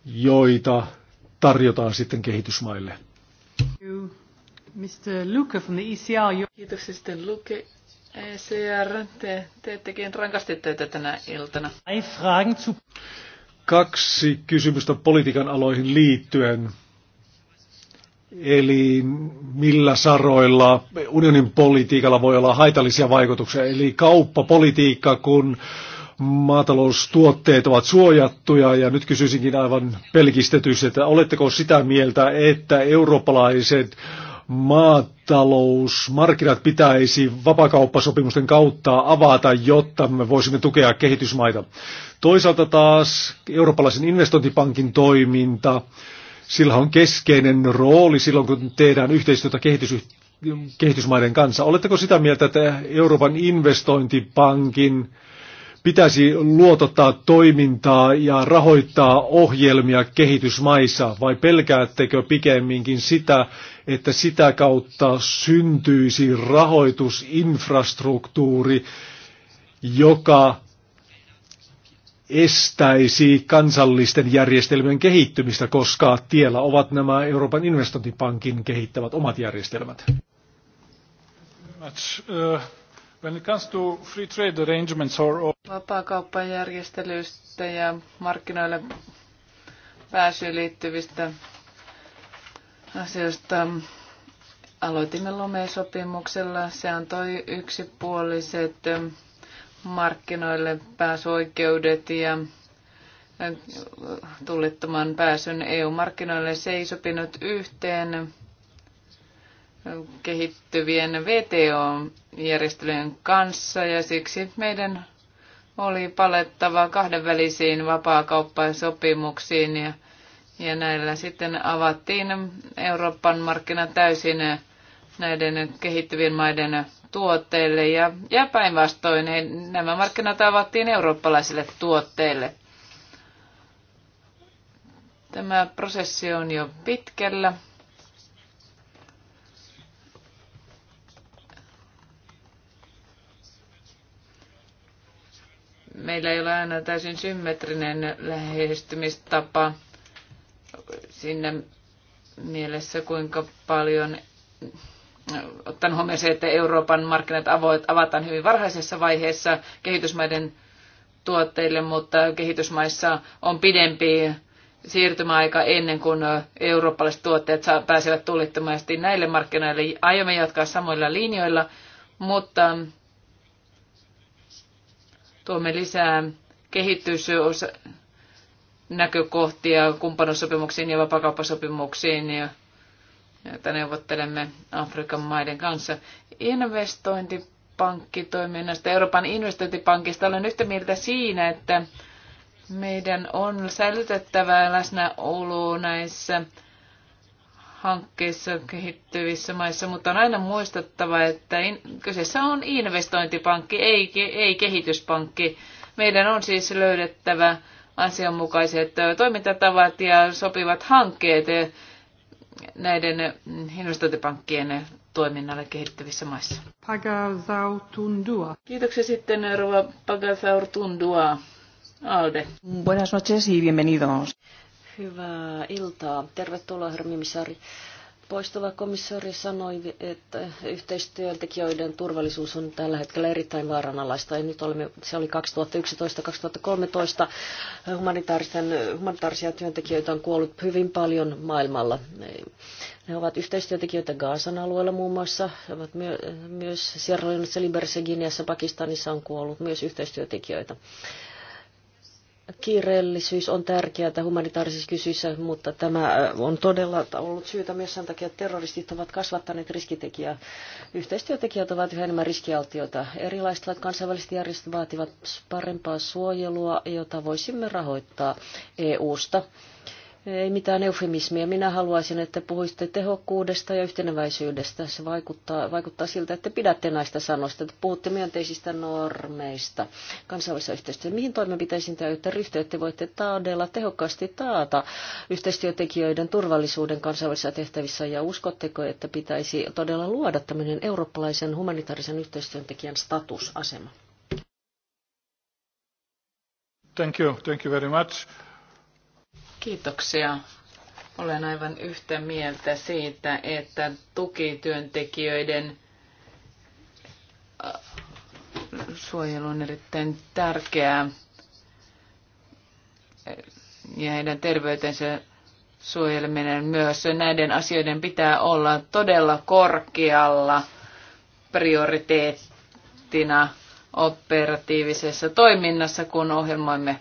A: joita tarjotaan sitten kehitysmaille.
C: Mr. Luke from the ECR. Kiitos sitten Luke ECR, te teettekin rankasti töitä tänä iltana.
A: Kaksi kysymystä politiikan aloihin liittyen. Eli millä saroilla unionin politiikalla voi olla haitallisia vaikutuksia? Eli kauppapolitiikka, kun maataloustuotteet ovat suojattuja ja nyt kysyisinkin aivan pelkistetysti, että oletteko sitä mieltä, että eurooppalaiset maatalousmarkkinat pitäisi vapakauppasopimusten kautta avata, jotta me voisimme tukea kehitysmaita. Toisaalta taas Eurooppalaisen investointipankin toiminta, sillä on keskeinen rooli silloin, kun tehdään yhteistyötä kehitys, kehitysmaiden kanssa. Oletteko sitä mieltä, että Euroopan investointipankin pitäisi luotottaa toimintaa ja rahoittaa ohjelmia kehitysmaissa, vai pelkäättekö pikemminkin sitä, että sitä kautta syntyisi rahoitusinfrastruktuuri, joka estäisi kansallisten järjestelmien kehittymistä, koska tiellä ovat nämä Euroopan investointipankin kehittävät omat järjestelmät?
E: uh... When it comes to free trade arrangements or...
C: Vapaakauppajärjestelyistä ja markkinoille pääsyyn liittyvistä asioista aloitimme Lomeen-sopimuksella. Se antoi yksipuoliset markkinoille pääsyoikeudet ja tullittoman pääsyn EU-markkinoille. Se ei sopinut yhteen kehittyvien VTO-järjestelyjen kanssa ja siksi meidän oli palettava kahdenvälisiin vapaakauppasopimuksiin ja, ja näillä sitten avattiin Euroopan markkina täysin näiden kehittyvien maiden tuotteille ja, ja päinvastoin he, nämä markkinat avattiin eurooppalaisille tuotteille. Tämä prosessi on jo pitkällä. meillä ei ole aina täysin symmetrinen lähestymistapa sinne mielessä, kuinka paljon ottan huomioon se, että Euroopan markkinat avataan hyvin varhaisessa vaiheessa kehitysmaiden tuotteille, mutta kehitysmaissa on pidempi siirtymäaika ennen kuin eurooppalaiset tuotteet pääsevät tullittomasti näille markkinoille. Aiomme jatkaa samoilla linjoilla, mutta tuomme lisää kehitysnäkökohtia kumppanuussopimuksiin ja vapakauppasopimuksiin, joita neuvottelemme Afrikan maiden kanssa. Investointipankkitoiminnasta, Euroopan investointipankista olen yhtä mieltä siinä, että meidän on säilytettävä läsnäolo näissä hankkeissa kehittyvissä maissa, mutta on aina muistettava, että kyseessä on investointipankki, ei, ei kehityspankki. Meidän on siis löydettävä asianmukaiset toimintatavat ja sopivat hankkeet näiden mm, investointipankkien toiminnalle kehittyvissä maissa.
F: Pagazautundua. Kiitoksia
C: sitten Rova
G: Pagazautundua. Alde. Buenas noches y bienvenidos. Hyvää iltaa. Tervetuloa, herra Mimisari. Poistuva komissori sanoi, että yhteistyöntekijöiden turvallisuus on tällä hetkellä erittäin vaaranalaista. Ja nyt olemme, se oli 2011-2013. Humanitaarisia työntekijöitä on kuollut hyvin paljon maailmalla. Ne ovat yhteistyöntekijöitä Gaasan alueella muun muassa. Ovat myö, myös Sierra Leoneissa, Liberissa, Guineassa, Pakistanissa on kuollut myös yhteistyötekijöitä kiireellisyys on tärkeää humanitaarisissa kysyissä, mutta tämä on todella ollut syytä myös sen takia, että terroristit ovat kasvattaneet riskitekijää. Yhteistyötekijät ovat yhä enemmän riskialtioita. Erilaiset kansainväliset järjestöt vaativat parempaa suojelua, jota voisimme rahoittaa EU-sta. Ei mitään eufemismia. Minä haluaisin, että puhuisitte tehokkuudesta ja yhteneväisyydestä. Se vaikuttaa, vaikuttaa siltä, että pidätte näistä sanoista, että puhutte myönteisistä normeista kansainvälisessä yhteistyössä. Mihin toimenpiteisiin täyttä ryhtyä, että voitte taadella tehokkaasti taata yhteistyötekijöiden turvallisuuden kansainvälisissä tehtävissä? Ja uskotteko, että pitäisi todella luoda tämmöinen eurooppalaisen humanitaarisen yhteistyöntekijän statusasema?
E: Thank you. Thank you very much.
C: Kiitoksia. Olen aivan yhtä mieltä siitä, että tukityöntekijöiden äh, suojelu on erittäin tärkeää ja heidän terveytensä suojeleminen myös. Näiden asioiden pitää olla todella korkealla prioriteettina operatiivisessa toiminnassa, kun ohjelmoimme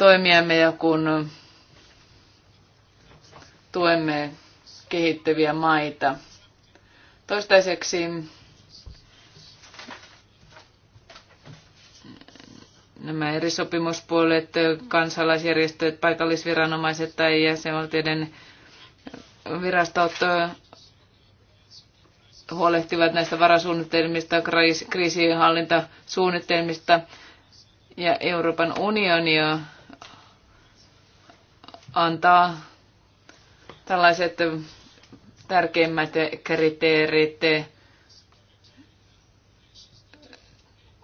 C: toimiamme ja kun tuemme kehittyviä maita. Toistaiseksi nämä eri sopimuspuolet, kansalaisjärjestöt, paikallisviranomaiset tai jäsenvaltioiden virastot huolehtivat näistä varasuunnitelmista, kriisinhallintasuunnitelmista ja Euroopan unionia antaa tällaiset tärkeimmät kriteerit,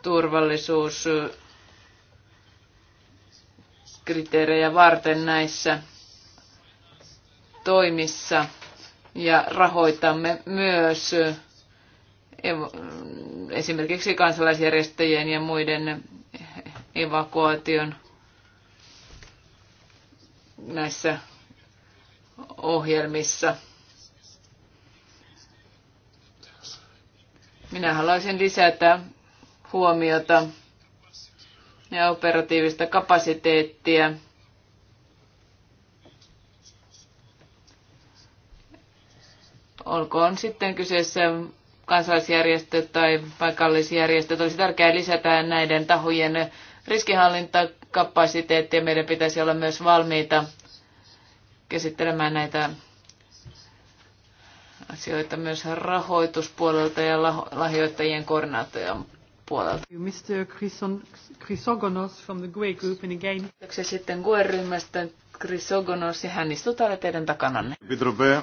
C: turvallisuus, kriteerejä varten näissä toimissa ja rahoitamme myös esimerkiksi kansalaisjärjestöjen ja muiden evakuaation näissä ohjelmissa. Minä haluaisin lisätä huomiota ja operatiivista kapasiteettia. Olkoon sitten kyseessä kansalaisjärjestöt tai paikallisjärjestöt. Olisi tärkeää lisätä näiden tahojen riskihallinta kapasiteettia. Meidän pitäisi olla myös valmiita käsittelemään näitä asioita myös rahoituspuolelta ja lahjoittajien koordinaation puolelta. Mr. Chrysogonos from the GUE Group and again. Kiitoksia sitten GUE-ryhmästä Chrysogonos ja hän istuu täällä teidän takananne.
D: Επιτροπέ,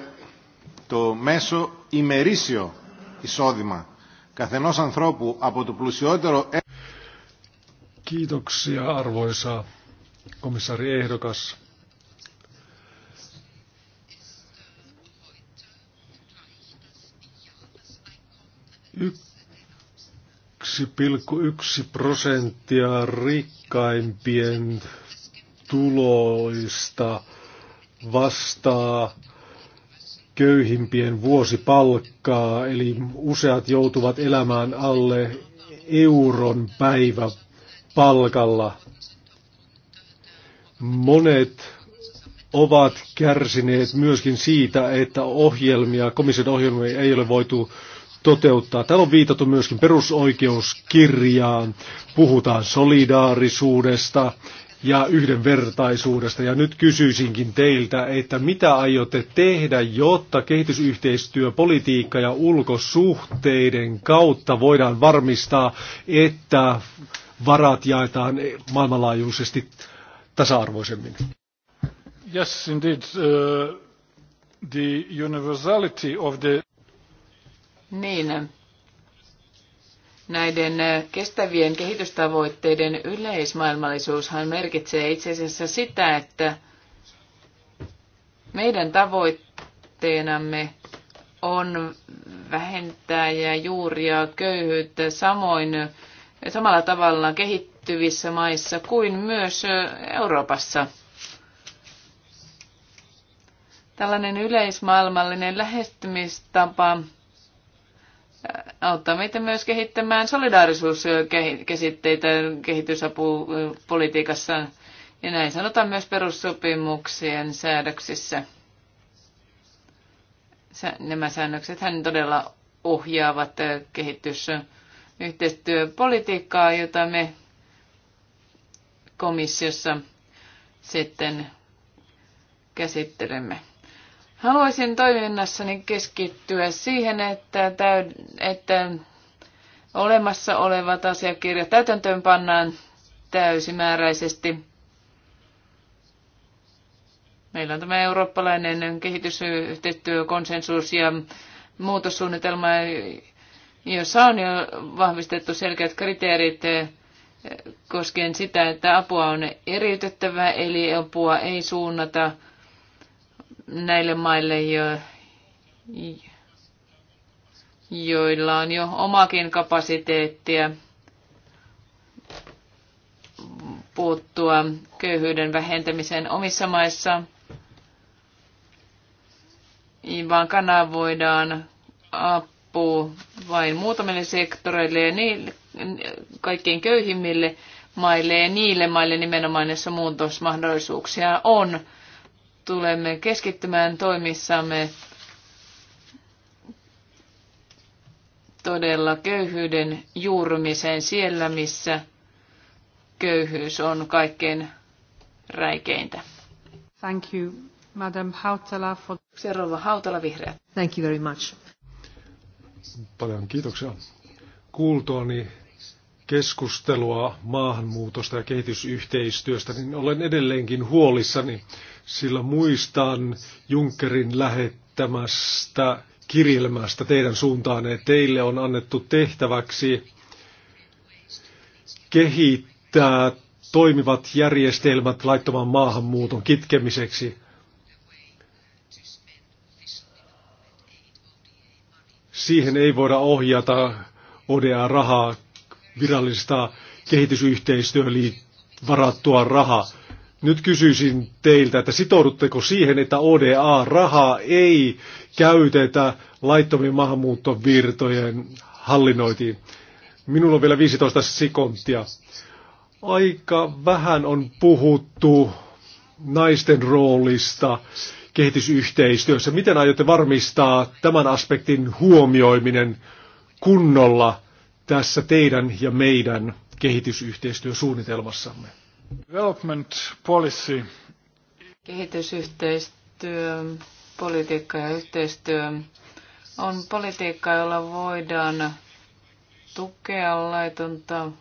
D: το μέσο
A: ημερήσιο εισόδημα καθενός ανθρώπου από το πλουσιότερο Kiitoksia arvoisa komissaari ehdokas. Yksi pilkku yksi prosenttia rikkaimpien tuloista vastaa köyhimpien vuosipalkkaa, eli useat joutuvat elämään alle euron päivä palkalla. Monet ovat kärsineet myöskin siitä, että ohjelmia, komission ohjelmia ei ole voitu toteuttaa. Täällä on viitattu myöskin perusoikeuskirjaan, puhutaan solidaarisuudesta ja yhdenvertaisuudesta. Ja nyt kysyisinkin teiltä, että mitä aiotte tehdä, jotta kehitysyhteistyöpolitiikka ja ulkosuhteiden kautta voidaan varmistaa, että varat jaetaan maailmanlaajuisesti tasa-arvoisemmin.
E: Yes, indeed. Uh, the universality of the...
C: Niin, näiden kestävien kehitystavoitteiden yleismaailmallisuushan merkitsee itse asiassa sitä, että meidän tavoitteenamme on vähentää ja juuria köyhyyttä samoin samalla tavalla kehittyvissä maissa kuin myös Euroopassa. Tällainen yleismaailmallinen lähestymistapa auttaa meitä myös kehittämään solidaarisuuskäsitteitä kehitysapupolitiikassa ja näin sanotaan myös perussopimuksien säädöksissä. Nämä säännökset hän todella ohjaavat kehitysapupolitiikkaa yhteistyöpolitiikkaa, jota me komissiossa sitten käsittelemme. Haluaisin toiminnassani keskittyä siihen, että, täyd- että olemassa olevat asiakirjat täytäntöön pannaan täysimääräisesti. Meillä on tämä eurooppalainen kehitysyhteistyökonsensus ja muutossuunnitelma, jossa on jo vahvistettu selkeät kriteerit eh, koskien sitä, että apua on eriytettävä, eli apua ei suunnata näille maille, jo, joilla on jo omakin kapasiteettia puuttua köyhyyden vähentämiseen omissa maissa, vaan kanavoidaan apua loppuu vain muutamille sektoreille ja niille, kaikkein köyhimmille maille ja niille maille nimenomaan, joissa muutosmahdollisuuksia on. Tulemme keskittymään toimissamme todella köyhyyden juurumiseen siellä, missä köyhyys on kaikkein räikeintä. Thank you, Madam Hautala. For... Seuraava Hautala, vihreä.
G: Thank you very much.
A: Paljon kiitoksia. Kuultuani keskustelua maahanmuutosta ja kehitysyhteistyöstä, niin olen edelleenkin huolissani, sillä muistan Junckerin lähettämästä kirjelmästä teidän suuntaanne. Teille on annettu tehtäväksi kehittää toimivat järjestelmät laittoman maahanmuuton kitkemiseksi. siihen ei voida ohjata ODA-rahaa, virallista kehitysyhteistyöön varattua rahaa. Nyt kysyisin teiltä, että sitoudutteko siihen, että ODA-rahaa ei käytetä laittomien maahanmuuttovirtojen hallinnointiin? Minulla on vielä 15 sekuntia. Aika vähän on puhuttu naisten roolista kehitysyhteistyössä. Miten aiotte varmistaa tämän aspektin huomioiminen kunnolla tässä teidän ja meidän kehitysyhteistyösuunnitelmassamme?
E: Development policy.
C: Kehitysyhteistyö, politiikka ja yhteistyö on politiikka, jolla voidaan tukea laitonta,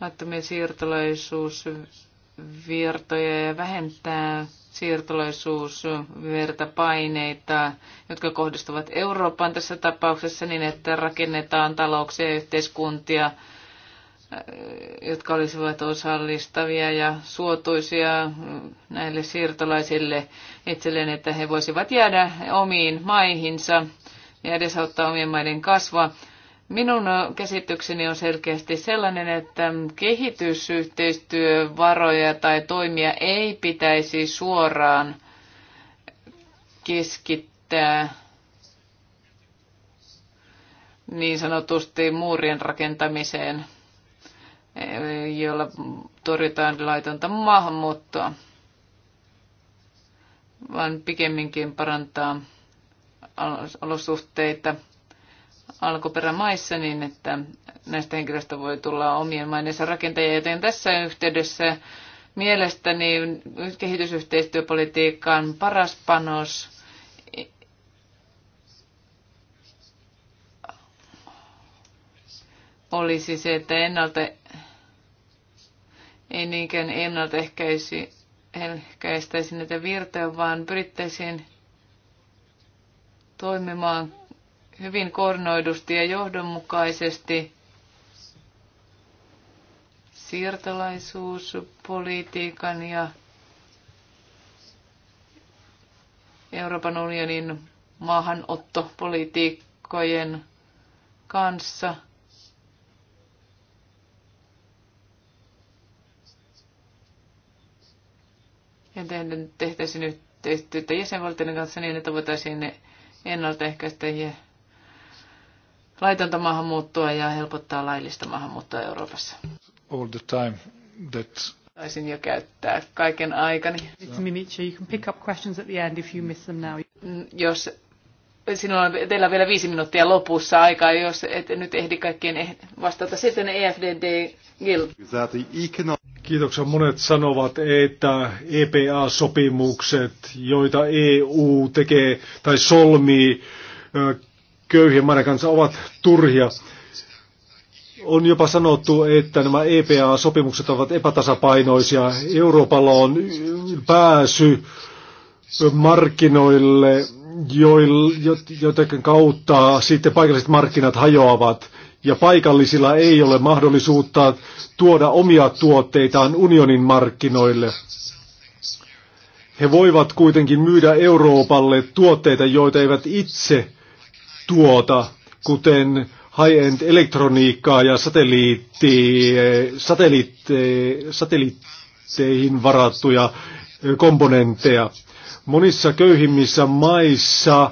C: laittomia siirtolaisuusvirtoja ja vähentää siirtolaisuus, vertapaineita, jotka kohdistuvat Eurooppaan tässä tapauksessa niin, että rakennetaan talouksia ja yhteiskuntia, äh, jotka olisivat osallistavia ja suotuisia näille siirtolaisille itselleen, että he voisivat jäädä omiin maihinsa ja edesauttaa omien maiden kasvua. Minun käsitykseni on selkeästi sellainen, että kehitysyhteistyövaroja tai toimia ei pitäisi suoraan keskittää niin sanotusti muurien rakentamiseen, jolla torjutaan laitonta maahanmuuttoa, vaan pikemminkin parantaa olosuhteita – alkuperämaissa niin, että näistä henkilöistä voi tulla omien maineensa rakentajia, joten tässä yhteydessä mielestäni kehitysyhteistyöpolitiikkaan paras panos olisi se, että ennalta, ei niinkään ennaltaehkäistäisi näitä virtoja, vaan pyrittäisiin toimimaan hyvin kornoidusti ja johdonmukaisesti siirtolaisuuspolitiikan ja Euroopan unionin maahanottopolitiikkojen kanssa. Ja tehtäisiin yhteistyötä jäsenvaltioiden kanssa niin, että voitaisiin ennaltaehkäistä laitonta maahanmuuttoa ja helpottaa laillista maahanmuuttoa Euroopassa.
E: All the time that
C: Taisin jo käyttää kaiken aikani. Jos sinulla on, teillä vielä viisi minuuttia lopussa aikaa, jos et nyt ehdi kaikkien eh, vastata. Sitten EFDD
F: Gil.
A: Kiitoksia. Monet sanovat, että EPA-sopimukset, joita EU tekee tai solmii köyhien maiden kanssa ovat turhia. On jopa sanottu, että nämä EPA-sopimukset ovat epätasapainoisia. Euroopalla on pääsy markkinoille, joiden kautta sitten paikalliset markkinat hajoavat. Ja paikallisilla ei ole mahdollisuutta tuoda omia tuotteitaan unionin markkinoille. He voivat kuitenkin myydä Euroopalle tuotteita, joita eivät itse tuota, kuten high-end elektroniikkaa ja satelliitti, satelliitte, satelliitteihin varattuja komponentteja. Monissa köyhimmissä maissa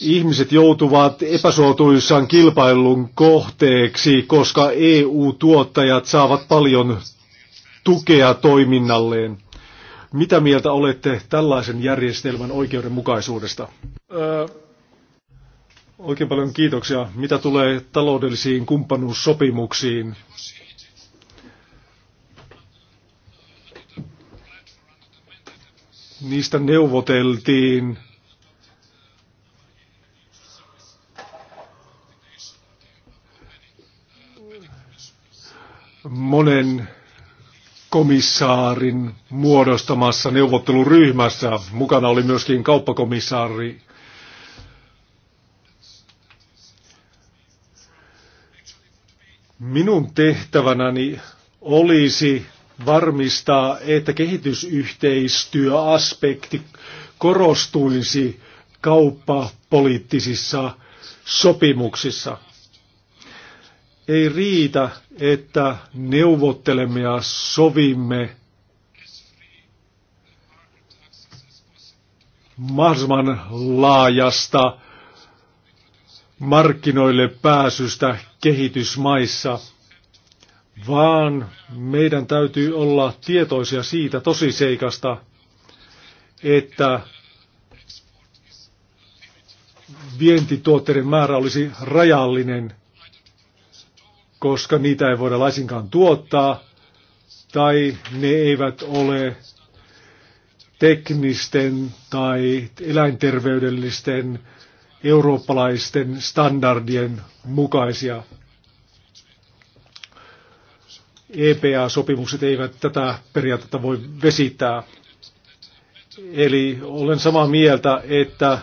A: ihmiset joutuvat epäsuotuissaan kilpailun kohteeksi, koska EU-tuottajat saavat paljon tukea toiminnalleen. Mitä mieltä olette tällaisen järjestelmän oikeudenmukaisuudesta? Öö. Oikein paljon kiitoksia. Mitä tulee taloudellisiin kumppanuussopimuksiin? Niistä neuvoteltiin monen komissaarin muodostamassa neuvotteluryhmässä. Mukana oli myöskin kauppakomissaari Minun tehtävänäni olisi varmistaa, että kehitysyhteistyöaspekti korostuisi kauppapoliittisissa sopimuksissa. Ei riitä, että neuvottelemme ja sovimme mahdollisimman laajasta markkinoille pääsystä kehitysmaissa, vaan meidän täytyy olla tietoisia siitä tosiseikasta, että vientituotteiden määrä olisi rajallinen, koska niitä ei voida laisinkaan tuottaa, tai ne eivät ole teknisten tai eläinterveydellisten eurooppalaisten standardien mukaisia. EPA-sopimukset eivät tätä periaatetta voi vesittää. Eli olen samaa mieltä, että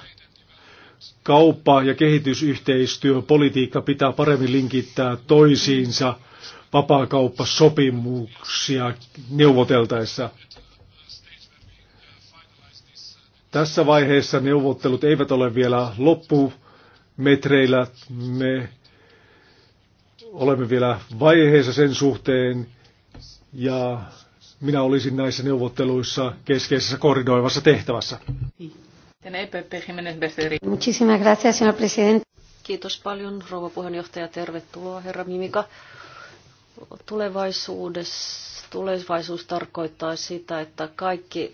A: kauppa- ja kehitysyhteistyöpolitiikka pitää paremmin linkittää toisiinsa vapaakauppasopimuksia neuvoteltaessa. Tässä vaiheessa neuvottelut eivät ole vielä loppumetreillä. Me olemme vielä vaiheessa sen suhteen ja minä olisin näissä neuvotteluissa keskeisessä koordinoivassa tehtävässä.
G: Kiitos paljon, rouva puheenjohtaja. Tervetuloa, herra Mimika. Tulevaisuudessa, tulevaisuus tarkoittaa sitä, että kaikki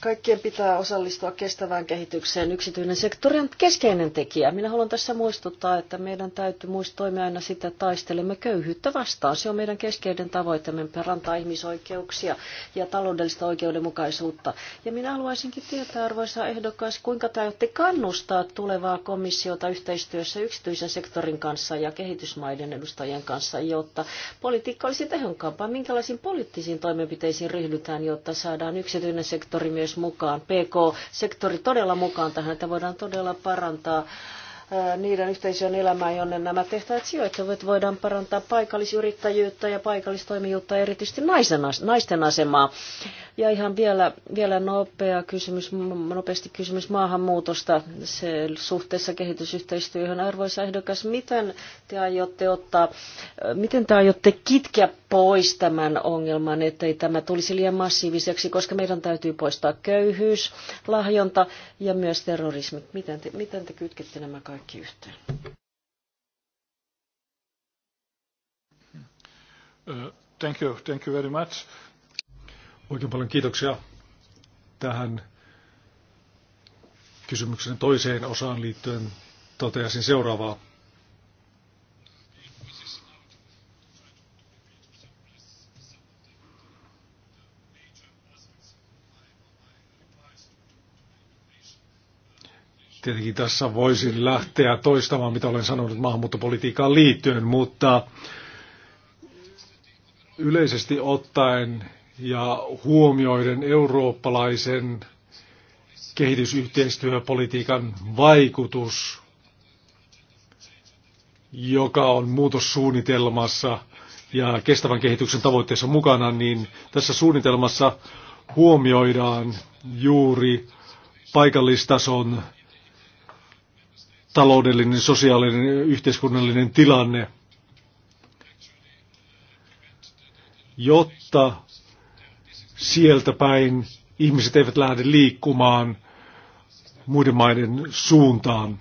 G: Kaikkien pitää osallistua kestävään kehitykseen. Yksityinen sektori on keskeinen tekijä. Minä haluan tässä muistuttaa, että meidän täytyy toimia aina sitä, että taistelemme köyhyyttä vastaan. Se on meidän keskeinen tavoitteemme parantaa ihmisoikeuksia ja taloudellista oikeudenmukaisuutta. Ja minä haluaisinkin tietää, arvoisa ehdokas, kuinka te aiotte kannustaa tulevaa komissiota yhteistyössä yksityisen sektorin kanssa ja kehitysmaiden edustajien kanssa, jotta politiikka olisi tehokkaampaa. Minkälaisiin poliittisiin toimenpiteisiin ryhdytään, jotta saadaan yksityinen sektori myös mukaan, PK-sektori todella mukaan tähän, että voidaan todella parantaa niiden yhteisöjen elämään, jonne nämä tehtävät sijoittuvat. Voidaan parantaa paikallisyrittäjyyttä ja paikallistoimijuutta, erityisesti naisen, naisten asemaa. Ja ihan vielä, vielä nopea kysymys, nopeasti kysymys maahanmuutosta se suhteessa kehitysyhteistyöhön. Arvoisa ehdokas, miten te aiotte ottaa, miten te aiotte kitkeä pois tämän ongelman, ettei tämä tulisi liian massiiviseksi, koska meidän täytyy poistaa köyhyys, lahjonta ja myös terrorismi. Miten te, miten te kytkette nämä kaikki? kaikki
E: uh, Thank you, thank you very much.
A: Oikein paljon kiitoksia tähän kysymyksen toiseen osaan liittyen. Toteaisin seuraavaa Tietenkin tässä voisin lähteä toistamaan, mitä olen sanonut maahanmuuttopolitiikkaan liittyen, mutta yleisesti ottaen ja huomioiden eurooppalaisen kehitysyhteistyöpolitiikan vaikutus, joka on muutossuunnitelmassa ja kestävän kehityksen tavoitteessa mukana, niin tässä suunnitelmassa huomioidaan juuri paikallistason taloudellinen, sosiaalinen, yhteiskunnallinen tilanne, jotta sieltä päin ihmiset eivät lähde liikkumaan muiden maiden suuntaan.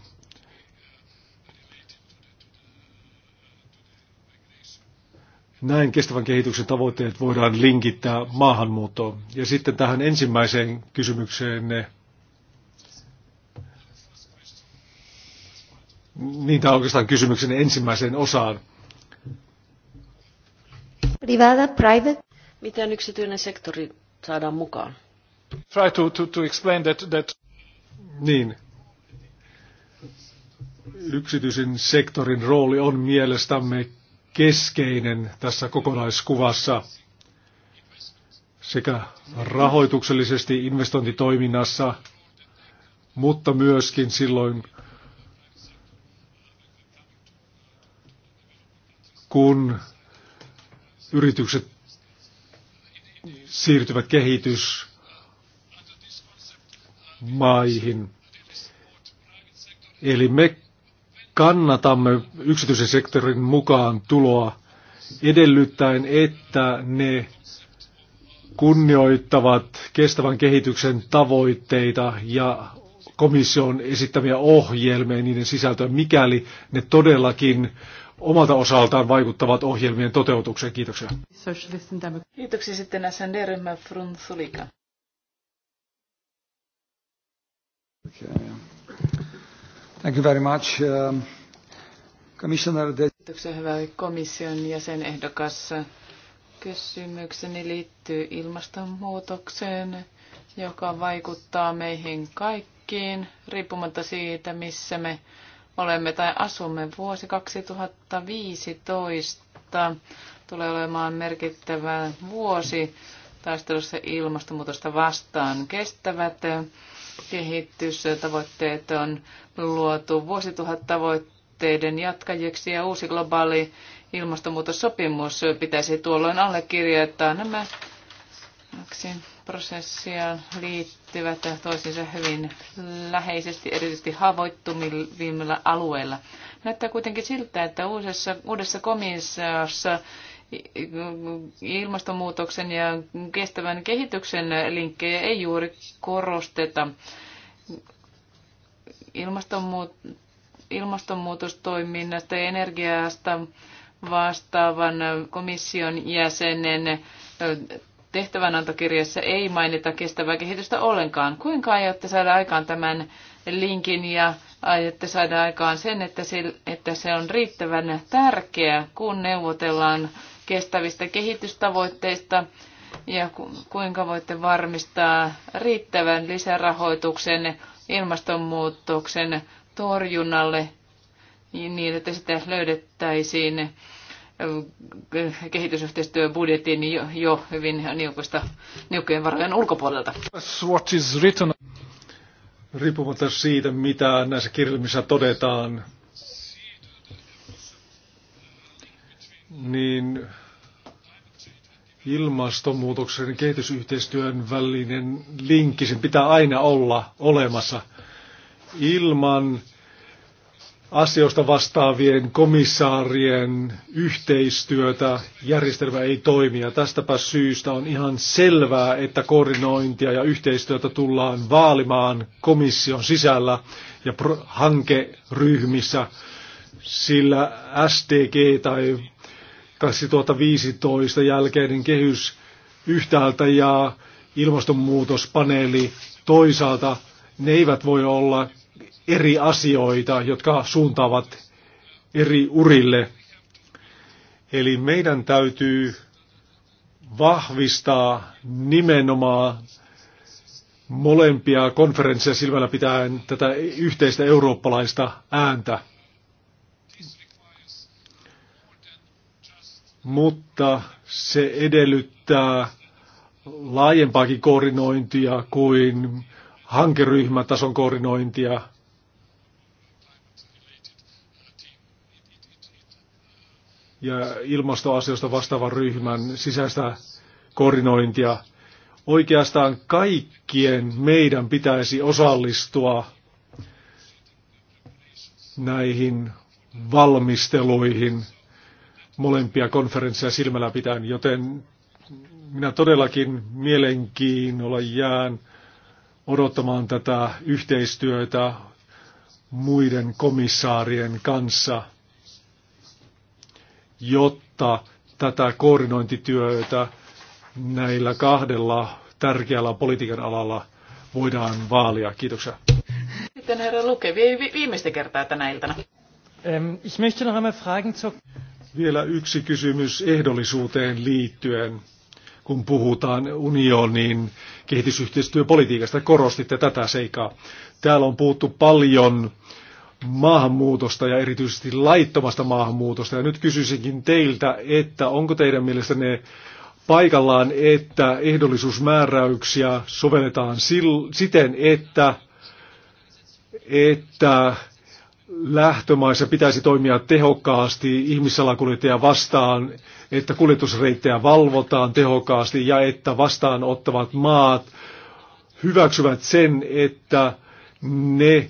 A: Näin kestävän kehityksen tavoitteet voidaan linkittää maahanmuuttoon. Ja sitten tähän ensimmäiseen kysymykseen niitä oikeastaan kysymyksen ensimmäiseen osaan.
G: Privada, private. Miten yksityinen sektori saadaan mukaan?
E: Try to, to, to explain that, that... Niin.
A: Yksityisen sektorin rooli on mielestämme keskeinen tässä kokonaiskuvassa sekä rahoituksellisesti investointitoiminnassa, mutta myöskin silloin, kun yritykset siirtyvät kehitysmaihin. Eli me kannatamme yksityisen sektorin mukaan tuloa edellyttäen, että ne kunnioittavat kestävän kehityksen tavoitteita ja komission esittämiä ohjelmia niiden sisältöä, mikäli ne todellakin omalta osaltaan vaikuttavat ohjelmien toteutukseen. Kiitoksia.
C: Kiitoksia sitten SND-ryhmä Frunzulika.
E: Thank you very much. Um, Commissioner
C: Kiitoksia hyvä komission jäsenehdokas. Kysymykseni liittyy ilmastonmuutokseen, joka vaikuttaa meihin kaikkiin, riippumatta siitä, missä me olemme tai asumme. Vuosi 2015 tulee olemaan merkittävä vuosi taistelussa ilmastonmuutosta vastaan. Kestävät kehitystavoitteet on luotu vuosituhattavoitteiden jatkajiksi ja uusi globaali ilmastonmuutossopimus pitäisi tuolloin allekirjoittaa. Nämä prosessia liittyvät toisiinsa hyvin läheisesti, erityisesti haavoittuvimmilla alueilla. Näyttää kuitenkin siltä, että uudessa, uudessa komissiossa ilmastonmuutoksen ja kestävän kehityksen linkkejä ei juuri korosteta. Ilmastonmuut- ilmastonmuutostoiminnasta ja energiasta vastaavan komission jäsenen tehtävänantokirjassa ei mainita kestävää kehitystä ollenkaan. Kuinka aiotte saada aikaan tämän linkin ja aiotte saada aikaan sen, että se, että se on riittävän tärkeä, kun neuvotellaan kestävistä kehitystavoitteista ja kuinka voitte varmistaa riittävän lisärahoituksen ilmastonmuutoksen torjunnalle niin, että sitä löydettäisiin kehitysyhteistyöbudjetin jo, jo hyvin niukosta, niukkojen varojen
E: ulkopuolelta. What is
A: written, riippumatta siitä, mitä näissä kirjelmissä todetaan, niin ilmastonmuutoksen ja kehitysyhteistyön välinen linkki, sen pitää aina olla olemassa. Ilman asioista vastaavien komissaarien yhteistyötä, järjestelmä ei toimi ja tästäpä syystä on ihan selvää, että koordinointia ja yhteistyötä tullaan vaalimaan komission sisällä ja hankeryhmissä, sillä SDG tai 2015 jälkeinen kehys yhtäältä ja ilmastonmuutospaneeli toisaalta, ne eivät voi olla eri asioita, jotka suuntaavat eri urille. Eli meidän täytyy vahvistaa nimenomaan molempia konferensseja silmällä pitäen tätä yhteistä eurooppalaista ääntä. Mutta se edellyttää laajempaakin koordinointia kuin hankeryhmätason koordinointia. ja ilmastoasioista vastaavan ryhmän sisäistä koordinointia. Oikeastaan kaikkien meidän pitäisi osallistua näihin valmisteluihin molempia konferensseja silmällä pitäen, joten minä todellakin mielenkiinnolla jään odottamaan tätä yhteistyötä muiden komissaarien kanssa – jotta tätä koordinointityötä näillä kahdella tärkeällä politiikan alalla voidaan vaalia. Kiitoksia.
C: Sitten herra Luke, vi- viimeistä kertaa tänä iltana.
A: Ähm, ich noch fragen zur... Vielä yksi kysymys ehdollisuuteen liittyen, kun puhutaan unionin kehitysyhteistyöpolitiikasta. Korostitte tätä seikaa. Täällä on puhuttu paljon äh, maahanmuutosta ja erityisesti laittomasta maahanmuutosta. Ja nyt kysyisinkin teiltä, että onko teidän mielestänne paikallaan, että ehdollisuusmääräyksiä sovelletaan siten, että, että lähtömaissa pitäisi toimia tehokkaasti ihmissalakuljettajia vastaan, että kuljetusreittejä valvotaan tehokkaasti ja että vastaanottavat maat hyväksyvät sen, että ne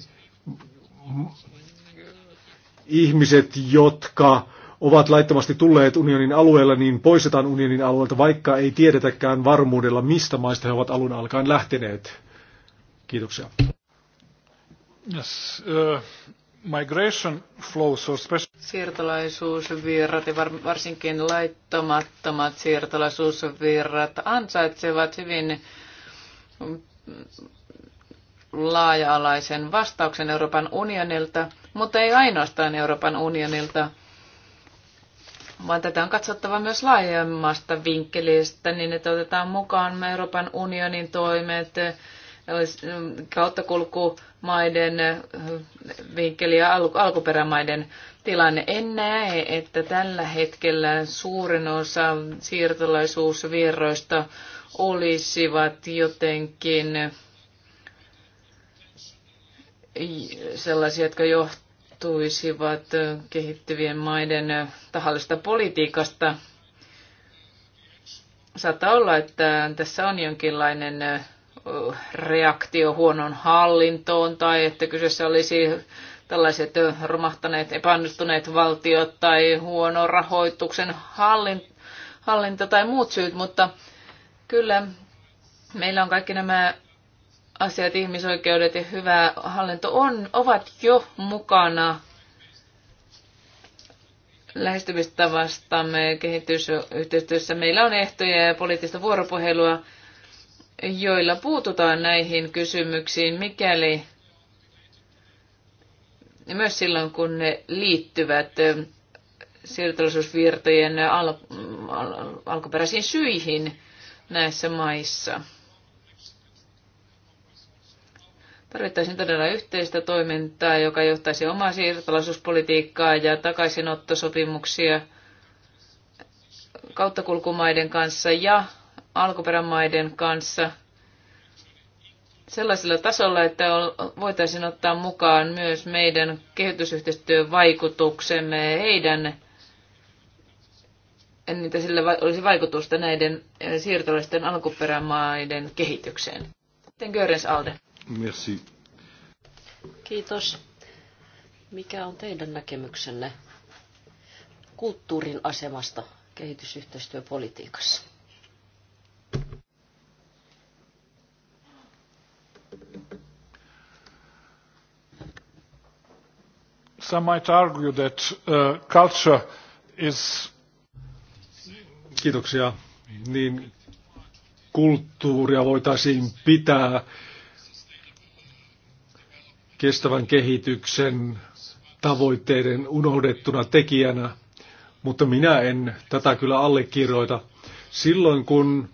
A: ihmiset, jotka ovat laittomasti tulleet unionin alueella, niin poistetaan unionin alueelta, vaikka ei tiedetäkään varmuudella, mistä maista he ovat alun alkaen lähteneet. Kiitoksia.
E: Yes, uh, migration flows or special...
C: Siirtolaisuusvirrat ja varsinkin laittomattomat siirtolaisuusvirrat ansaitsevat hyvin laaja-alaisen vastauksen Euroopan unionilta, mutta ei ainoastaan Euroopan unionilta, vaan tätä on katsottava myös laajemmasta vinkkelistä, niin että otetaan mukaan Euroopan unionin toimet, mm, kauttakulkumaiden mm, vinkkeli ja alkuperämaiden tilanne. En näe, että tällä hetkellä suurin osa siirtolaisuusvirroista olisivat jotenkin sellaisia, jotka johtuisivat kehittyvien maiden tahallista politiikasta. Saattaa olla, että tässä on jonkinlainen reaktio huonon hallintoon tai että kyseessä olisi tällaiset romahtaneet, epäonnistuneet valtiot tai huono rahoituksen hallinta tai muut syyt, mutta kyllä meillä on kaikki nämä asiat, ihmisoikeudet ja hyvä hallinto on, ovat jo mukana lähestymistavastamme kehitysyhteistyössä. Meillä on ehtoja ja poliittista vuoropuhelua, joilla puututaan näihin kysymyksiin, mikäli myös silloin, kun ne liittyvät siirtolaisuusvirtojen al- al- alkuperäisiin syihin näissä maissa. Tarvittaisiin todella yhteistä toimintaa, joka johtaisi omaa siirtolaisuuspolitiikkaa ja takaisinottosopimuksia kauttakulkumaiden kanssa ja alkuperämaiden kanssa sellaisella tasolla, että voitaisiin ottaa mukaan myös meidän kehitysyhteistyön vaikutuksemme heidän niitä sillä olisi vaikutusta näiden siirtolaisten alkuperämaiden kehitykseen. Sitten Görens Alde.
E: Merci.
G: Kiitos. Mikä on teidän näkemyksenne kulttuurin asemasta kehitysyhteistyöpolitiikassa?
E: Some might argue that uh, culture is... Kiitoksia.
A: Niin kulttuuria voitaisiin pitää kestävän kehityksen tavoitteiden unohdettuna tekijänä, mutta minä en tätä kyllä allekirjoita. Silloin kun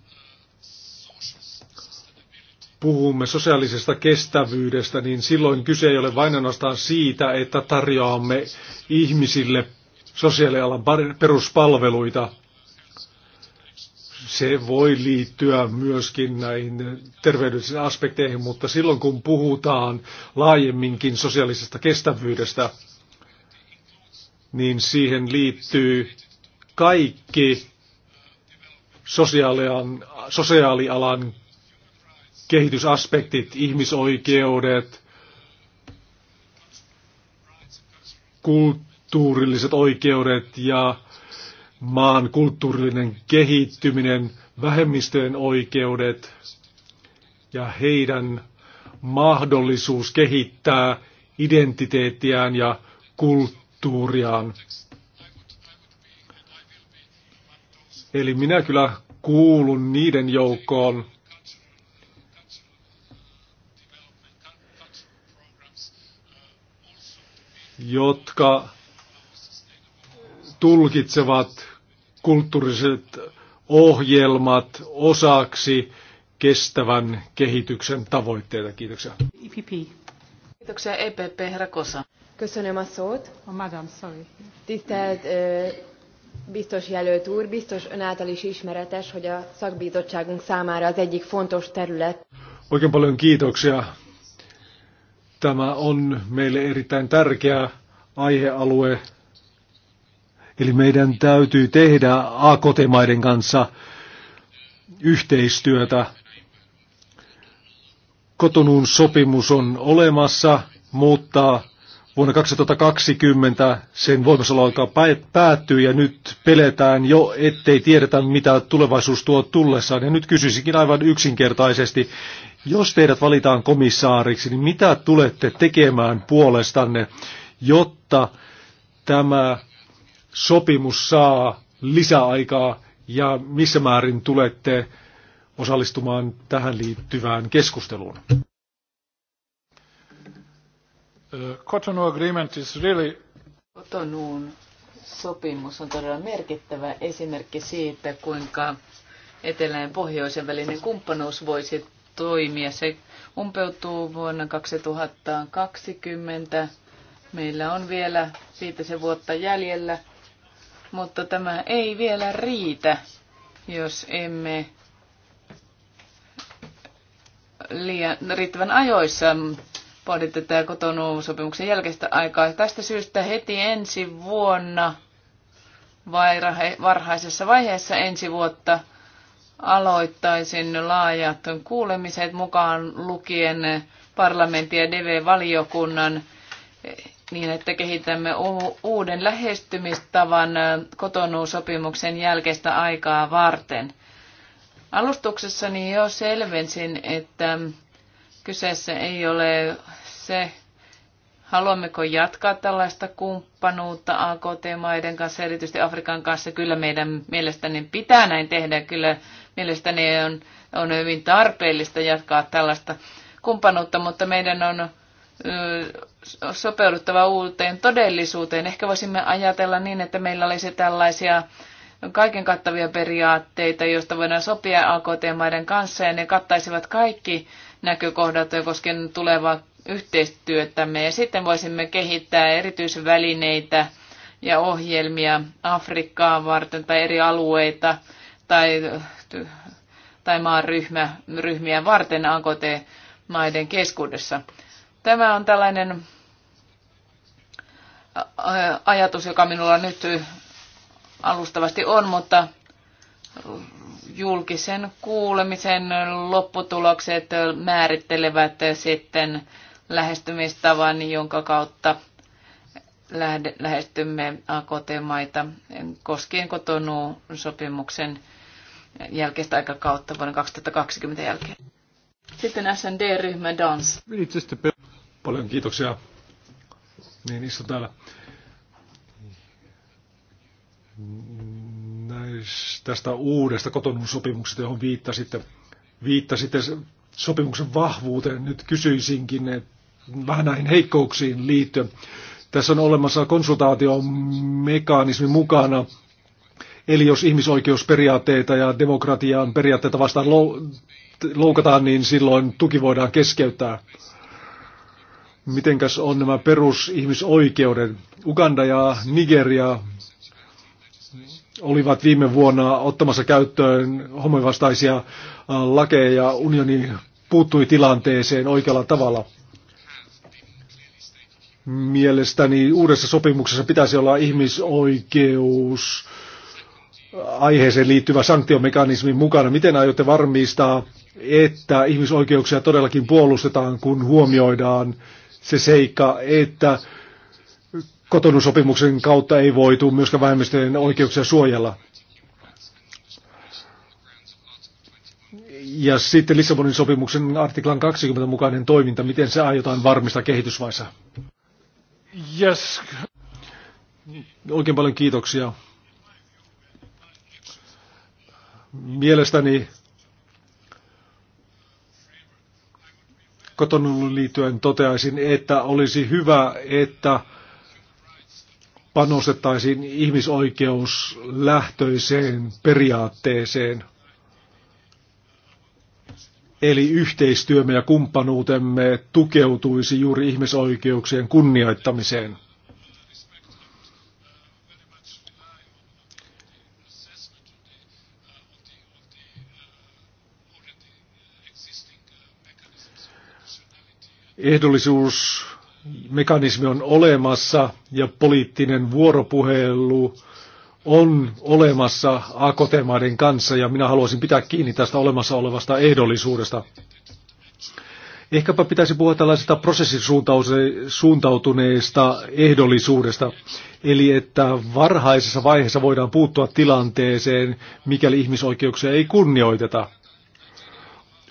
A: puhumme sosiaalisesta kestävyydestä, niin silloin kyse ei ole vain ainoastaan siitä, että tarjoamme ihmisille sosiaalialan peruspalveluita, se voi liittyä myöskin näihin terveydellisiin aspekteihin, mutta silloin kun puhutaan laajemminkin sosiaalisesta kestävyydestä, niin siihen liittyy kaikki sosiaalian, sosiaalialan kehitysaspektit, ihmisoikeudet, kulttuurilliset oikeudet ja maan kulttuurillinen kehittyminen, vähemmistöjen oikeudet ja heidän mahdollisuus kehittää identiteettiään ja kulttuuriaan. Eli minä kyllä kuulun niiden joukkoon, jotka tulkitsevat kulttuuriset ohjelmat osaksi kestävän kehityksen tavoitteita. Kiitoksia. IPP. E
C: kiitoksia EPP, herra Kosa. Köszönöm a szót. Oh,
I: madam, sorry. Tisztelt biztos jelölt úr, biztos ön által is ismeretes, hogy a szakbizottságunk számára az egyik fontos terület.
A: Oikein paljon kiitoksia. Tämä on meille erittäin tärkeä aihealue Eli meidän täytyy tehdä AKT-maiden kanssa yhteistyötä. Kotonuun sopimus on olemassa, mutta vuonna 2020 sen alkaa päättyy ja nyt peletään jo, ettei tiedetä mitä tulevaisuus tuo tullessaan. Ja nyt kysyisinkin aivan yksinkertaisesti, jos teidät valitaan komissaariksi, niin mitä tulette tekemään puolestanne, jotta tämä sopimus saa lisäaikaa ja missä määrin tulette osallistumaan tähän liittyvään keskusteluun?
E: Cotonou agreement is really...
C: Cotonoun sopimus on todella merkittävä esimerkki siitä, kuinka etelä- ja pohjoisen välinen kumppanuus voisi toimia. Se umpeutuu vuonna 2020. Meillä on vielä se vuotta jäljellä mutta tämä ei vielä riitä, jos emme liian riittävän ajoissa pohdi tätä kotonuusopimuksen jälkeistä aikaa. Tästä syystä heti ensi vuonna vai varhaisessa vaiheessa ensi vuotta aloittaisin laajat kuulemiset mukaan lukien parlamentin ja DV-valiokunnan niin, että kehitämme uuden lähestymistavan kotonuusopimuksen jälkeistä aikaa varten. Alustuksessani jo selvensin, että kyseessä ei ole se, haluammeko jatkaa tällaista kumppanuutta AKT-maiden kanssa, erityisesti Afrikan kanssa. Kyllä meidän mielestäni pitää näin tehdä. Kyllä mielestäni on, on hyvin tarpeellista jatkaa tällaista kumppanuutta, mutta meidän on sopeuduttava uuteen todellisuuteen. Ehkä voisimme ajatella niin, että meillä olisi tällaisia kaiken kattavia periaatteita, joista voidaan sopia AKT-maiden kanssa, ja ne kattaisivat kaikki näkökohdat koskien tulevaa yhteistyötämme. Ja sitten voisimme kehittää erityisvälineitä ja ohjelmia Afrikkaa varten tai eri alueita tai, tai maan ryhmiä varten AKT-maiden keskuudessa. Tämä on tällainen ajatus, joka minulla nyt alustavasti on, mutta julkisen kuulemisen lopputulokset määrittelevät sitten lähestymistavan, jonka kautta lähestymme AKT-maita koskien kotonuu sopimuksen jälkeistä aikakautta vuoden 2020 jälkeen. Sitten SND-ryhmä
A: Dans. Paljon kiitoksia. Niin istu täällä. Näis, tästä uudesta kotonuussopimuksesta, johon viittasitte, viittasitte sopimuksen vahvuuteen. Nyt kysyisinkin että vähän näihin heikkouksiin liittyen. Tässä on olemassa konsultaatiomekanismi mukana. Eli jos ihmisoikeusperiaatteita ja demokratian periaatteita vastaan loukataan, niin silloin tuki voidaan keskeyttää mitenkäs on nämä perusihmisoikeudet. Uganda ja Nigeria olivat viime vuonna ottamassa käyttöön homovastaisia äh, lakeja ja unioni puuttui tilanteeseen oikealla tavalla. Mielestäni uudessa sopimuksessa pitäisi olla ihmisoikeus äh, aiheeseen liittyvä sanktiomekanismi mukana. Miten aiotte varmistaa, että ihmisoikeuksia todellakin puolustetaan, kun huomioidaan se seikka, että kotonusopimuksen kautta ei voitu myöskään vähemmistöjen oikeuksia suojella. Ja sitten Lissabonin sopimuksen artiklan 20 mukainen toiminta, miten se aiotaan varmistaa kehitysvaiheessa? Yes. Oikein paljon kiitoksia. Mielestäni kotonuun liittyen toteaisin, että olisi hyvä, että panostettaisiin ihmisoikeuslähtöiseen periaatteeseen. Eli yhteistyömme ja kumppanuutemme tukeutuisi juuri ihmisoikeuksien kunnioittamiseen. Ehdollisuusmekanismi on olemassa ja poliittinen vuoropuhelu on olemassa AKT-maiden kanssa ja minä haluaisin pitää kiinni tästä olemassa olevasta ehdollisuudesta. Ehkäpä pitäisi puhua tällaisesta prosessisuuntautuneesta ehdollisuudesta, eli että varhaisessa vaiheessa voidaan puuttua tilanteeseen, mikäli ihmisoikeuksia ei kunnioiteta.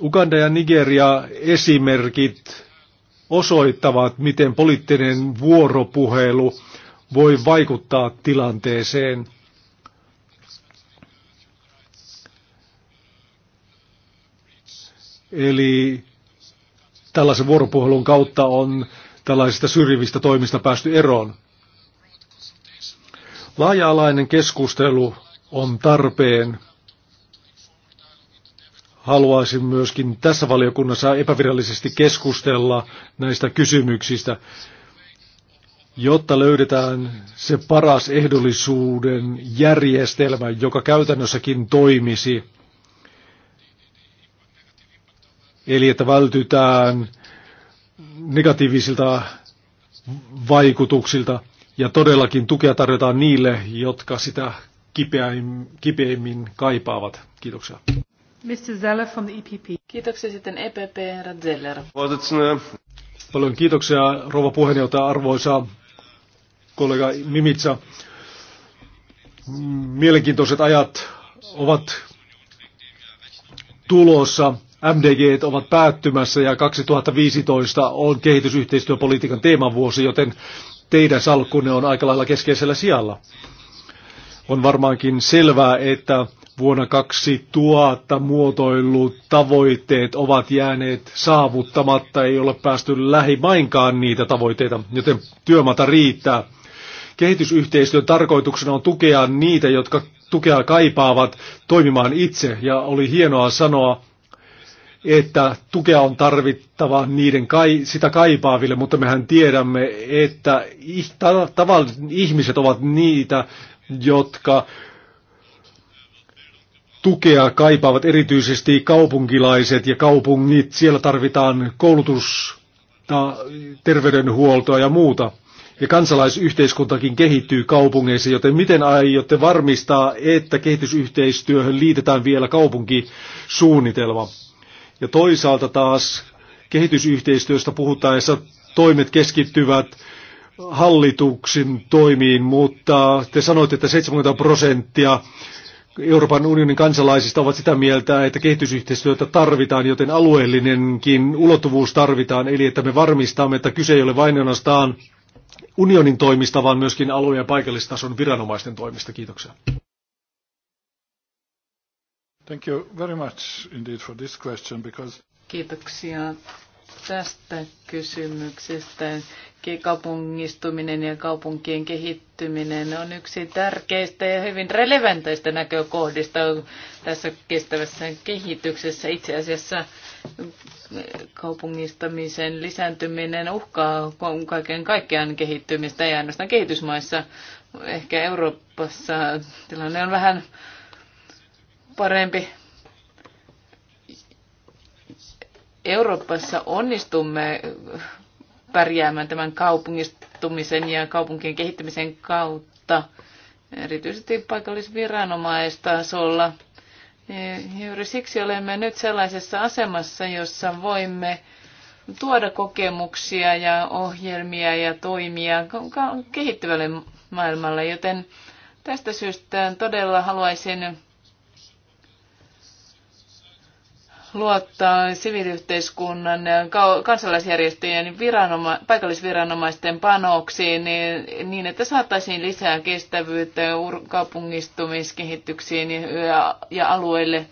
A: Uganda ja Nigeria esimerkit osoittavat, miten poliittinen vuoropuhelu voi vaikuttaa tilanteeseen. Eli tällaisen vuoropuhelun kautta on tällaisista syrjivistä toimista päästy eroon. Laaja-alainen keskustelu on tarpeen haluaisin myöskin tässä valiokunnassa epävirallisesti keskustella näistä kysymyksistä, jotta löydetään se paras ehdollisuuden järjestelmä, joka käytännössäkin toimisi. Eli että vältytään negatiivisilta vaikutuksilta ja todellakin tukea tarjotaan niille, jotka sitä kipeimmin kaipaavat. Kiitoksia.
C: Mr. Zeller from the EPP. Kiitoksia sitten EPP, herra Zeller.
A: Paljon kiitoksia, rouva puheenjohtaja, arvoisa kollega Mimitsa. Mielenkiintoiset ajat ovat tulossa. MDG ovat päättymässä ja 2015 on kehitysyhteistyöpolitiikan teemavuosi, joten teidän salkkunne on aika lailla keskeisellä sijalla. On varmaankin selvää, että vuonna 2000 muotoillut tavoitteet ovat jääneet saavuttamatta, ei ole päästy lähimainkaan niitä tavoitteita, joten työmata riittää. Kehitysyhteistyön tarkoituksena on tukea niitä, jotka tukea kaipaavat toimimaan itse, ja oli hienoa sanoa, että tukea on tarvittava niiden kai, sitä kaipaaville, mutta mehän tiedämme, että tavalliset ihmiset ovat niitä, jotka tukea kaipaavat erityisesti kaupunkilaiset ja kaupungit. Siellä tarvitaan koulutusta, terveydenhuoltoa ja muuta. Ja kansalaisyhteiskuntakin kehittyy kaupungeissa, joten miten aiotte varmistaa, että kehitysyhteistyöhön liitetään vielä kaupunkisuunnitelma? Ja toisaalta taas kehitysyhteistyöstä puhuttaessa toimet keskittyvät hallituksen toimiin, mutta te sanoitte, että 70 prosenttia Euroopan unionin kansalaisista ovat sitä mieltä, että kehitysyhteistyötä tarvitaan, joten alueellinenkin ulottuvuus tarvitaan, eli että me varmistamme, että kyse ei ole vain ainoastaan unionin toimista, vaan myöskin alue-
E: ja paikallistason viranomaisten toimista. Kiitoksia. Thank you very much indeed for this question because...
C: Kiitoksia tästä kysymyksestä kaupungistuminen ja kaupunkien kehittyminen on yksi tärkeistä ja hyvin relevanteista näkökohdista tässä kestävässä kehityksessä. Itse asiassa kaupungistamisen lisääntyminen uhkaa kaiken kaikkiaan kehittymistä, ja ainoastaan kehitysmaissa. Ehkä Euroopassa tilanne on vähän parempi. Euroopassa onnistumme pärjäämään tämän kaupungistumisen ja kaupunkien kehittämisen kautta, erityisesti paikallisviranomaista paikallisviranomaistasolla. E, juuri siksi olemme nyt sellaisessa asemassa, jossa voimme tuoda kokemuksia ja ohjelmia ja toimia kehittyvälle maailmalle, joten tästä syystä todella haluaisin luottaa siviiliyhteiskunnan, kansalaisjärjestöjen, viranoma- paikallisviranomaisten panoksiin niin, niin, että saataisiin lisää kestävyyttä kaupungistumiskehityksiin ja, ja alueille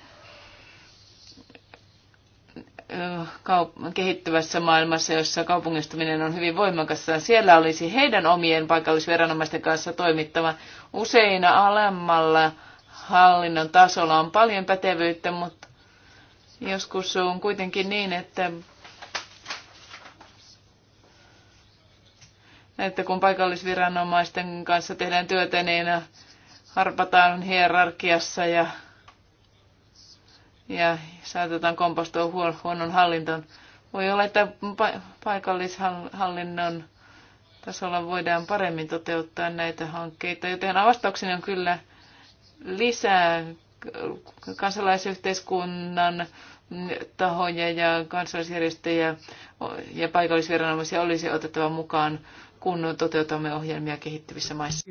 C: kaup- kehittyvässä maailmassa, jossa kaupungistuminen on hyvin voimakasta. Siellä olisi heidän omien paikallisviranomaisten kanssa toimittava useina alemmalla hallinnon tasolla on paljon pätevyyttä, mutta Joskus on kuitenkin niin, että, että kun paikallisviranomaisten kanssa tehdään työtä, niin harpataan hierarkiassa ja, ja saatetaan kompastua huonon hallintoon. Voi olla, että paikallishallinnon tasolla voidaan paremmin toteuttaa näitä hankkeita, joten vastaukseni on kyllä lisää kansalaisyhteiskunnan tahoja ja kansalaisjärjestöjä ja paikallisviranomaisia olisi otettava mukaan, kun toteutamme ohjelmia kehittyvissä maissa.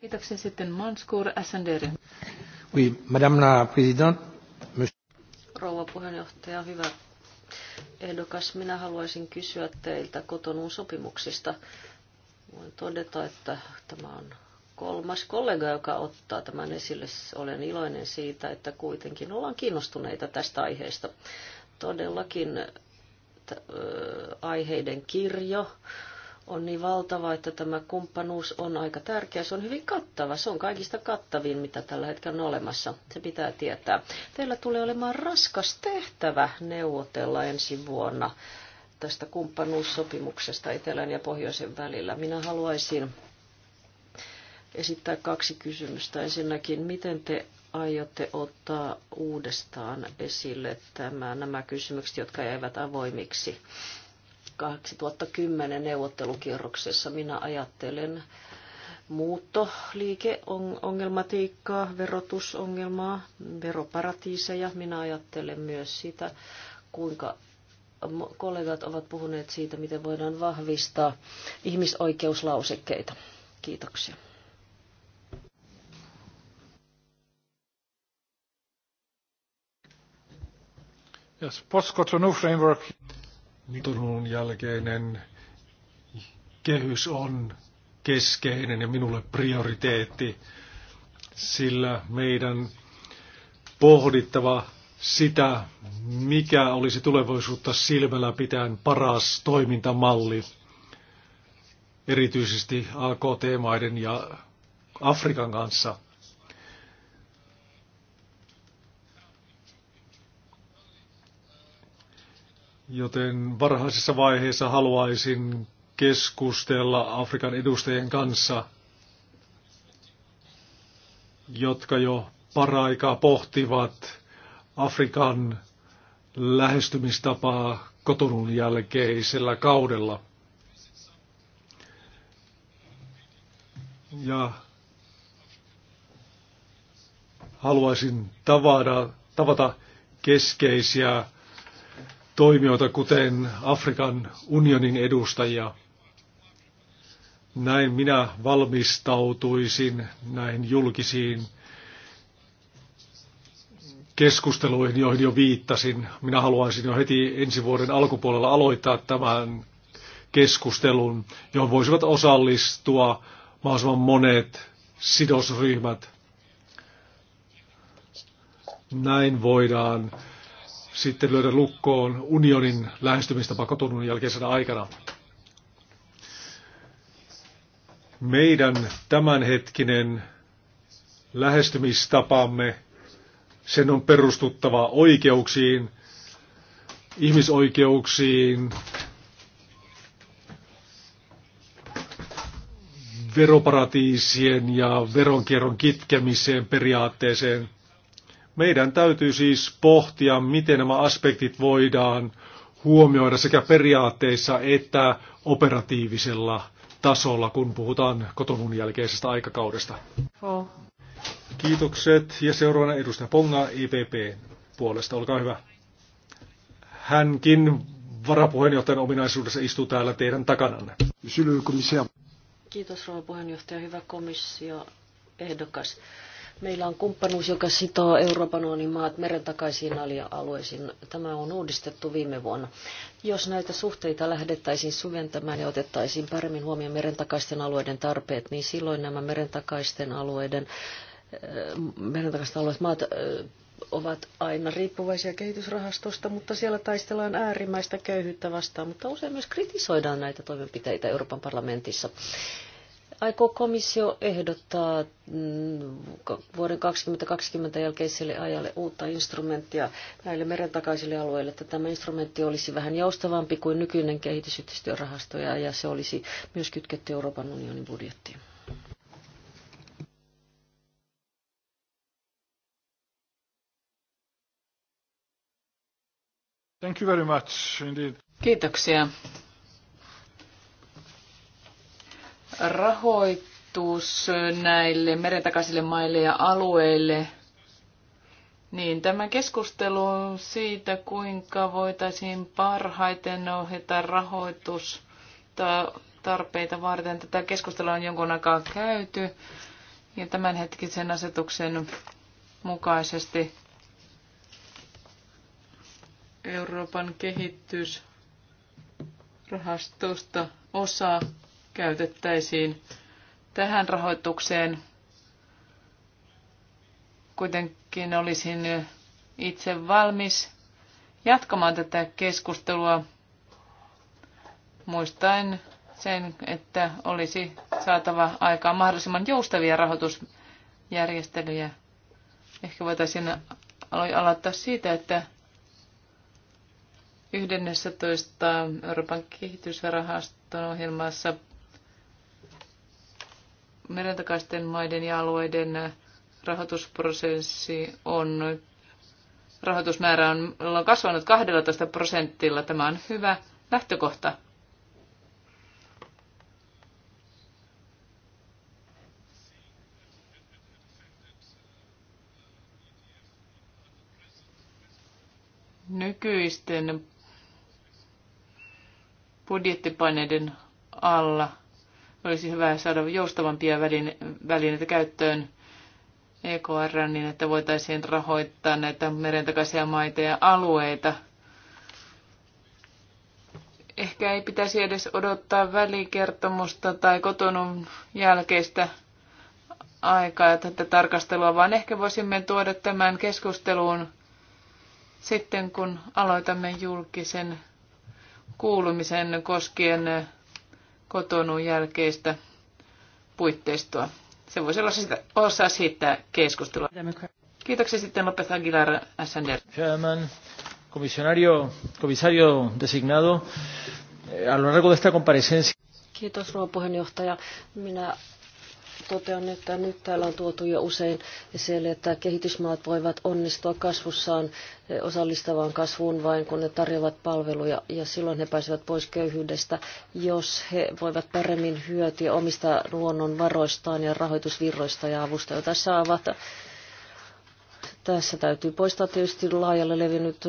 C: Kiitoksia sitten Manskur SNDR.
F: Oui, madame la
G: Rouva puheenjohtaja, hyvä ehdokas. Minä haluaisin kysyä teiltä kotonuun sopimuksista. Voin todeta, että tämä on kolmas kollega, joka ottaa tämän esille. Olen iloinen siitä, että kuitenkin ollaan kiinnostuneita tästä aiheesta. Todellakin aiheiden kirjo on niin valtava, että tämä kumppanuus on aika tärkeä. Se on hyvin kattava. Se on kaikista kattavin, mitä tällä hetkellä on olemassa. Se pitää tietää. Teillä tulee olemaan raskas tehtävä neuvotella ensi vuonna tästä kumppanuussopimuksesta Etelän ja Pohjoisen välillä. Minä haluaisin esittää kaksi kysymystä. Ensinnäkin, miten te aiotte ottaa uudestaan esille tämä, nämä kysymykset, jotka jäivät avoimiksi 2010 neuvottelukierroksessa? Minä ajattelen muuttoliikeongelmatiikkaa, verotusongelmaa, veroparatiiseja. Minä ajattelen myös sitä, kuinka kollegat ovat puhuneet siitä, miten voidaan vahvistaa ihmisoikeuslausekkeita.
E: Kiitoksia. Yes, post-Cotonou framework. Cotonoun jälkeinen kehys on
A: keskeinen ja minulle prioriteetti, sillä meidän pohdittava sitä, mikä olisi tulevaisuutta silmällä pitäen paras toimintamalli, erityisesti AKT-maiden ja Afrikan kanssa – Joten varhaisessa vaiheessa haluaisin keskustella Afrikan edustajien kanssa, jotka jo paraikaa pohtivat Afrikan lähestymistapaa kotonun jälkeisellä kaudella. Ja haluaisin tavata, tavata keskeisiä toimijoita, kuten Afrikan unionin edustajia. Näin minä valmistautuisin näihin julkisiin keskusteluihin, joihin jo viittasin. Minä haluaisin jo heti ensi vuoden alkupuolella aloittaa tämän keskustelun, johon voisivat osallistua mahdollisimman monet sidosryhmät. Näin voidaan sitten löydä lukkoon unionin lähestymistapa kotonun jälkeisenä aikana. Meidän tämänhetkinen lähestymistapamme, sen on perustuttava oikeuksiin, ihmisoikeuksiin, veroparatiisien ja veronkierron kitkemiseen periaatteeseen – meidän täytyy siis pohtia, miten nämä aspektit voidaan huomioida sekä periaatteissa että operatiivisella tasolla, kun puhutaan kotonun jälkeisestä aikakaudesta. Oh. Kiitokset ja seuraavana edustaja Ponga IPP puolesta. Olkaa hyvä. Hänkin varapuheenjohtajan ominaisuudessa istuu täällä teidän takananne.
G: Kiitos rouva puheenjohtaja, hyvä komissio, ehdokas. Meillä on kumppanuus, joka sitoo Euroopan unionin maat meren takaisiin alueisiin. Tämä on uudistettu viime vuonna. Jos näitä suhteita lähdettäisiin syventämään ja otettaisiin paremmin huomioon meren takaisten alueiden tarpeet, niin silloin nämä meren takaisten alueiden eh, meren takaisten alueet maat eh, ovat aina riippuvaisia kehitysrahastosta, mutta siellä taistellaan äärimmäistä köyhyyttä vastaan, mutta usein myös kritisoidaan näitä toimenpiteitä Euroopan parlamentissa. Aikoo komissio ehdottaa mm, vuoden 2020 jälkeiselle ajalle uutta instrumenttia näille meren takaisille alueille, että tämä instrumentti olisi vähän joustavampi kuin nykyinen kehitysyhteistyörahasto ja, ja se olisi myös kytketty Euroopan unionin budjettiin?
E: Thank you very much indeed. Kiitoksia
C: rahoitus näille merentakaisille maille ja alueille, niin tämä keskustelu siitä, kuinka voitaisiin parhaiten ohjata rahoitus tarpeita varten. Tätä keskustelua on jonkun aikaa käyty ja tämänhetkisen asetuksen mukaisesti Euroopan rahastosta osa käytettäisiin tähän rahoitukseen. Kuitenkin olisin itse valmis jatkamaan tätä keskustelua muistaen sen, että olisi saatava aikaa mahdollisimman joustavia rahoitusjärjestelyjä. Ehkä voitaisiin aloittaa siitä, että 11. Euroopan kehitysrahaston ohjelmassa merentakaisten maiden ja alueiden rahoitusprosessi on, rahoitusmäärä on, on kasvanut 12 prosentilla. Tämä on hyvä lähtökohta. Nykyisten budjettipaineiden alla – olisi hyvä saada joustavampia välineitä käyttöön EKR, niin että voitaisiin rahoittaa näitä merentakaisia maita ja alueita. Ehkä ei pitäisi edes odottaa välikertomusta tai kotonun jälkeistä aikaa tätä tarkastelua, vaan ehkä voisimme tuoda tämän keskusteluun sitten, kun aloitamme julkisen kuulumisen koskien kotonun jälkeistä puitteistoa. Se voisi olla sitä, osa siitä keskustelua. Kiitoksia sitten Lopez Aguilar Sander. Chairman, comisario,
A: comisario
C: designado,
A: eh, a lo largo de esta comparecencia.
G: Kiitos rouva puheenjohtaja. Minä totean, että nyt täällä on tuotu jo usein esille, että kehitysmaat voivat onnistua kasvussaan osallistavaan kasvuun vain, kun ne tarjoavat palveluja ja silloin he pääsevät pois köyhyydestä, jos he voivat paremmin hyötyä omista luonnonvaroistaan ja rahoitusvirroista ja avusta, jota saavat. Tässä täytyy poistaa tietysti laajalle levinnyt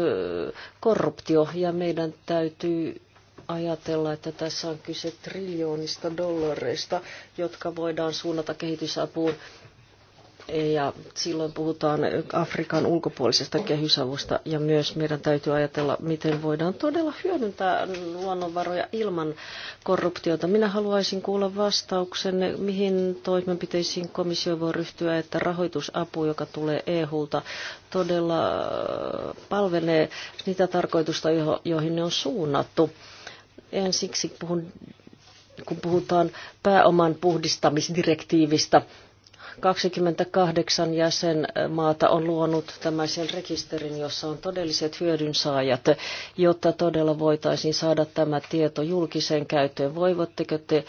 G: korruptio ja meidän täytyy ajatella, että tässä on kyse triljoonista dollareista, jotka voidaan suunnata kehitysapuun. Ja silloin puhutaan Afrikan ulkopuolisesta kehysavusta ja myös meidän täytyy ajatella, miten voidaan todella hyödyntää luonnonvaroja ilman korruptiota. Minä haluaisin kuulla vastauksen, mihin toimenpiteisiin komissio voi ryhtyä, että rahoitusapu, joka tulee eu todella palvelee niitä tarkoitusta, joihin ne on suunnattu. Ensiksi puhun, kun puhutaan pääoman puhdistamisdirektiivistä. 28 jäsenmaata on luonut tämmöisen rekisterin, jossa on todelliset hyödynsaajat, jotta todella voitaisiin saada tämä tieto julkiseen käyttöön. Voivotteko te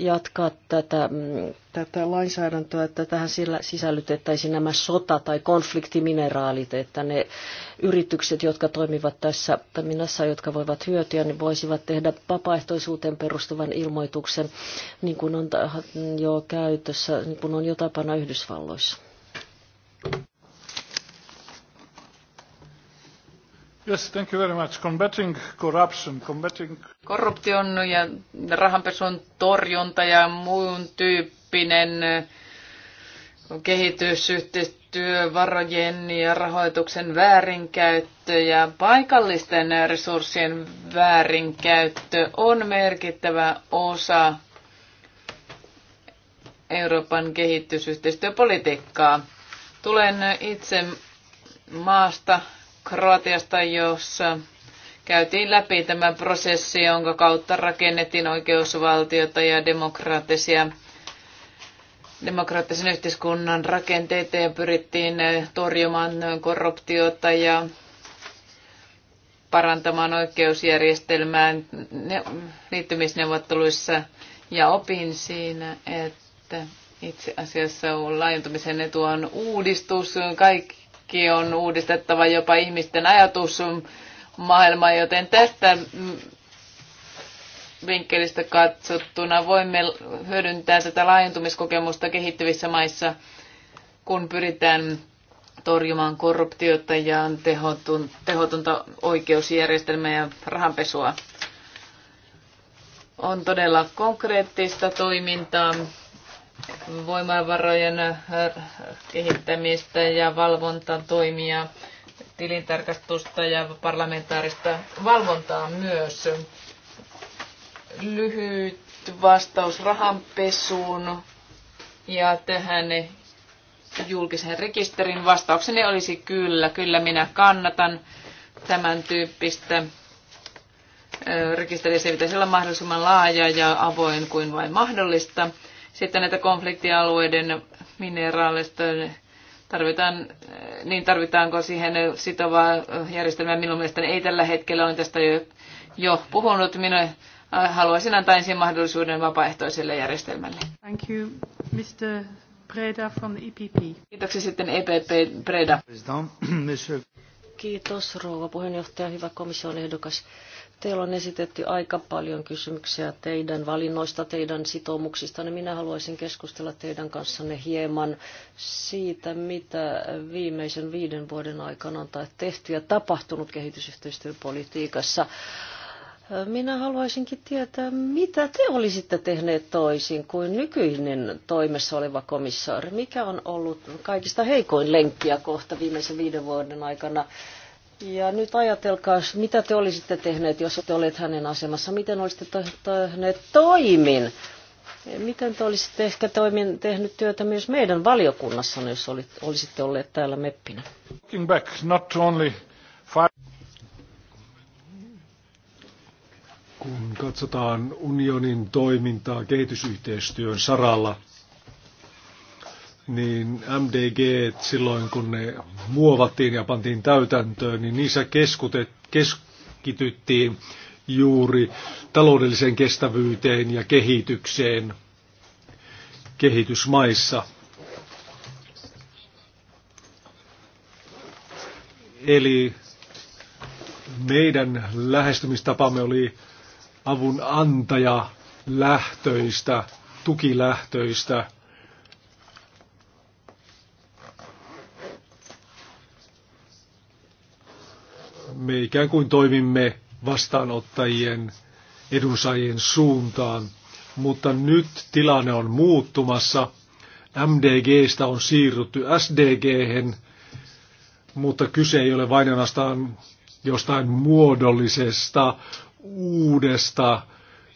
G: jatkaa tätä, mm, tätä lainsäädäntöä, että tähän sisällytettäisiin nämä sota- tai konfliktimineraalit, että ne yritykset, jotka toimivat tässä toiminnassa, jotka voivat hyötyä, niin voisivat tehdä vapaaehtoisuuteen perustuvan ilmoituksen, niin kuin on jo käytössä, niin kuin on jo tapana Yhdysvalloissa.
E: Yes, thank you very much. Combating corruption, combating...
C: Korruption ja rahanpesun torjunta ja muun tyyppinen äh, kehitysyhteistyö, varojen ja rahoituksen väärinkäyttö ja paikallisten resurssien väärinkäyttö on merkittävä osa Euroopan kehitysyhteistyöpolitiikkaa. Tulen itse maasta, Kroatiasta, jossa käytiin läpi tämä prosessi, jonka kautta rakennettiin oikeusvaltiota ja demokraattisia demokraattisen yhteiskunnan rakenteita ja pyrittiin torjumaan korruptiota ja parantamaan oikeusjärjestelmää liittymisneuvotteluissa. Ja opin siinä, että itse asiassa laajentumisen etu on uudistus. Kaikki kaikki on uudistettava, jopa ihmisten ajatus maailma, joten tästä vinkkelistä katsottuna voimme hyödyntää tätä laajentumiskokemusta kehittyvissä maissa, kun pyritään torjumaan korruptiota ja tehotun, tehotonta oikeusjärjestelmää ja rahanpesua. On todella konkreettista toimintaa voimavarojen äh, kehittämistä ja valvontatoimia, tilintarkastusta ja parlamentaarista valvontaa myös. Lyhyt vastaus rahanpesuun ja tähän julkisen rekisterin vastaukseni olisi kyllä. Kyllä minä kannatan tämän tyyppistä äh, rekisteriä. Se pitäisi olla mahdollisimman laaja ja avoin kuin vain mahdollista. Sitten näitä konfliktialueiden mineraaleista tarvitaan, niin tarvitaanko siihen sitovaa järjestelmää? Minun mielestäni ei tällä hetkellä, olen tästä jo, jo puhunut. Minä haluaisin antaa ensin mahdollisuuden vapaaehtoiselle järjestelmälle.
B: Thank you, Mr. Preda from the EPP. Kiitoksia sitten
C: EPP
G: Preda. Kiitos rouva puheenjohtaja, hyvä komission ehdokas. Teillä on esitetty aika paljon kysymyksiä teidän valinnoista, teidän sitoumuksista. Niin minä haluaisin keskustella teidän kanssanne hieman siitä, mitä viimeisen viiden vuoden aikana on tai tehty ja tapahtunut kehitysyhteistyöpolitiikassa. Minä haluaisinkin tietää, mitä te olisitte tehneet toisin kuin nykyinen toimessa oleva komissaari. Mikä on ollut kaikista heikoin lenkkiä kohta viimeisen viiden vuoden aikana? Ja nyt ajatelkaa, mitä te olisitte tehneet, jos te olette hänen asemassa. Miten olisitte tehneet toimin? Miten te olisitte ehkä toimin, tehnyt työtä myös meidän valiokunnassa, jos olisitte olleet täällä
A: meppinä? Back, not only five... Kun katsotaan unionin toimintaa kehitysyhteistyön saralla, niin MDG silloin kun ne muovattiin ja pantiin täytäntöön, niin niissä keskityttiin juuri taloudelliseen kestävyyteen ja kehitykseen kehitysmaissa. Eli meidän lähestymistapamme oli avun antaja lähtöistä, tukilähtöistä – me ikään kuin toimimme vastaanottajien edunsaajien suuntaan. Mutta nyt tilanne on muuttumassa. MDGstä on siirrytty SDGhen, mutta kyse ei ole vain ainoastaan jostain muodollisesta uudesta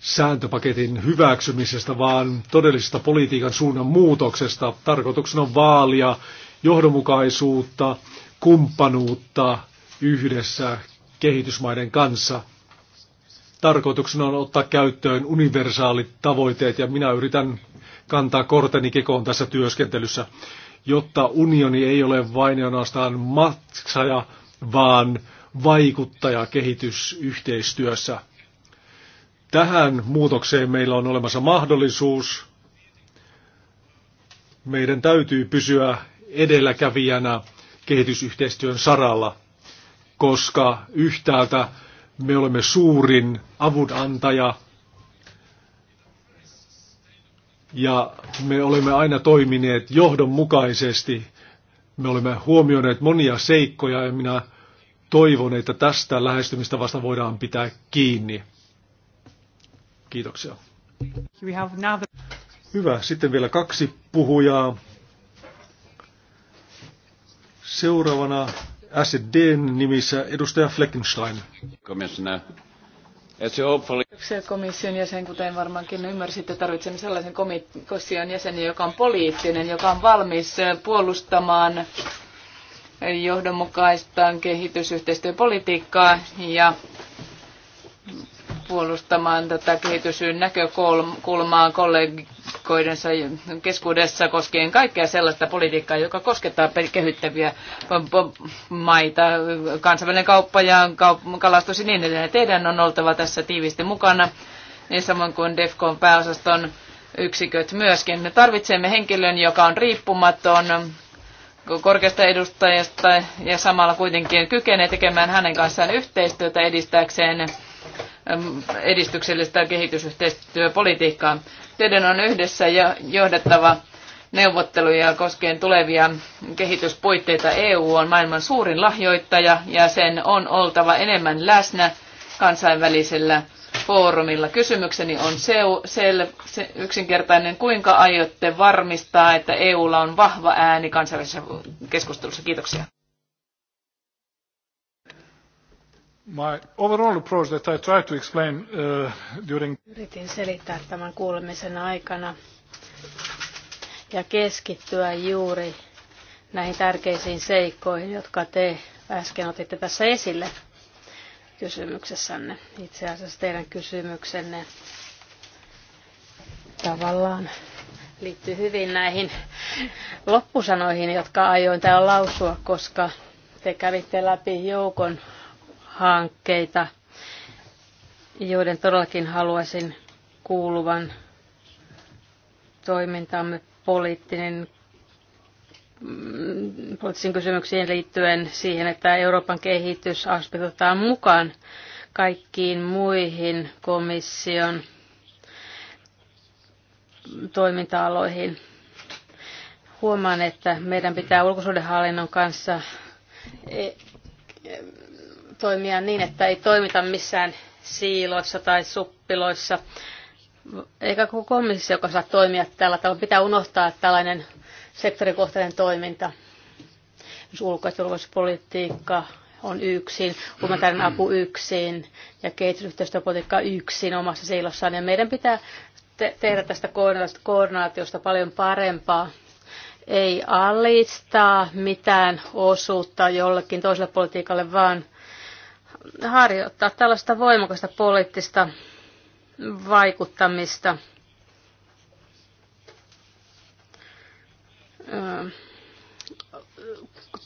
A: sääntöpaketin hyväksymisestä, vaan todellisesta politiikan suunnan muutoksesta. Tarkoituksena on vaalia johdonmukaisuutta, kumppanuutta yhdessä kehitysmaiden kanssa. Tarkoituksena on ottaa käyttöön universaalit tavoitteet ja minä yritän kantaa korteni kekoon tässä työskentelyssä, jotta unioni ei ole vain ainoastaan maksaja, vaan vaikuttaja kehitysyhteistyössä. Tähän muutokseen meillä on olemassa mahdollisuus. Meidän täytyy pysyä edelläkävijänä kehitysyhteistyön saralla koska yhtäältä me olemme suurin avunantaja ja me olemme aina toimineet johdonmukaisesti. Me olemme huomioineet monia seikkoja ja minä toivon, että tästä lähestymistä vasta voidaan pitää kiinni. Kiitoksia. Hyvä. Sitten vielä kaksi puhujaa. Seuraavana SDn nimissä edustaja Fleckenstein.
F: Kiitoksia
C: komission jäsen, kuten varmaankin ymmärsitte, tarvitsemme sellaisen komission jäsenen, joka on poliittinen, joka on valmis puolustamaan johdonmukaistaan kehitysyhteistyöpolitiikkaa ja puolustamaan tätä kehitysyyn näkökulmaa. kollegi, poliitikkoidensa keskuudessa koskien kaikkea sellaista politiikkaa, joka koskettaa kehittäviä maita, kansainvälinen kauppa ja kalastus ja niin edelleen. Teidän on oltava tässä tiiviisti mukana, niin samoin kuin DEFCON pääosaston yksiköt myöskin. Me tarvitsemme henkilön, joka on riippumaton korkeasta edustajasta ja samalla kuitenkin kykenee tekemään hänen kanssaan yhteistyötä edistääkseen edistyksellistä kehitysyhteistyöpolitiikkaa. Teidän on yhdessä ja johdettava neuvotteluja koskien tulevia kehityspuitteita. EU on maailman suurin lahjoittaja ja sen on oltava enemmän läsnä kansainvälisellä foorumilla. Kysymykseni on se, se, se, yksinkertainen, kuinka aiotte varmistaa, että EUlla on vahva ääni kansainvälisessä keskustelussa? Kiitoksia.
E: My overall approach that I tried to explain uh, during...
H: Yritin selittää tämän kuulemisen aikana ja keskittyä juuri näihin tärkeisiin seikkoihin, jotka te äsken otitte tässä esille kysymyksessänne. Itse asiassa teidän kysymyksenne tavallaan liittyy hyvin näihin loppusanoihin, jotka ajoin täällä lausua, koska te kävitte läpi joukon hankkeita, joiden todellakin haluaisin kuuluvan toimintamme poliittinen mm, poliittisiin kysymyksiin liittyen siihen, että Euroopan kehitys aspektotaan mukaan kaikkiin muihin komission toiminta-aloihin. Huomaan, että meidän pitää ulkosuudenhallinnon kanssa e- toimia niin, että ei toimita missään siiloissa tai suppiloissa. Eikä koko komissio, joka saa toimia tällä tavalla, pitää unohtaa tällainen sektorikohtainen toiminta. Jos ulko- ja turvallisuuspolitiikka on yksin, humanitaarinen apu yksin ja kehitysyhteistyöpolitiikka yksin omassa siilossaan. Ja meidän pitää te- tehdä tästä koordinaatiosta paljon parempaa. Ei alistaa mitään osuutta jollekin toiselle politiikalle, vaan – harjoittaa tällaista voimakasta poliittista vaikuttamista.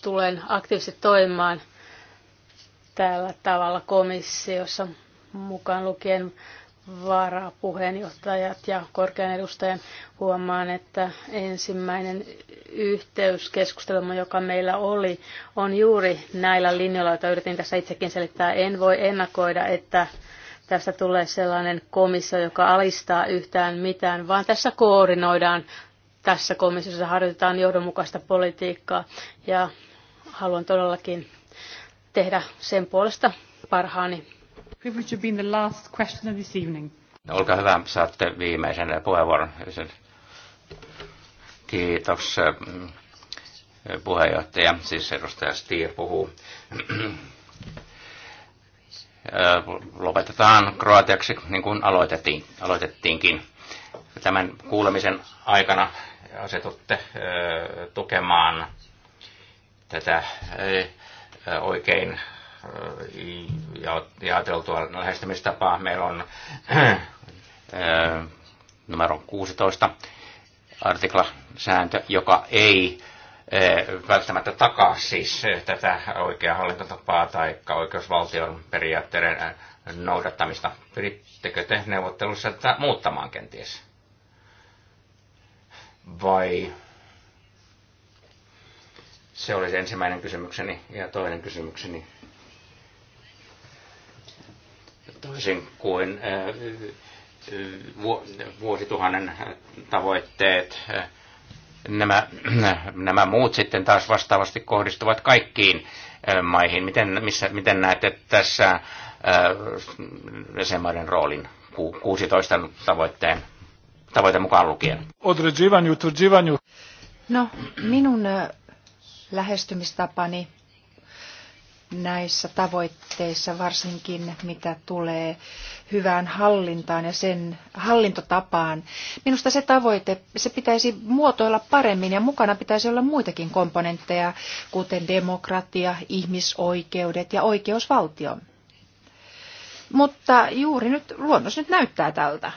H: Tulen aktiivisesti toimimaan tällä tavalla komissiossa mukaan lukien varapuheenjohtajat ja korkean edustajan huomaan, että ensimmäinen yhteyskeskustelma, joka meillä oli, on juuri näillä linjoilla, joita yritin tässä itsekin selittää. En voi ennakoida, että tässä tulee sellainen komissio, joka alistaa yhtään mitään, vaan tässä koordinoidaan tässä komissiossa harjoitetaan johdonmukaista politiikkaa ja haluan todellakin tehdä sen puolesta parhaani privilege of being the last questioner this evening.
F: No, olkaa hyvä, saatte viimeisen puheenvuoron. Kiitos äh, puheenjohtaja, siis edustaja Stier puhuu. Äh, lopetetaan kroatiaksi niin kuin aloitettiin, aloitettiinkin. Tämän kuulemisen aikana asetutte äh, tukemaan tätä oikein ja ajateltua lähestymistapaa. Meillä on numero 16 artikla sääntö, joka ei välttämättä takaa siis tätä oikeaa hallintotapaa tai oikeusvaltion periaatteiden noudattamista. Pyrittekö te neuvottelussa tätä muuttamaan kenties? Vai se olisi ensimmäinen kysymykseni ja toinen kysymykseni toisin kuin äh, äh, vuosituhannen tavoitteet. Nämä, [clears throat] nämä muut sitten taas vastaavasti kohdistuvat kaikkiin äh, maihin. Miten, missä, miten näette tässä jäsenmaiden roolin 16 tavoitteen, tavoite mukaan lukien?
I: No, minun lähestymistapani näissä tavoitteissa, varsinkin mitä tulee hyvään hallintaan ja sen hallintotapaan. Minusta se tavoite, se pitäisi muotoilla paremmin ja mukana pitäisi olla muitakin komponentteja, kuten demokratia, ihmisoikeudet ja oikeusvaltio. Mutta juuri nyt luonnos nyt näyttää tältä.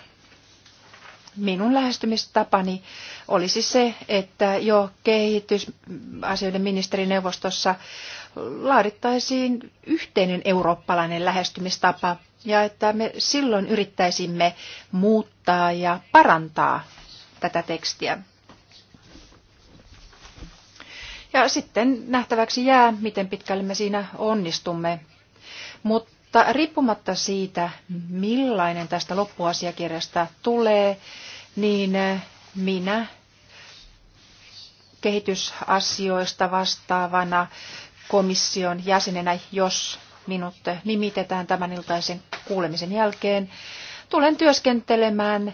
I: Minun lähestymistapani olisi se, että jo kehitysasioiden ministerineuvostossa laadittaisiin yhteinen eurooppalainen lähestymistapa ja että me silloin yrittäisimme muuttaa ja parantaa tätä tekstiä. Ja sitten nähtäväksi jää, miten pitkälle me siinä onnistumme. Mutta riippumatta siitä, millainen tästä loppuasiakirjasta tulee, niin minä kehitysasioista vastaavana komission jäsenenä, jos minut nimitetään tämän iltaisen kuulemisen jälkeen. Tulen työskentelemään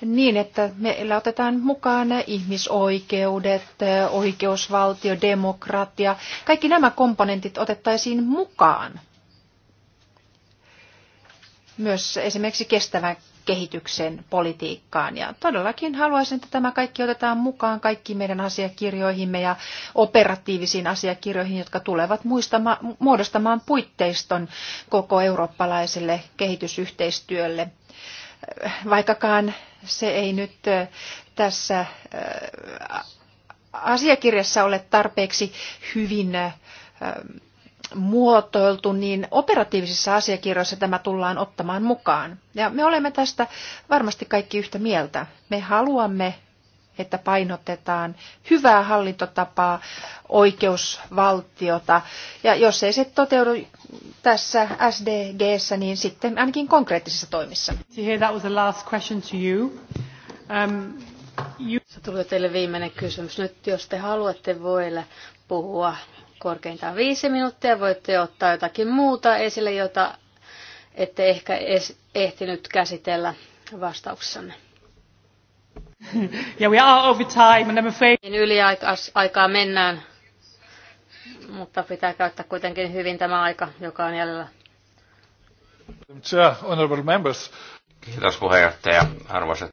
I: niin, että meillä otetaan mukaan ihmisoikeudet, oikeusvaltio, demokratia. Kaikki nämä komponentit otettaisiin mukaan. Myös esimerkiksi kestävän kehityksen politiikkaan. Ja todellakin haluaisin, että tämä kaikki otetaan mukaan kaikki meidän asiakirjoihimme ja operatiivisiin asiakirjoihin, jotka tulevat muistama, muodostamaan puitteiston koko eurooppalaiselle kehitysyhteistyölle. Vaikkakaan se ei nyt tässä asiakirjassa ole tarpeeksi hyvin muotoiltu, niin operatiivisissa asiakirjoissa tämä tullaan ottamaan mukaan. Ja me olemme tästä varmasti kaikki yhtä mieltä. Me haluamme, että painotetaan hyvää hallintotapaa, oikeusvaltiota. Ja jos ei se toteudu tässä SDGssä, niin sitten ainakin
H: konkreettisissa toimissa. That um, Tuli teille viimeinen kysymys. Nyt jos te haluatte, voille puhua korkeintaan viisi minuuttia. Voitte ottaa jotakin muuta esille, jota ette ehkä edes ehtinyt käsitellä vastauksessanne. Yeah, we are over time and I'm afraid... Niin aikaa mennään, mutta pitää käyttää kuitenkin hyvin tämä aika, joka on jäljellä.
E: members. Kiitos puheenjohtaja, arvoisat